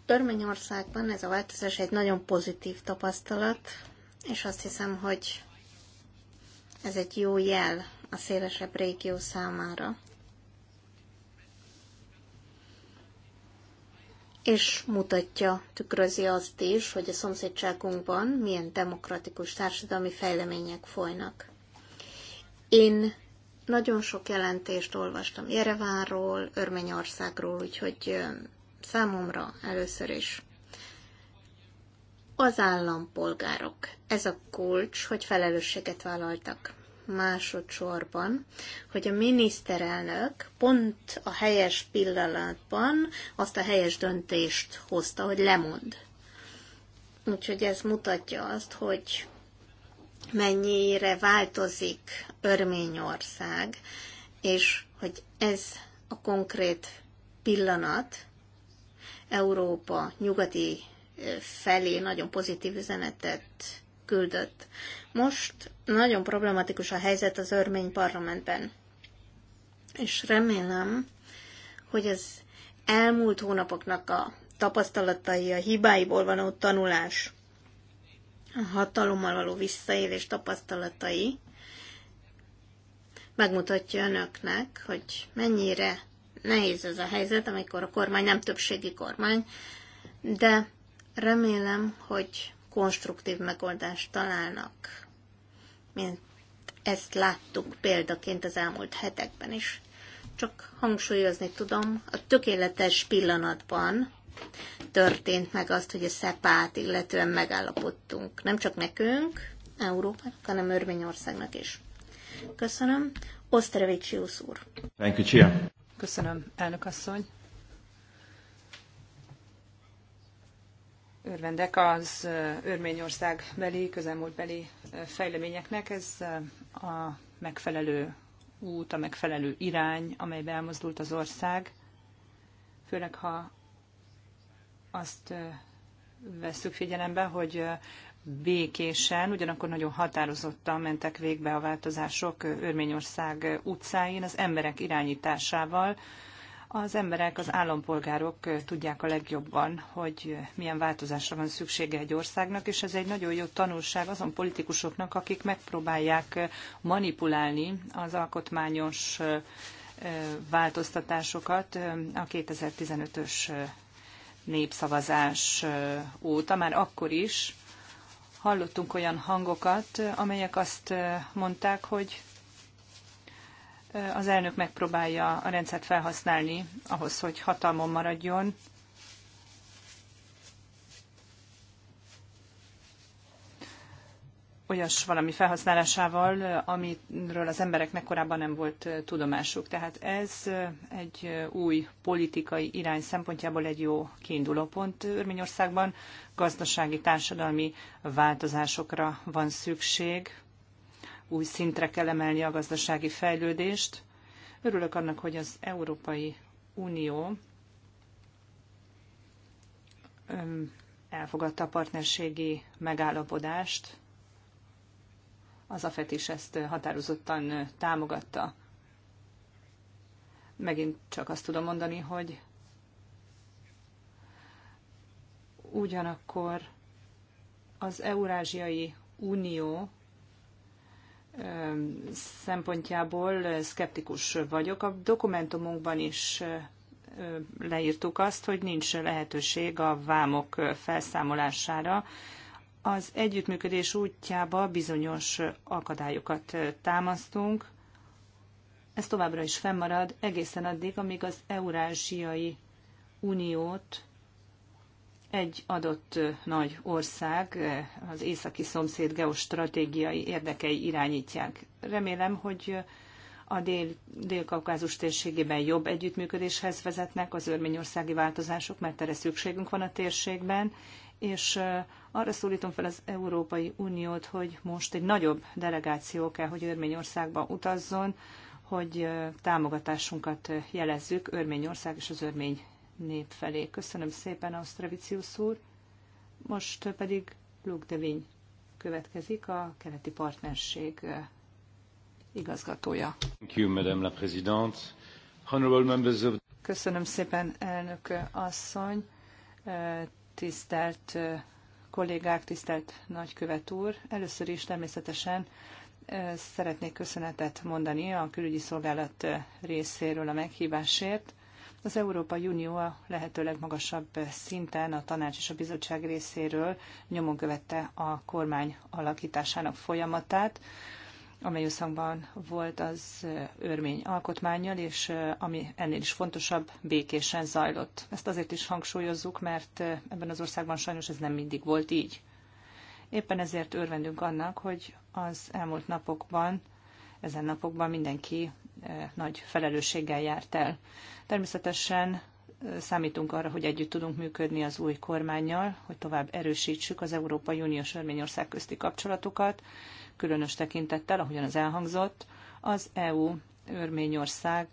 Örményországban ez a változás egy nagyon pozitív tapasztalat, és azt hiszem, hogy ez egy jó jel a szélesebb régió számára. És mutatja, tükrözi azt is, hogy a szomszédságunkban milyen demokratikus társadalmi fejlemények folynak. Én nagyon sok jelentést olvastam Jerevánról, Örményországról, úgyhogy számomra először is az állampolgárok. Ez a kulcs, hogy felelősséget vállaltak másodszorban, hogy a miniszterelnök pont a helyes pillanatban azt a helyes döntést hozta, hogy lemond. Úgyhogy ez mutatja azt, hogy mennyire változik Örményország, és hogy ez a konkrét pillanat Európa nyugati eh, felé nagyon pozitív üzenetet küldött. Most nagyon problematikus a helyzet az örmény parlamentben. És remélem, hogy az elmúlt hónapoknak a tapasztalatai, a hibáiból ott tanulás, a hatalommal való visszaélés tapasztalatai megmutatja önöknek, hogy mennyire nehéz ez a helyzet, amikor a kormány nem többségi kormány, de remélem, hogy konstruktív megoldást találnak, mint ezt láttuk példaként az elmúlt hetekben is. Csak hangsúlyozni tudom, a tökéletes pillanatban történt meg azt, hogy a szepát illetően megállapodtunk. Nem csak nekünk, Európának, hanem Örményországnak is. Köszönöm. Osztrevicsi úr. Thank you, Chia. Köszönöm, elnök asszony. örvendek az Örményország beli, közelmúltbeli fejleményeknek. Ez a megfelelő út, a megfelelő irány, amelybe elmozdult az ország, főleg ha azt vesszük figyelembe, hogy békésen, ugyanakkor nagyon határozottan mentek végbe a változások Örményország utcáin az emberek irányításával, az emberek, az állampolgárok tudják a legjobban, hogy milyen változásra van szüksége egy országnak, és ez egy nagyon jó tanulság azon politikusoknak, akik megpróbálják manipulálni az alkotmányos változtatásokat a 2015-ös népszavazás óta, már akkor is hallottunk olyan hangokat, amelyek azt mondták, hogy az elnök megpróbálja a rendszert felhasználni ahhoz, hogy hatalmon maradjon, olyas valami felhasználásával, amiről az embereknek korábban nem volt tudomásuk. Tehát ez egy új politikai irány szempontjából egy jó kiindulópont Örményországban. Gazdasági, társadalmi változásokra van szükség új szintre kell emelni a gazdasági fejlődést. Örülök annak, hogy az Európai Unió elfogadta a partnerségi megállapodást. Az AFET is ezt határozottan támogatta. Megint csak azt tudom mondani, hogy ugyanakkor az Eurázsiai Unió szempontjából szkeptikus vagyok. A dokumentumunkban is leírtuk azt, hogy nincs lehetőség a vámok felszámolására. Az együttműködés útjába bizonyos akadályokat támasztunk. Ez továbbra is fennmarad egészen addig, amíg az Eurázsiai Uniót egy adott nagy ország, az északi szomszéd geostratégiai érdekei irányítják. Remélem, hogy a dél, dél-kaukázus térségében jobb együttműködéshez vezetnek az örményországi változások, mert erre szükségünk van a térségben, és arra szólítom fel az Európai Uniót, hogy most egy nagyobb delegáció kell, hogy Örményországba utazzon, hogy támogatásunkat jelezzük Örményország és az örmény nép felé. Köszönöm szépen, Ausztravicius úr. Most pedig Lugdevin következik, a keleti partnerség igazgatója. Thank you, Madame la Présidente. Honorable members of... Köszönöm szépen, elnök asszony, tisztelt kollégák, tisztelt nagykövet úr. Először is természetesen szeretnék köszönetet mondani a külügyi szolgálat részéről a meghívásért. Az Európai Unió a lehető legmagasabb szinten a tanács és a bizottság részéről nyomon követte a kormány alakításának folyamatát, amely összhangban volt az örmény alkotmányjal, és ami ennél is fontosabb, békésen zajlott. Ezt azért is hangsúlyozzuk, mert ebben az országban sajnos ez nem mindig volt így. Éppen ezért örvendünk annak, hogy az elmúlt napokban, ezen napokban mindenki nagy felelősséggel járt el. Természetesen számítunk arra, hogy együtt tudunk működni az új kormányjal, hogy tovább erősítsük az Európai Uniós Örményország közti kapcsolatokat, különös tekintettel, ahogyan az elhangzott, az EU Örményország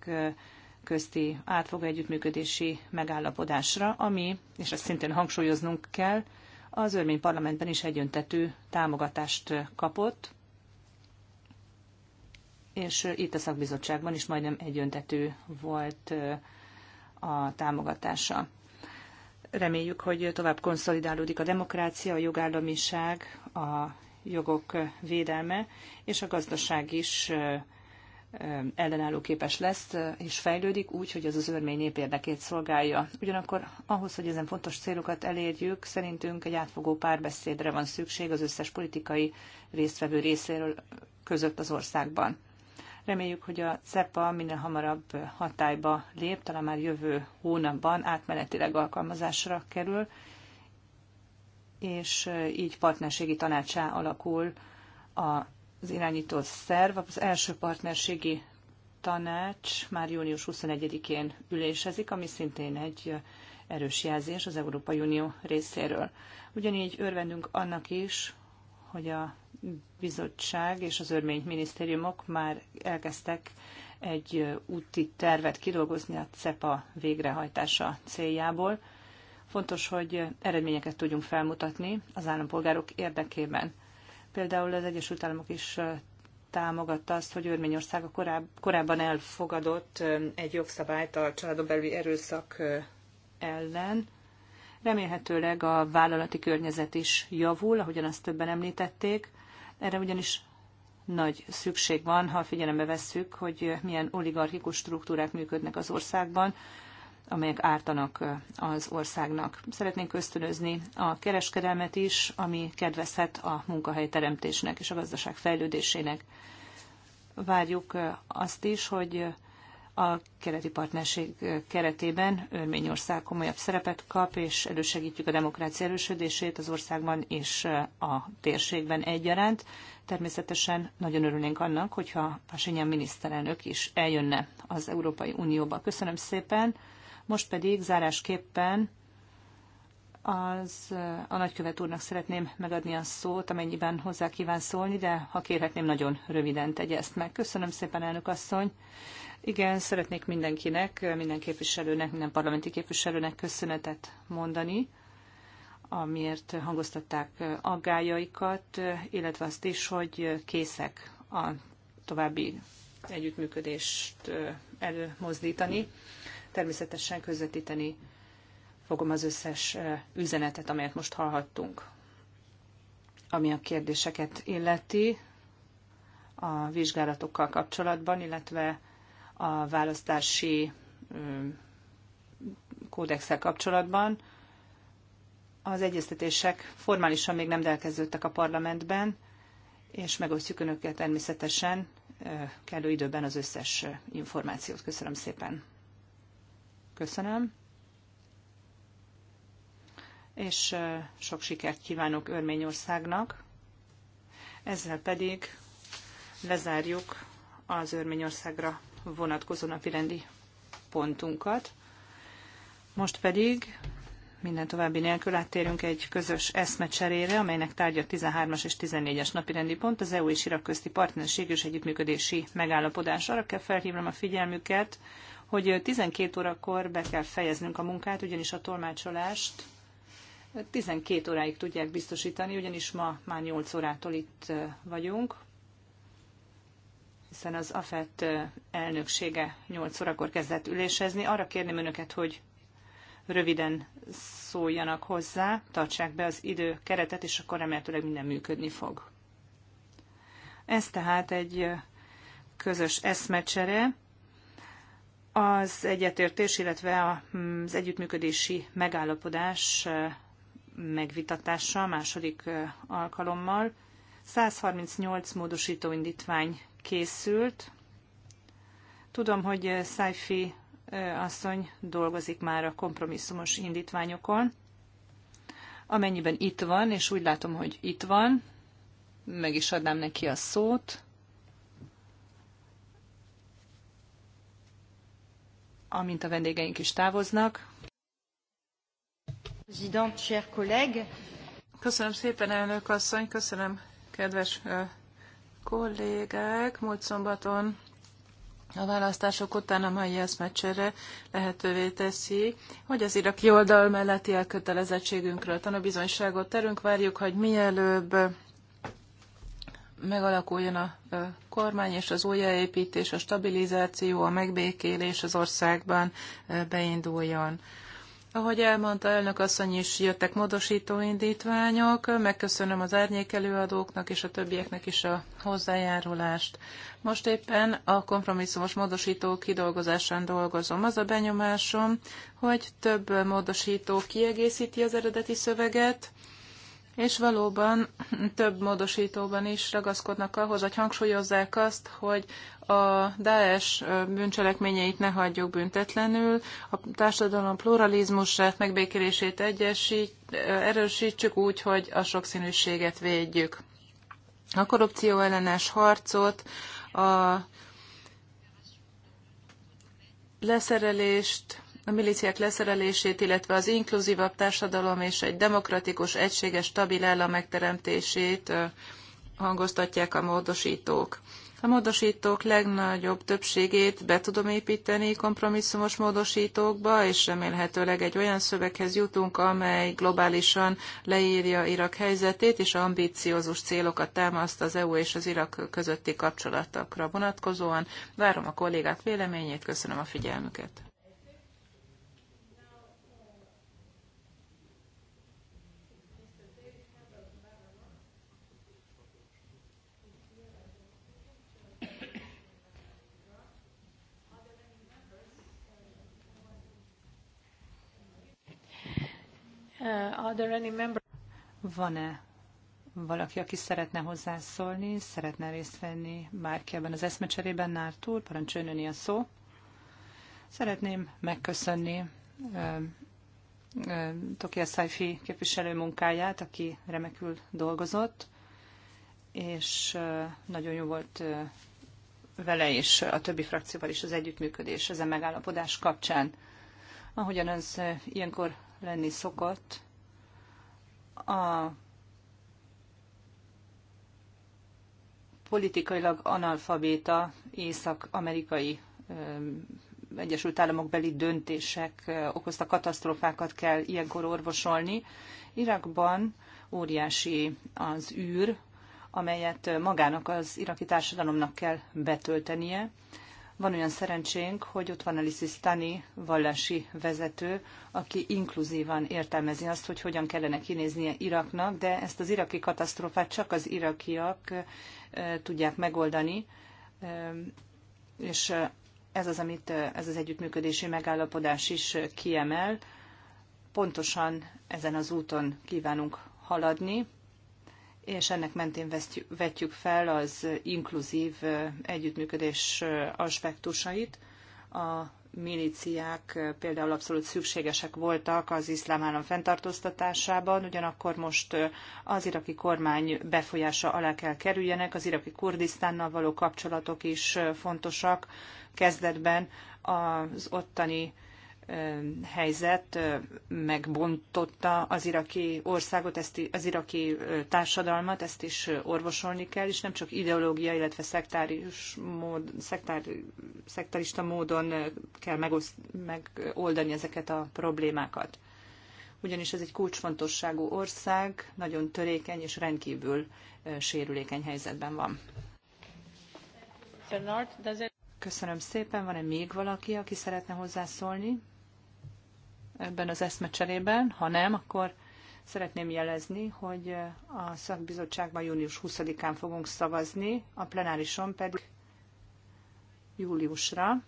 közti átfogó együttműködési megállapodásra, ami, és ezt szintén hangsúlyoznunk kell, az örmény parlamentben is egyöntetű támogatást kapott, és itt a szakbizottságban is majdnem egyöntetű volt a támogatása. Reméljük, hogy tovább konszolidálódik a demokrácia, a jogállamiság, a jogok védelme, és a gazdaság is ellenálló képes lesz, és fejlődik úgy, hogy az az örmény nép érdekét szolgálja. Ugyanakkor ahhoz, hogy ezen fontos célokat elérjük, szerintünk egy átfogó párbeszédre van szükség az összes politikai résztvevő részéről között az országban. Reméljük, hogy a CEPA minél hamarabb hatályba lép, talán már jövő hónapban átmenetileg alkalmazásra kerül, és így partnerségi tanácsá alakul az irányító szerv. Az első partnerségi tanács már június 21-én ülésezik, ami szintén egy erős jelzés az Európai Unió részéről. Ugyanígy örvendünk annak is, hogy a bizottság és az örményminisztériumok már elkezdtek egy úti tervet kidolgozni a CEPA végrehajtása céljából. Fontos, hogy eredményeket tudjunk felmutatni az állampolgárok érdekében. Például az Egyesült Államok is támogatta azt, hogy Örményország a koráb, korábban elfogadott egy jogszabályt a családon belüli erőszak ellen. Remélhetőleg a vállalati környezet is javul, ahogyan azt többen említették. Erre ugyanis nagy szükség van, ha figyelembe vesszük, hogy milyen oligarchikus struktúrák működnek az országban, amelyek ártanak az országnak. Szeretnénk ösztönözni a kereskedelmet is, ami kedvezhet a munkahelyteremtésnek és a gazdaság fejlődésének. Várjuk azt is, hogy a keleti partnerség keretében Örményország komolyabb szerepet kap, és elősegítjük a demokrácia erősödését az országban és a térségben egyaránt. Természetesen nagyon örülnénk annak, hogyha Pasinyan miniszterelnök is eljönne az Európai Unióba. Köszönöm szépen. Most pedig zárásképpen az a nagykövet úrnak szeretném megadni a szót, amennyiben hozzá kíván szólni, de ha kérhetném, nagyon röviden tegye ezt meg. Köszönöm szépen, elnök asszony. Igen, szeretnék mindenkinek, minden képviselőnek, minden parlamenti képviselőnek köszönetet mondani, amiért hangoztatták aggájaikat, illetve azt is, hogy készek a további együttműködést előmozdítani, természetesen közvetíteni fogom az összes üzenetet, amelyet most hallhattunk. Ami a kérdéseket illeti, a vizsgálatokkal kapcsolatban, illetve a választási kódexel kapcsolatban. Az egyeztetések formálisan még nem elkezdődtek a parlamentben, és megosztjuk önökkel természetesen kellő időben az összes információt. Köszönöm szépen. Köszönöm és sok sikert kívánok Örményországnak. Ezzel pedig lezárjuk az Örményországra vonatkozó napirendi pontunkat. Most pedig minden további nélkül áttérünk egy közös eszmecserére, amelynek tárgya 13-as és 14-es napirendi pont, az EU és Irak közti partnerség és együttműködési megállapodás. Arra kell felhívnom a figyelmüket, hogy 12 órakor be kell fejeznünk a munkát, ugyanis a tolmácsolást 12 óráig tudják biztosítani, ugyanis ma már 8 órától itt vagyunk, hiszen az AFET elnöksége 8 órakor kezdett ülésezni. Arra kérném önöket, hogy röviden szóljanak hozzá, tartsák be az idő keretet, és akkor remélhetőleg minden működni fog. Ez tehát egy közös eszmecsere, az egyetértés, illetve mm, az együttműködési megállapodás megvitatása második alkalommal. 138 módosító indítvány készült. Tudom, hogy Szájfi asszony dolgozik már a kompromisszumos indítványokon. Amennyiben itt van, és úgy látom, hogy itt van, meg is adnám neki a szót. Amint a vendégeink is távoznak, Köszönöm szépen, elnök asszony, köszönöm, kedves kollégák. Múlt szombaton a választások után a mai eszmecsere lehetővé teszi, hogy az iraki oldal melletti elkötelezettségünkről tanúbizonyságot terünk, várjuk, hogy mielőbb megalakuljon a kormány és az újjáépítés, a stabilizáció, a megbékélés az országban beinduljon. Ahogy elmondta elnök asszony is, jöttek módosító indítványok. Megköszönöm az árnyékelőadóknak és a többieknek is a hozzájárulást. Most éppen a kompromisszumos módosítók kidolgozásán dolgozom. Az a benyomásom, hogy több módosító kiegészíti az eredeti szöveget, és valóban több módosítóban is ragaszkodnak ahhoz, hogy hangsúlyozzák azt, hogy a Daesh bűncselekményeit ne hagyjuk büntetlenül, a társadalom pluralizmusát, megbékélését egyesít, erősítsük úgy, hogy a sokszínűséget védjük. A korrupció ellenes harcot, a leszerelést, a milíciák leszerelését, illetve az inkluzívabb társadalom és egy demokratikus, egységes, stabil állam megteremtését hangoztatják a módosítók. A módosítók legnagyobb többségét be tudom építeni kompromisszumos módosítókba, és remélhetőleg egy olyan szöveghez jutunk, amely globálisan leírja Irak helyzetét, és ambíciózus célokat támaszt az EU és az Irak közötti kapcsolatokra vonatkozóan. Várom a kollégák véleményét, köszönöm a figyelmüket. Uh, Van-e valaki, aki szeretne hozzászólni, szeretne részt venni bárki ebben az eszmecserében, Nártúr, parancsoljon a szó. Szeretném megköszönni uh, uh, Tokia Saifi képviselő munkáját, aki remekül dolgozott, és nagyon jó volt vele és a többi frakcióval is az együttműködés ezen megállapodás kapcsán. Ahogyan az ilyenkor lenni szokott a politikailag analfabéta észak-amerikai Egyesült Államok beli döntések okozta katasztrófákat kell ilyenkor orvosolni. Irakban óriási az űr, amelyet magának az iraki társadalomnak kell betöltenie, van olyan szerencsénk, hogy ott van Alice Stani, vallási vezető, aki inkluzívan értelmezi azt, hogy hogyan kellene kinéznie Iraknak, de ezt az iraki katasztrófát csak az irakiak tudják megoldani, és ez az, amit ez az együttműködési megállapodás is kiemel. Pontosan ezen az úton kívánunk haladni, és ennek mentén vetjük fel az inkluzív együttműködés aspektusait. A milíciák például abszolút szükségesek voltak az iszlám állam fenntartóztatásában, ugyanakkor most az iraki kormány befolyása alá kell kerüljenek, az iraki Kurdisztánnal való kapcsolatok is fontosak. Kezdetben az ottani helyzet megbontotta az iraki országot, ezt, az iraki társadalmat, ezt is orvosolni kell, és nem csak ideológia, illetve szektáris mód, szektár, szektárista módon kell megoszt, megoldani ezeket a problémákat. Ugyanis ez egy kulcsfontosságú ország, nagyon törékeny és rendkívül sérülékeny helyzetben van. Köszönöm szépen. Van-e még valaki, aki szeretne hozzászólni? ebben az eszmecserében, ha nem, akkor szeretném jelezni, hogy a szakbizottságban június 20-án fogunk szavazni, a plenárison pedig júliusra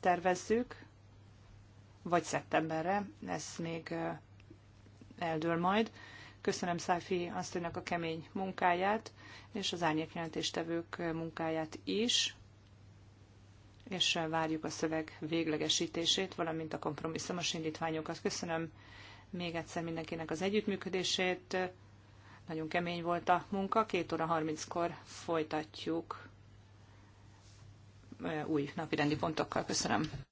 tervezzük, vagy szeptemberre, ez még eldől majd. Köszönöm Száfi asszonynak a kemény munkáját, és az árnyékjelentéstevők munkáját is és várjuk a szöveg véglegesítését, valamint a kompromisszumos indítványokat. Köszönöm még egyszer mindenkinek az együttműködését. Nagyon kemény volt a munka, 2 óra 30-kor folytatjuk új napirendi pontokkal. Köszönöm.